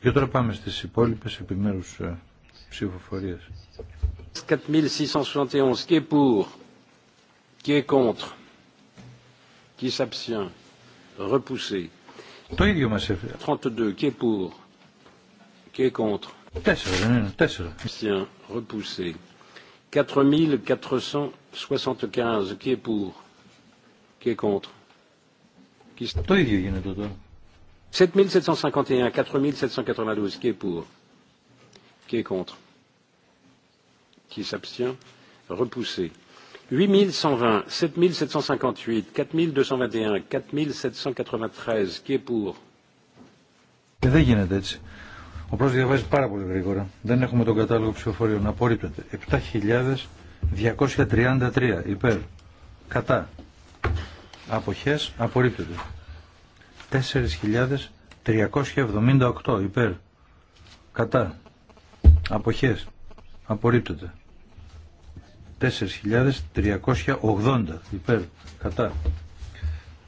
Και τώρα πάμε στις υπόλοιπες επιμέρους ε, ψηφοφορίες. 4671 qui est pour Qui est contre Qui s'abstient Repoussé. Το ίδιο μας 32. Qui est pour Qui est contre 4. Abstient. Repoussé. 4475. Qui est pour Qui est contre Qui... Το ίδιο γίνεται 7751, 4792. Qui est pour Qui est contre Qui s'abstient Repoussé. 8120, 7758, 4221, 4793, qui est pour. Και ε, δεν γίνεται έτσι. Ο πρόεδρο διαβάζει πάρα πολύ γρήγορα. Δεν έχουμε τον κατάλογο ψηφοφορίων. Απορρίπτεται. 7.233 υπέρ. Κατά. Αποχέ, Απορρίπτεται. 4.378 υπέρ. Κατά. Αποχέ. Απορρίπτεται. 4.380 υπέρ κατά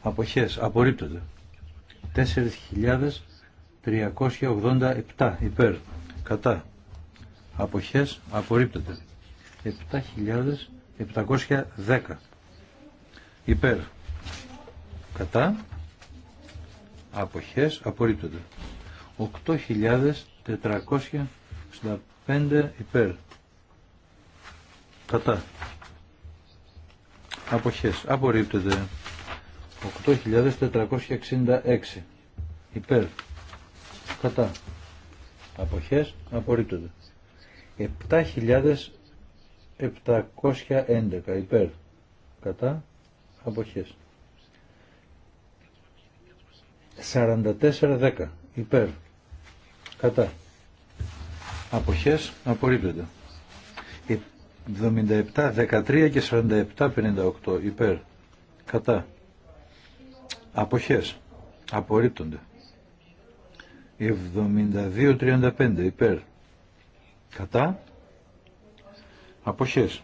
αποχές απορρίπτονται 4.387 υπέρ κατά αποχές απορρίπτονται 7.710 υπέρ κατά αποχές απορρίπτονται 8.465 υπέρ Κατά. Αποχές. Απορρίπτεται. 8.466. Υπέρ. Κατά. Αποχές. Απορρίπτεται. 7.711. Υπέρ. Κατά. Αποχές. 44.10. Υπέρ. Κατά. Αποχές. Απορρίπτεται. 77, 13 και 47, 58 υπέρ. Κατά. Αποχές. Απορρίπτονται. 72, 35 υπέρ. Κατά. Αποχές.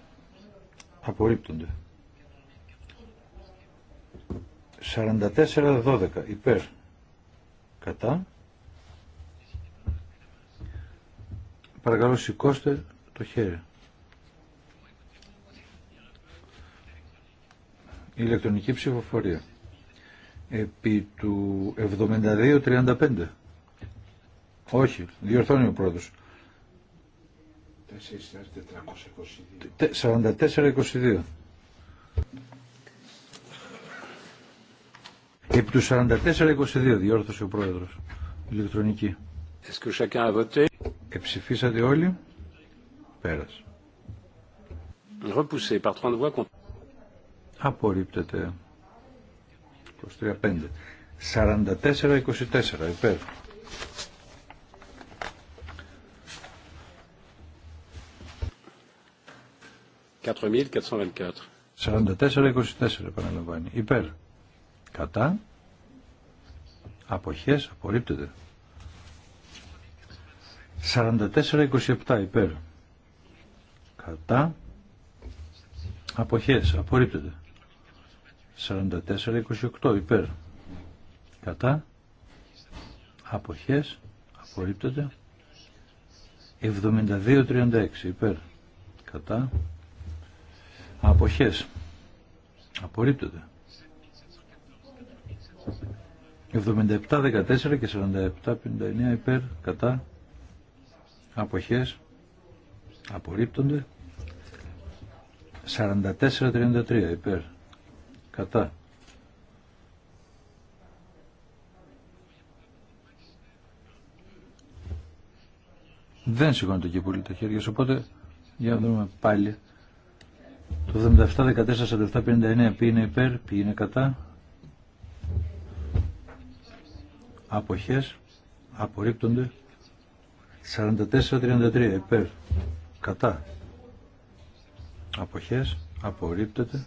Απορρίπτονται. 44, 12 υπέρ. Κατά. Παρακαλώ σηκώστε το χέρι. Η ηλεκτρονική ψηφοφορία επί του 72-35. Όχι, διορθώνει ο πρόεδρος. 44-22. Επί του 44-22 διόρθωσε ο πρόεδρος. Ηλεκτρονική. Εψηφίσατε όλοι. Πέρασε. Repoussé par 30 voix contre απορρίπτεται 23-5 44-24 υπέρ επαναλαμβάνει. Υπέρ. Κατά. Αποχές. Απορρίπτεται. 44-27 υπέρ. Κατά. Αποχές. Απορρίπτεται. 44-28 υπέρ. Κατά. αποχες Απορρίπτονται. Απορρίπτεται. 72-36 υπέρ. Κατά. Απορρίπτονται. Απορρίπτεται. 77-14 και 47-59 υπέρ. Κατά. Αποχές. Απορρίπτονται. 44-33 υπέρ Κατά. Δεν σηκώνεται και πολύ τα χέρια οπότε για να δούμε πάλι. Το 77-14-47-59 ποιοι είναι υπέρ, ποιοι είναι κατά. Αποχές απορρίπτονται. 44-33 υπέρ, κατά. Αποχές απορρίπτεται.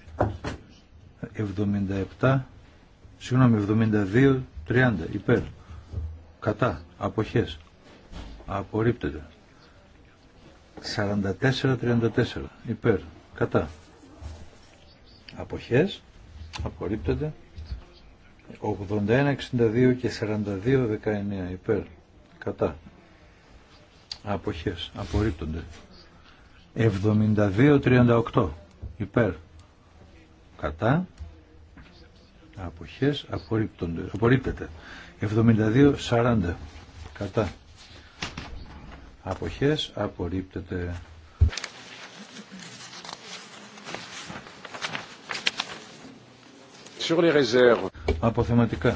77, συγγνώμη, 72, 30, υπέρ, κατά, αποχές, απορρίπτεται. 44, 34, υπέρ, κατά, αποχές, απορρίπτεται. 81, 62 και 42, 19, υπέρ, κατά, αποχές, απορρίπτονται. 72, 38, υπέρ, κατά, αποχές απορρίπτεται 72-40 κατά αποχές απορρίπτεται Sur les réserves. Αποθεματικά.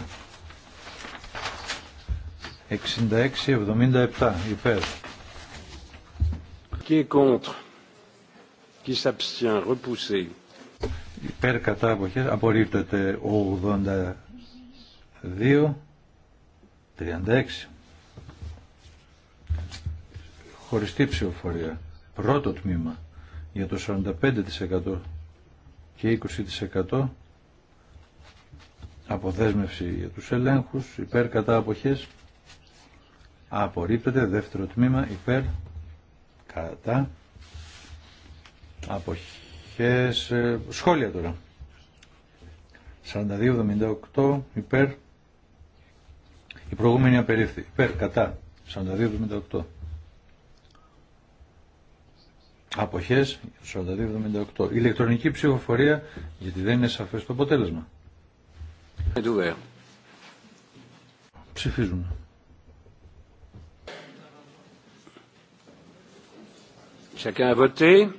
66-77 υπέρ. Qui est contre Qui s'abstient Repoussé υπέρ κατά αποχές απορρίπτεται 82 36 χωριστή ψηφοφορία πρώτο τμήμα για το 45% και 20% αποδέσμευση για τους ελέγχους υπέρ κατά αποχές απορρίπτεται δεύτερο τμήμα υπέρ κατά αποχή σχολια ε, Σχόλια τώρα. 42-78 υπέρ. Η προηγούμενη απερίφθη. Υπέρ, κατά. 42-78. Αποχές 42-78. Ηλεκτρονική ψηφοφορία γιατί δεν είναι σαφές το αποτέλεσμα. Ψηφίζουμε. Chacun a voté.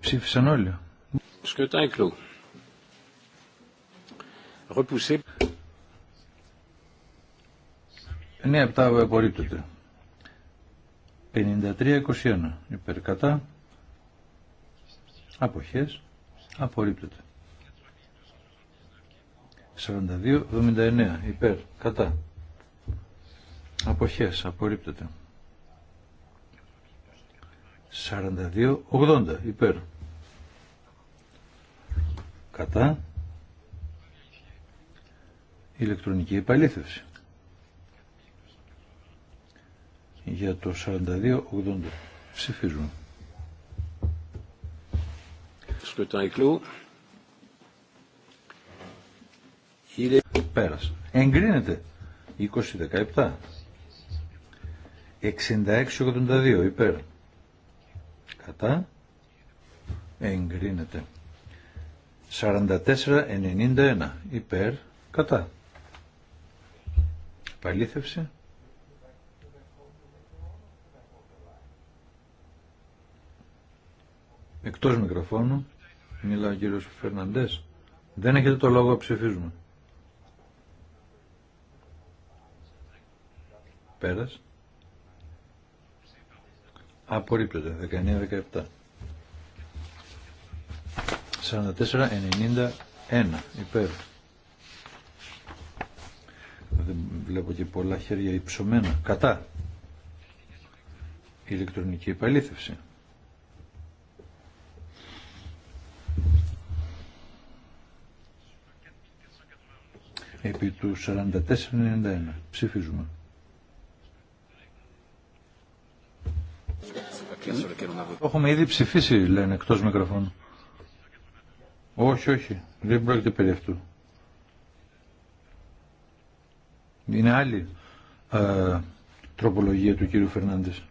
ψήφισαν όλοι. Scrutin clos. Repoussé. 9-7 53-21 υπέρ κατά. Αποχές. απορριπτωτε 42 42-79 υπέρ κατά. αποχες Αποχές. Απορρίπτεται. 42-80 υπέρ κατά ηλεκτρονική επαλήθευση για το 4280 ψηφίζουν Σκοτάει κλού Πέρασε. Εγκρίνεται 2017 6682 υπέρ κατά εγκρίνεται 44-91 υπέρ κατά παλήθευση εκτός μικροφώνου μιλά ο κύριος Φερναντές δεν έχετε το λόγο να ψηφίζουμε πέρας απορρίπτεται 19-17 44-91 υπέρ. Δεν βλέπω και πολλά χέρια υψωμένα. Κατά. Ηλεκτρονική επαλήθευση. Επί του 44-91. Ψηφίζουμε. έχουμε ήδη ψηφίσει, λένε, εκτός μικροφώνου. Όχι, όχι. Δεν πρόκειται περί αυτού. Είναι άλλη ε, τροπολογία του κύριου Φερνάντες.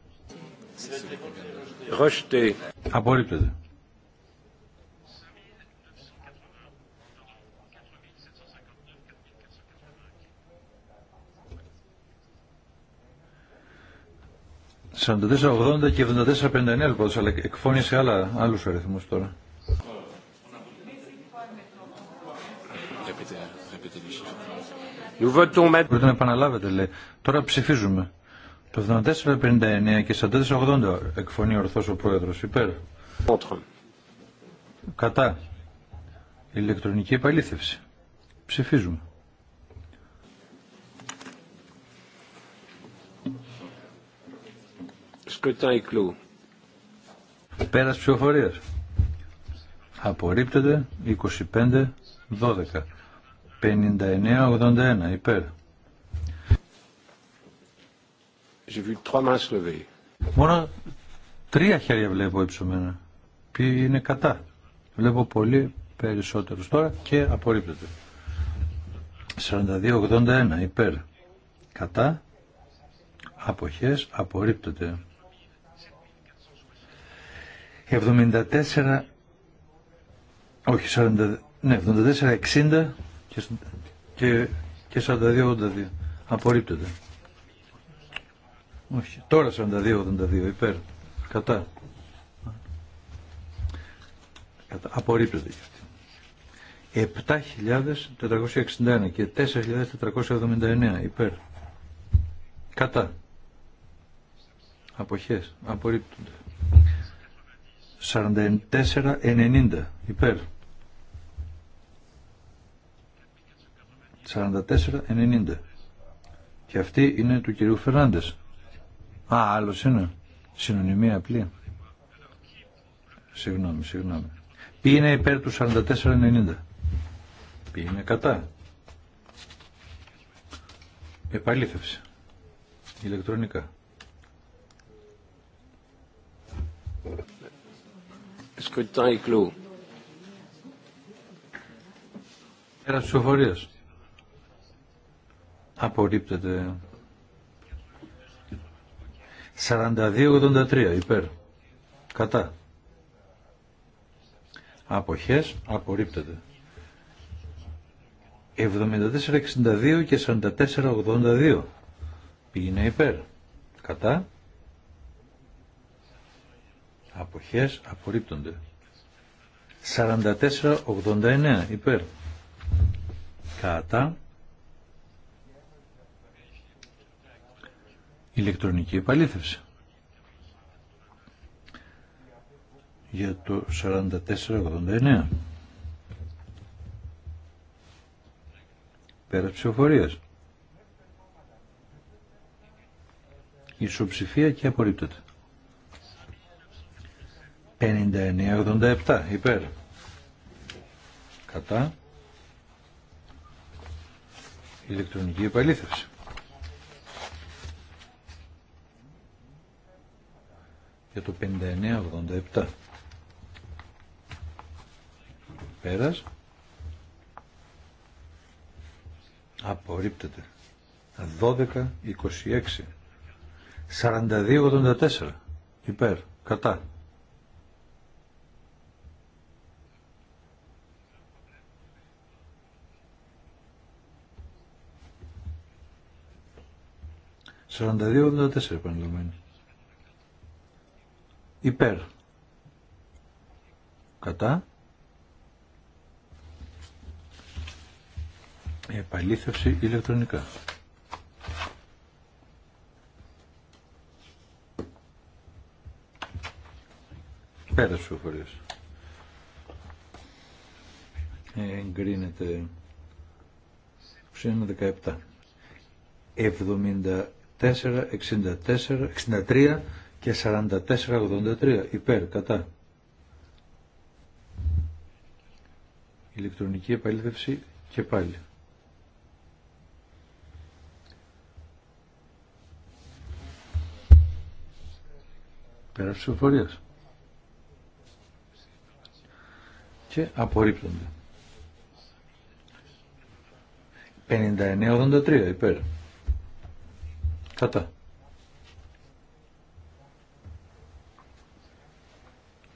τα 44-80 και 74-59 λοιπόν, αλλά εκφώνησε άλλα, άλλους αριθμούς τώρα. Μπορείτε να επαναλάβετε, λέει. Τώρα ψηφίζουμε. Το 74-59 και 44-80 εκφωνεί ορθώ ο πρόεδρο υπερ Υπέρ. Κατά. Ηλεκτρονική επαλήθευση. Ψηφίζουμε. Πέραση κλού. Πέρας ψηφοφορίας. Απορρίπτεται 25-12. 59-81 υπέρ. Μόνο τρία χέρια βλέπω υψωμένα. Ποιοι είναι κατά. Βλέπω πολύ περισσότερους τώρα και απορρίπτεται. 42-81 υπέρ. Κατά. Αποχές απορρίπτεται. 74 όχι 40, 74-60 ναι, και, 42-82. Απορρίπτεται. Όχι. Τώρα 42-82. Υπέρ. Κατά. Κατά. Απορρίπτεται 7.461 και 4.479 υπέρ. Κατά. Αποχές. Απορρίπτονται. 44.90 υπέρ. 44-90. Και αυτή είναι του κυρίου Φερνάντε. Α, άλλο είναι. Συνωνυμία απλή. Συγγνώμη, συγγνώμη. Ποιοι είναι υπέρ του 44-90. Ποιοι είναι κατά. Επαλήθευση. Ηλεκτρονικά. Σκοτεινά η κλού απορρίπτεται. 42-83 υπέρ. Κατά. Αποχές απορρίπτεται. 74-62 και 44-82 πήγαινε υπέρ. Κατά. Αποχές απορρίπτονται. 44-89 υπέρ. Κατά. ηλεκτρονική επαλήθευση. Για το 4489. Πέρα ψηφοφορίας. Ισοψηφία και απορρίπτεται. 59-87 υπέρ. Κατά. Ηλεκτρονική επαλήθευση. για το 59 5987. Πέρας. Απορρίπτεται. 12-26. 42-84. Υπέρ. Κατά. 42-84. τέσσερα επαναλαμβάνει υπέρ κατά επαλήθευση ηλεκτρονικά. Πέρα ο φορείς. Εγκρίνεται ψήνω 17. 74, 64, 63 και 4483 υπέρ κατά ηλεκτρονική επαλήθευση και πάλι πέρα της και απορρίπτονται 5983 υπέρ κατά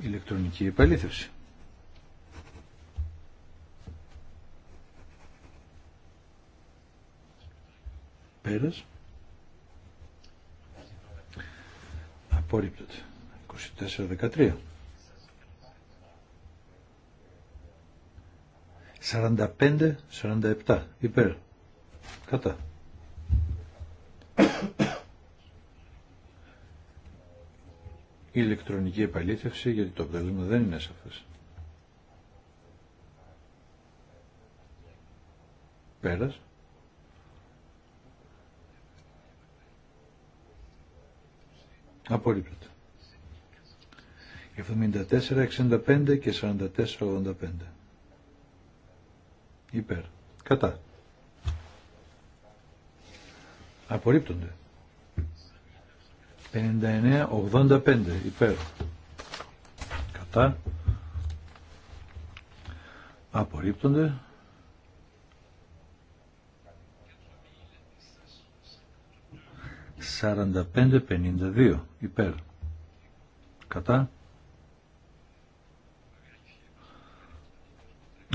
ηλεκτρονική επαλήθευση. Πέρας. Απορρίπτεται. 24-13. 45-47 υπέρ κατά ηλεκτρονική επαλήθευση γιατί το αποτέλεσμα δεν ειναι σαφε σαφές. Πέρας. Απορρίπτεται. 74-65 και 44-85. Υπέρ. Κατά. Απορρίπτονται. 59-85 υπέρ. Κατά. Απορρίπτονται. 45-52 υπέρ. Κατά.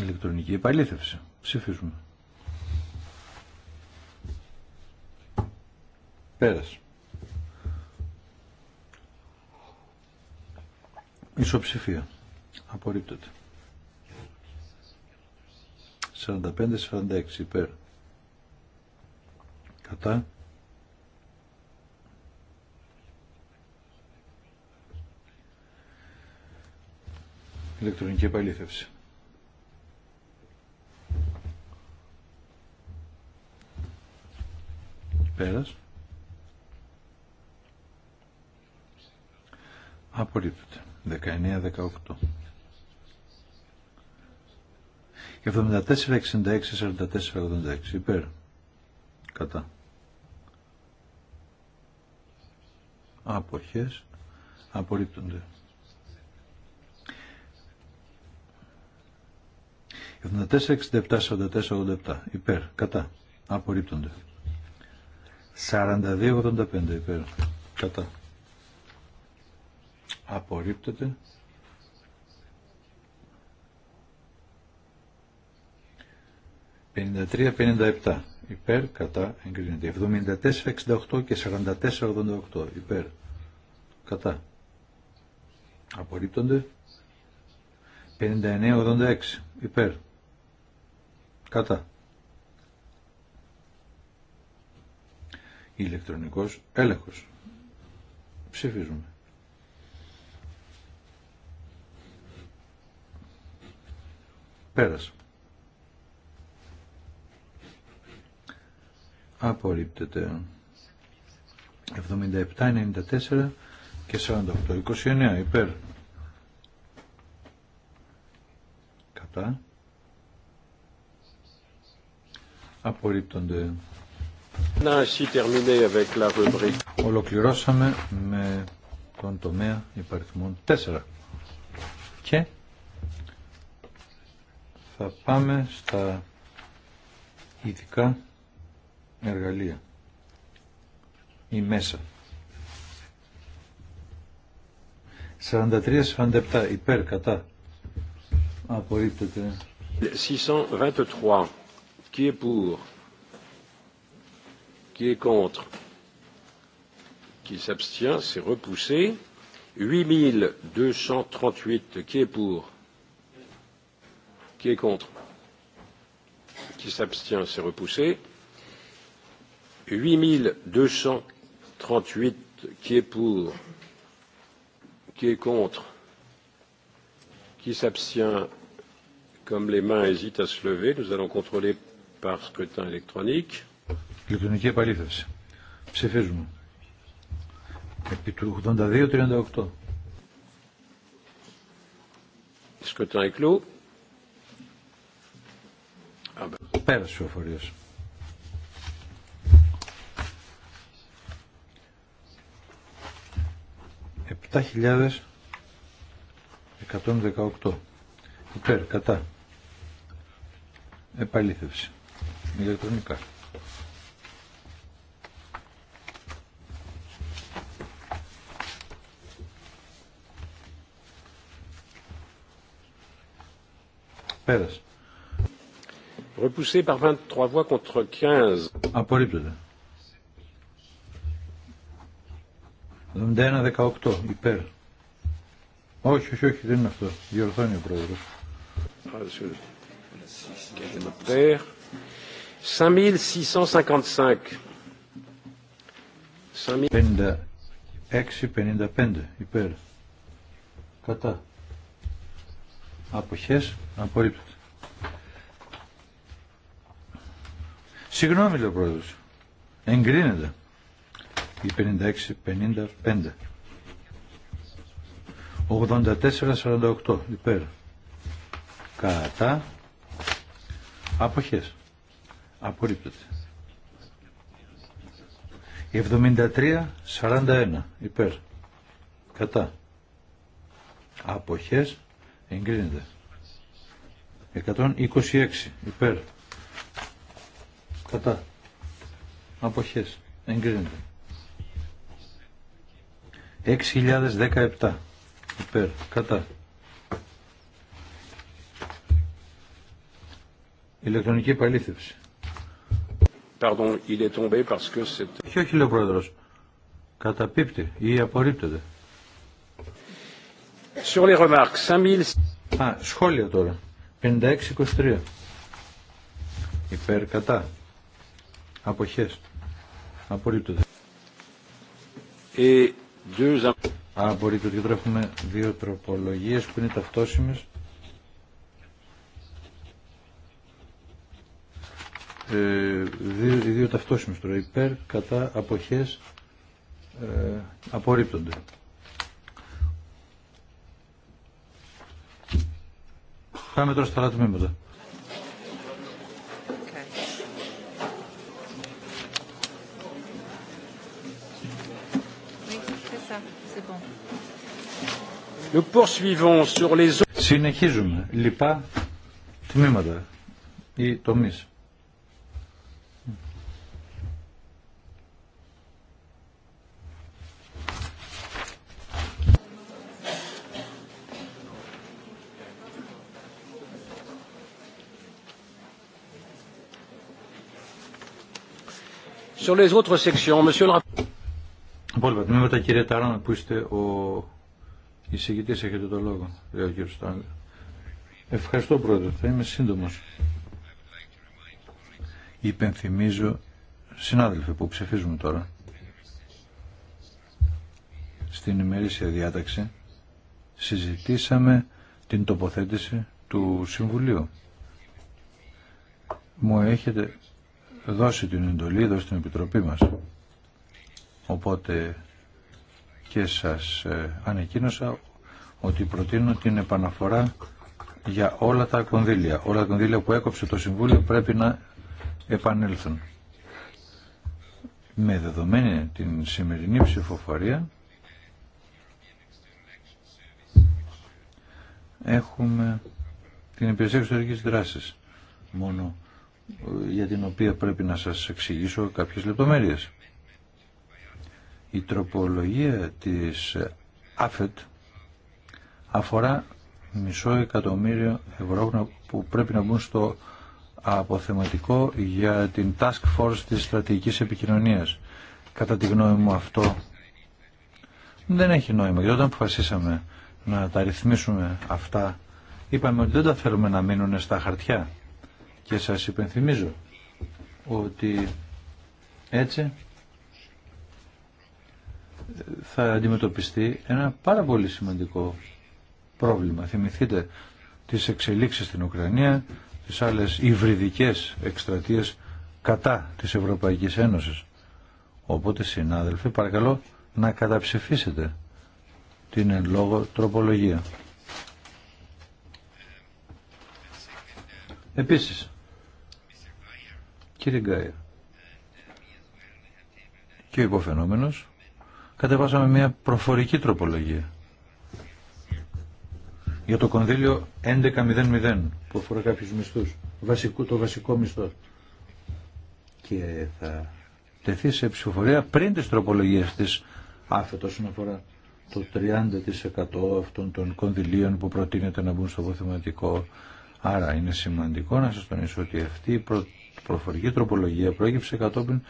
Ηλεκτρονική επαλήθευση. Ψηφίζουμε. Πέρασε. Ισοψηφία. Απορρίπτεται. 45-46 υπέρ. Κατά. ηλεκτρονική επαλήθευση. Πέρας. Απορρίπτεται. 19-18. 74-66-44-86 υπέρ. Κατά. Αποχές απορρίπτονται. 74-67-44-87 υπέρ. Κατά. Απορρίπτονται. 42-85 υπέρ. Κατά απορρίπτεται «53-57» υπέρ, κατά, εγκρίνεται. 74-68 και 44-88 υπέρ, κατά. Απορρίπτονται. 59-86 υπέρ, κατά. Ηλεκτρονικός έλεγχος. Ψηφίζουμε. Πέρασε. Απορρίπτεται. 77, 94 και 48. 29 υπέρ. Κατά. Απορρίπτονται. Ολοκληρώσαμε με τον τομέα υπαριθμών 4. Και θα πάμε στα ειδικά εργαλεία ή μέσα. 43-47 υπέρ κατά απορρίπτεται. 623 qui est pour qui est contre qui s'abstient c'est repoussé 8238 qui est pour Qui est contre Qui s'abstient C'est repoussé. 8238. Qui est pour Qui est contre Qui s'abstient Comme les mains hésitent à se lever, nous allons contrôler par scrutin électronique. Ηλεκτρονική επαλήθευση. Ψηφίζουμε. Επί του 82-38. est clos. στις ψηφοφορίας. Επτά χιλιάδες εκατόν δεκαοκτώ. Υπέρ, κατά. Επαλήθευση. Ηλεκτρονικά. Πέρασε. Repoussé par 23 voix contre 15. Απορρίπτεται. 71-18 υπέρ. Όχι, όχι, όχι, δεν είναι αυτό. Διορθώνει ο πρόεδρος. 5655. 56-55 υπέρ. Κατά. Αποχές απορρίπτεται. Συγγνώμη, λέει ο πρόεδρος. Εγκρίνεται. Η 56-55. 84-48. Υπέρ. Κατά. Αποχές. Απορρίπτεται. 73-41. Υπέρ. Κατά. Αποχές. Εγκρίνεται. 126. Υπέρ. Κατά. Αποχές. Εγκρίνεται. 6.017. Υπέρ. Κατά. Ηλεκτρονική επαλήθευση. Pardon, il est tombé parce que λέει ο ή απορρίπτεται. Α, σχόλια 56.23. Υπέρ, κατά. Αποχές. Απορρίπτονται. Ε, Απορρίπτονται. Και τώρα έχουμε δύο τροπολογίες που είναι ταυτόσιμες. Ε, δύο, δύο ταυτόσιμες τώρα. Υπέρ, κατά, αποχές. Ε, απορρίπτονται. Πάμε τώρα στα άλλα τμήματα. Συνεχίζουμε. Λοιπά τμήματα ή τομεί. Sur les autres sections, monsieur le rapporteur. Τάρανα, που είστε ο Εισηγητή, έχετε το λόγο, λέει ο κύριος Ευχαριστώ πρόεδρε, θα είμαι σύντομος. Υπενθυμίζω, συνάδελφε που ψηφίζουμε τώρα, στην ημερήσια διάταξη συζητήσαμε την τοποθέτηση του Συμβουλίου. Μου έχετε δώσει την εντολή εδώ στην Επιτροπή μας. Οπότε και σας ε, ανακοίνωσα ότι προτείνω την επαναφορά για όλα τα κονδύλια. Όλα τα κονδύλια που έκοψε το Συμβούλιο πρέπει να επανέλθουν. Με δεδομένη την σημερινή ψηφοφορία έχουμε την υπηρεσία εξωτερικής δράσης μόνο ε, για την οποία πρέπει να σας εξηγήσω κάποιες λεπτομέρειες. Η τροπολογία της ΑΦΕΤ αφορά μισό εκατομμύριο ευρώ που πρέπει να μπουν στο αποθεματικό για την Task Force της στρατηγικής επικοινωνίας. Κατά τη γνώμη μου αυτό δεν έχει νόημα. Γιατί όταν αποφασίσαμε να τα ρυθμίσουμε αυτά, είπαμε ότι δεν τα θέλουμε να μείνουν στα χαρτιά. Και σας υπενθυμίζω ότι έτσι θα αντιμετωπιστεί ένα πάρα πολύ σημαντικό πρόβλημα. Θυμηθείτε τις εξελίξεις στην Ουκρανία, τις άλλες υβριδικές εκστρατείες κατά της Ευρωπαϊκής Ένωσης. Οπότε συνάδελφοι παρακαλώ να καταψηφίσετε την εν λόγω τροπολογία. Επίσης, κύριε Γκάιερ, και ο υποφαινόμενος κατεβάσαμε μια προφορική τροπολογία για το κονδύλιο 11.00 που αφορά κάποιους μισθούς, το βασικό μισθό. Και θα τεθεί σε ψηφοφορία πριν τι τροπολογίε της άφετο όσον αφορά το 30% αυτών των κονδυλίων που προτείνεται να μπουν στο βοθηματικό Άρα είναι σημαντικό να σας τονίσω ότι αυτή η προ... προφορική τροπολογία προέκυψε κατόπιν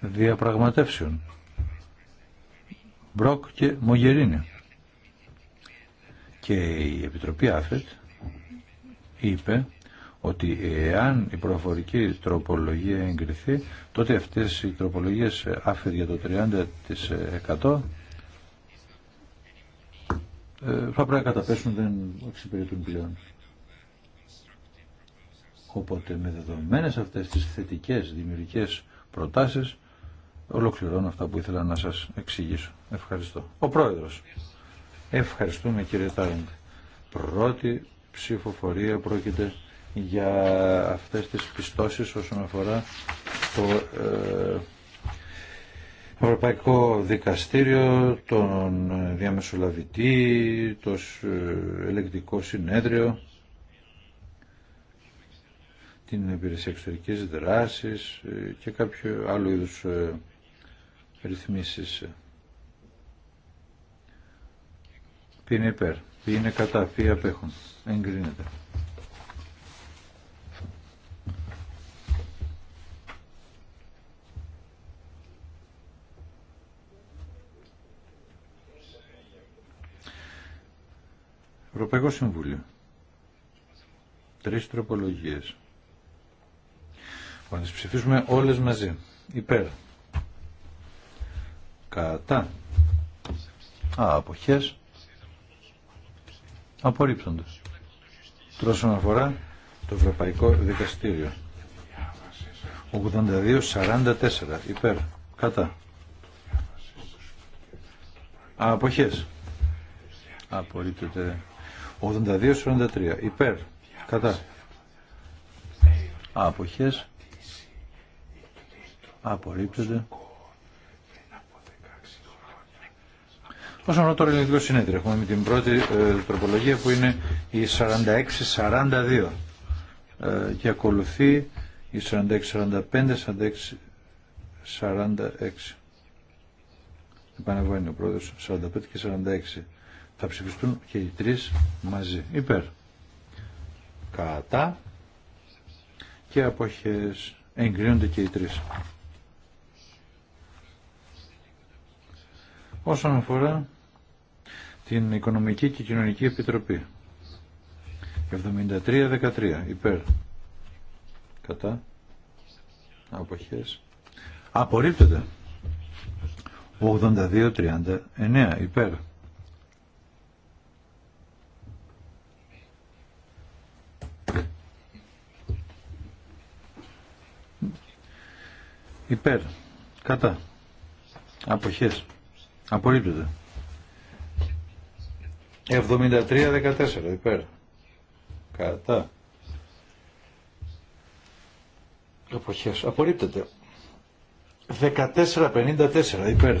διαπραγματεύσεων Μπροκ και Μογερίνη. Και η Επιτροπή ΑΦΕΤ είπε ότι εάν η προφορική τροπολογία εγκριθεί, τότε αυτές οι τροπολογίες ΑΦΕΤ για το 30% ε, θα πρέπει να καταπέσουν, δεν εξυπηρετούν πλέον. Οπότε με δεδομένες αυτές τις θετικές δημιουργικές προτάσεις Ολοκληρώνω αυτά που ήθελα να σας εξηγήσω. Ευχαριστώ. Ο Πρόεδρος. Ευχαριστούμε κύριε Τάρντ. Πρώτη ψηφοφορία πρόκειται για αυτές τις πιστώσεις όσον αφορά το ε, Ευρωπαϊκό Δικαστήριο, τον Διαμεσολαβητή, το ε, Ελεκτικό Συνέδριο, την Υπηρεσία Εξωτερικής Δράσης ε, και κάποιο άλλο είδους ρυθμίσεις. Ποιοι είναι υπέρ, ποιοι είναι κατά, ποιοι απέχουν. Εγκρίνεται. Ευρωπαϊκό Συμβούλιο. Τρεις τροπολογίες. Θα τις ψηφίσουμε όλες μαζί. Υπέρ. Κατά. Α, αποχές. Απορρίψονται. Τώρα αφορά το Ευρωπαϊκό Δικαστήριο. 82-44 υπέρ. Κατά. Α, αποχές. Απορρίπτεται. 82-43 υπέρ. Κατά. Α, αποχές. Απορρίπτεται. Όσον αφορά το ελληνικό συνέδριο, έχουμε την πρώτη ε, τροπολογία που είναι η 46-42 ε, και ακολουθεί η 46-45, 46-46. είναι ο πρόεδρο. 45 και 46. Θα ψηφιστούν και οι τρεις μαζί. Υπέρ. Κατά. Και αποχέ Εγκρίνονται και οι τρεις. Όσον αφορά την Οικονομική και Κοινωνική Επιτροπή. 73-13 υπέρ. Κατά. Αποχές. Απορρίπτεται. 82-39 υπέρ. Υπέρ. Κατά. Αποχές. Απορρίπτεται. 73-14 υπέρ. Κατά. Εποχές. Απορρίπτεται. 14-54 υπέρ.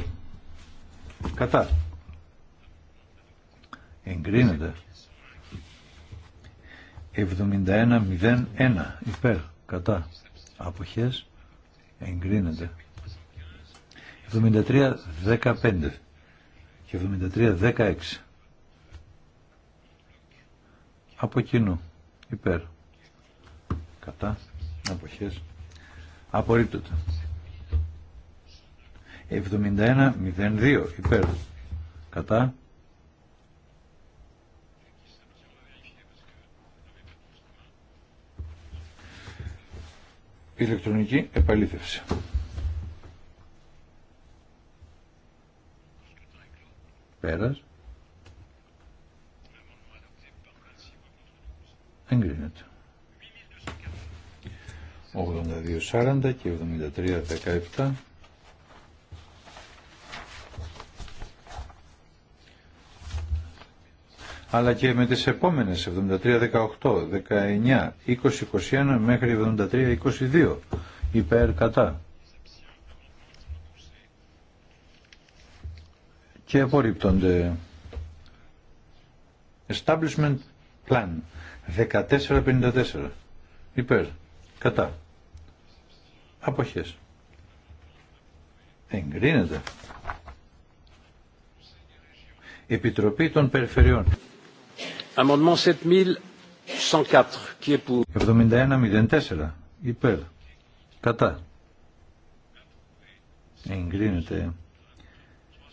Κατά. Εγκρίνεται. 71-01 υπέρ. Κατά. Αποχές. Εγκρίνεται. 73-15 και 73-16 από κοινού. Υπέρ. Κατά. Αποχές. Απορρίπτωτα. 71-02. Υπέρ. Κατά. Ηλεκτρονική επαλήθευση. Πέρας. εγκρίνεται. 82-40 και 73-17 αλλά και με τις επόμενες 73, 18, 19, 20, 21 μέχρι 73, 22 υπέρ κατά και απορρίπτονται establishment plan 1454. Υπέρ. Κατά. Αποχές. Εγκρίνεται. Επιτροπή των Περιφερειών. Amendement 7104. Qui est 7104. Υπέρ. Κατά.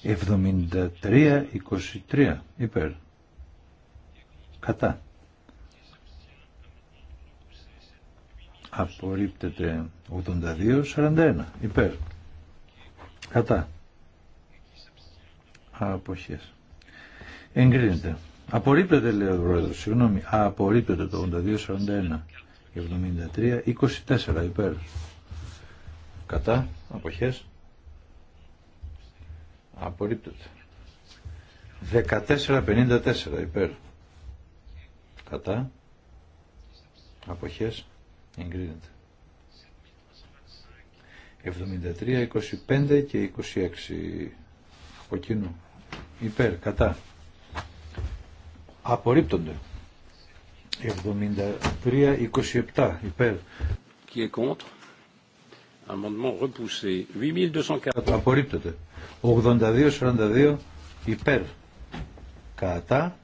7323 Υπέρ. Κατά. απορρίπτεται 82-41 υπέρ κατά αποχές εγκρίνεται απορρίπτεται λέει ο πρόεδρος συγγνώμη απορρίπτεται το 82-41 73-24 υπέρ κατά αποχές απορρίπτεται 14-54 υπέρ κατά αποχές Εγκρίνεται. 73, 25 και 26 από κοινού. Υπέρ, κατά. Απορρίπτονται. 73, 27 υπέρ. Qui est contre? Amendement repoussé. 8240. απορριπτονται 82, 42 υπέρ. Κατά.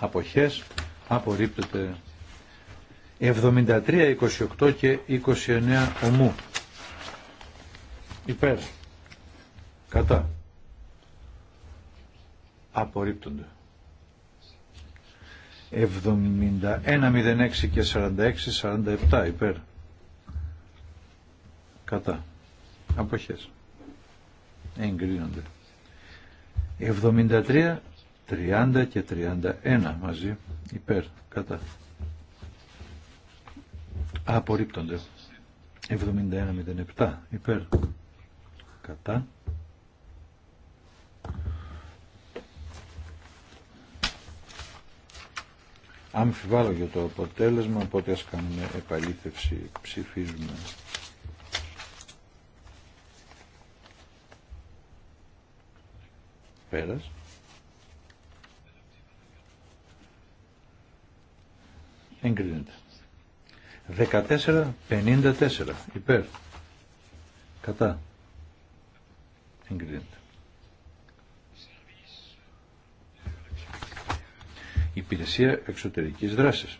Αποχές. απορρίπτονται 73, 28 και 29 ομού. Υπέρ. Κατά. Απορρίπτονται. 71, 06 και 46, 47 υπέρ. Κατά. Αποχές. Εγκρίνονται. 73, 30 και 31 μαζί υπέρ. Κατά. Απορρίπτονται. 71-07 υπέρ. Κατά. Αμφιβάλλω για το αποτέλεσμα, οπότε ας κάνουμε επαλήθευση, ψηφίζουμε. Πέρας. Εγκρίνεται. 1454 υπέρ κατά εγκρίνεται υπηρεσία εξωτερικής δράσης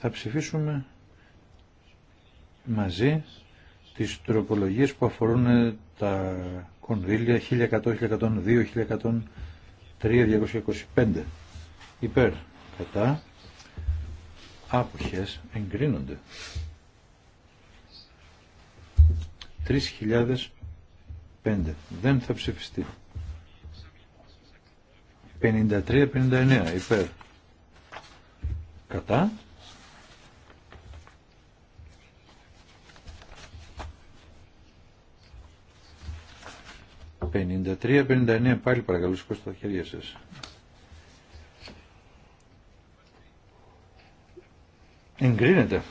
θα ψηφίσουμε μαζί τις τροπολογίες που αφορούν ε, τα κονδύλια 1100, 1102, 1103, 225 υπέρ κατά άποχες εγκρίνονται 3.005 δεν θα ψηφιστεί 53-59 υπέρ κατά Πενήντα τρία, πάλι παρακαλώ σηκώστε τα χέρια σας. Εγκρίνεται.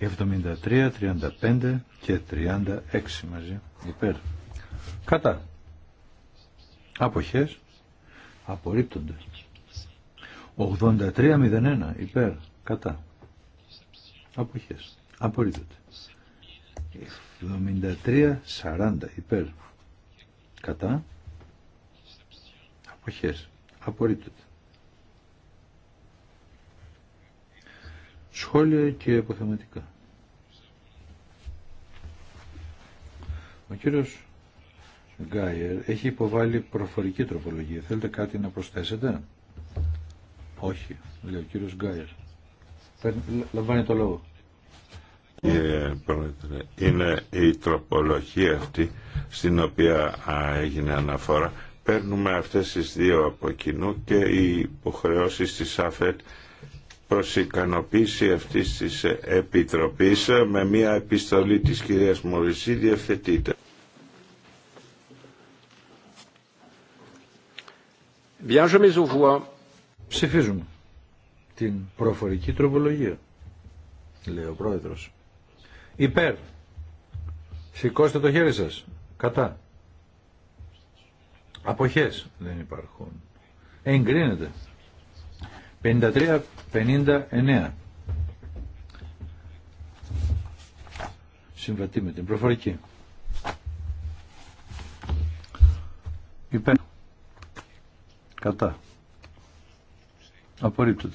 73, 35 και 36 μαζί. Υπέρ. Κατά. Αποχές. Απορρίπτονται. 83-01. Υπέρ. Κατά. Αποχές. Απορρίπτονται. 73-40. Υπέρ. Κατά. Αποχές. Απορρίπτονται. σχόλια και αποθεματικά. Ο κύριος Γκάιερ έχει υποβάλει προφορική τροπολογία. Θέλετε κάτι να προσθέσετε? Όχι, λέει ο κύριος Γκάιερ. Λαμβάνει το λόγο. είναι η τροπολογία αυτή στην οποία έγινε αναφορά. Παίρνουμε αυτές τις δύο από κοινού και οι υποχρεώσει της ΑΦΕΤ προς ικανοποίηση αυτής της Επιτροπής με μια επιστολή της κυρίας Μωρισή διευθετείται. Ψηφίζουμε την προφορική τροπολογία, λέει ο πρόεδρος. Υπέρ. Σηκώστε το χέρι σας. Κατά. Αποχές δεν υπάρχουν. Εγκρίνεται. 53-59. Συμβατή με την προφορική. Υπέρ. Κατά. Απορρίπτεται.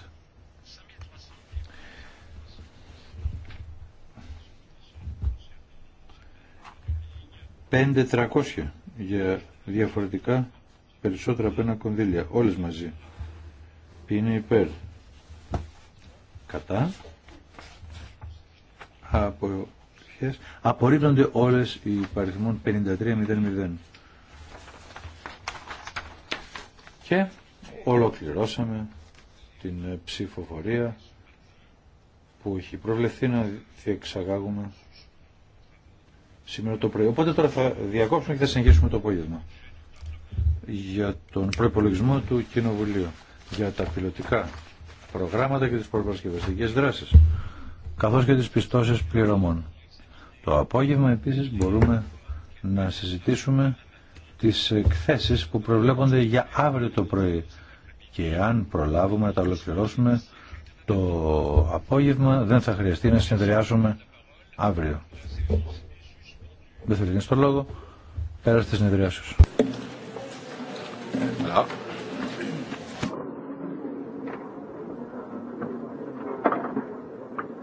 τρακόσια για διαφορετικά περισσότερα από ένα κονδύλια. Όλες μαζί είναι υπέρ. Κατά. Από Απορρίπτονται όλες οι παριθμών 53.00. Και ολοκληρώσαμε την ψηφοφορία που έχει προβλεφθεί να διεξαγάγουμε σήμερα το πρωί. Οπότε τώρα θα διακόψουμε και θα συνεχίσουμε το απόγευμα για τον προπολογισμό του Κοινοβουλίου για τα πιλωτικά προγράμματα και τις προπαρασκευαστικές δράσεις, καθώς και τις πιστώσεις πληρωμών. Το απόγευμα επίσης μπορούμε να συζητήσουμε τις εκθέσεις που προβλέπονται για αύριο το πρωί και αν προλάβουμε να τα ολοκληρώσουμε το απόγευμα δεν θα χρειαστεί να συνεδριάσουμε αύριο. Δεν θέλει το λόγο. Πέρα συνεδριάσεις.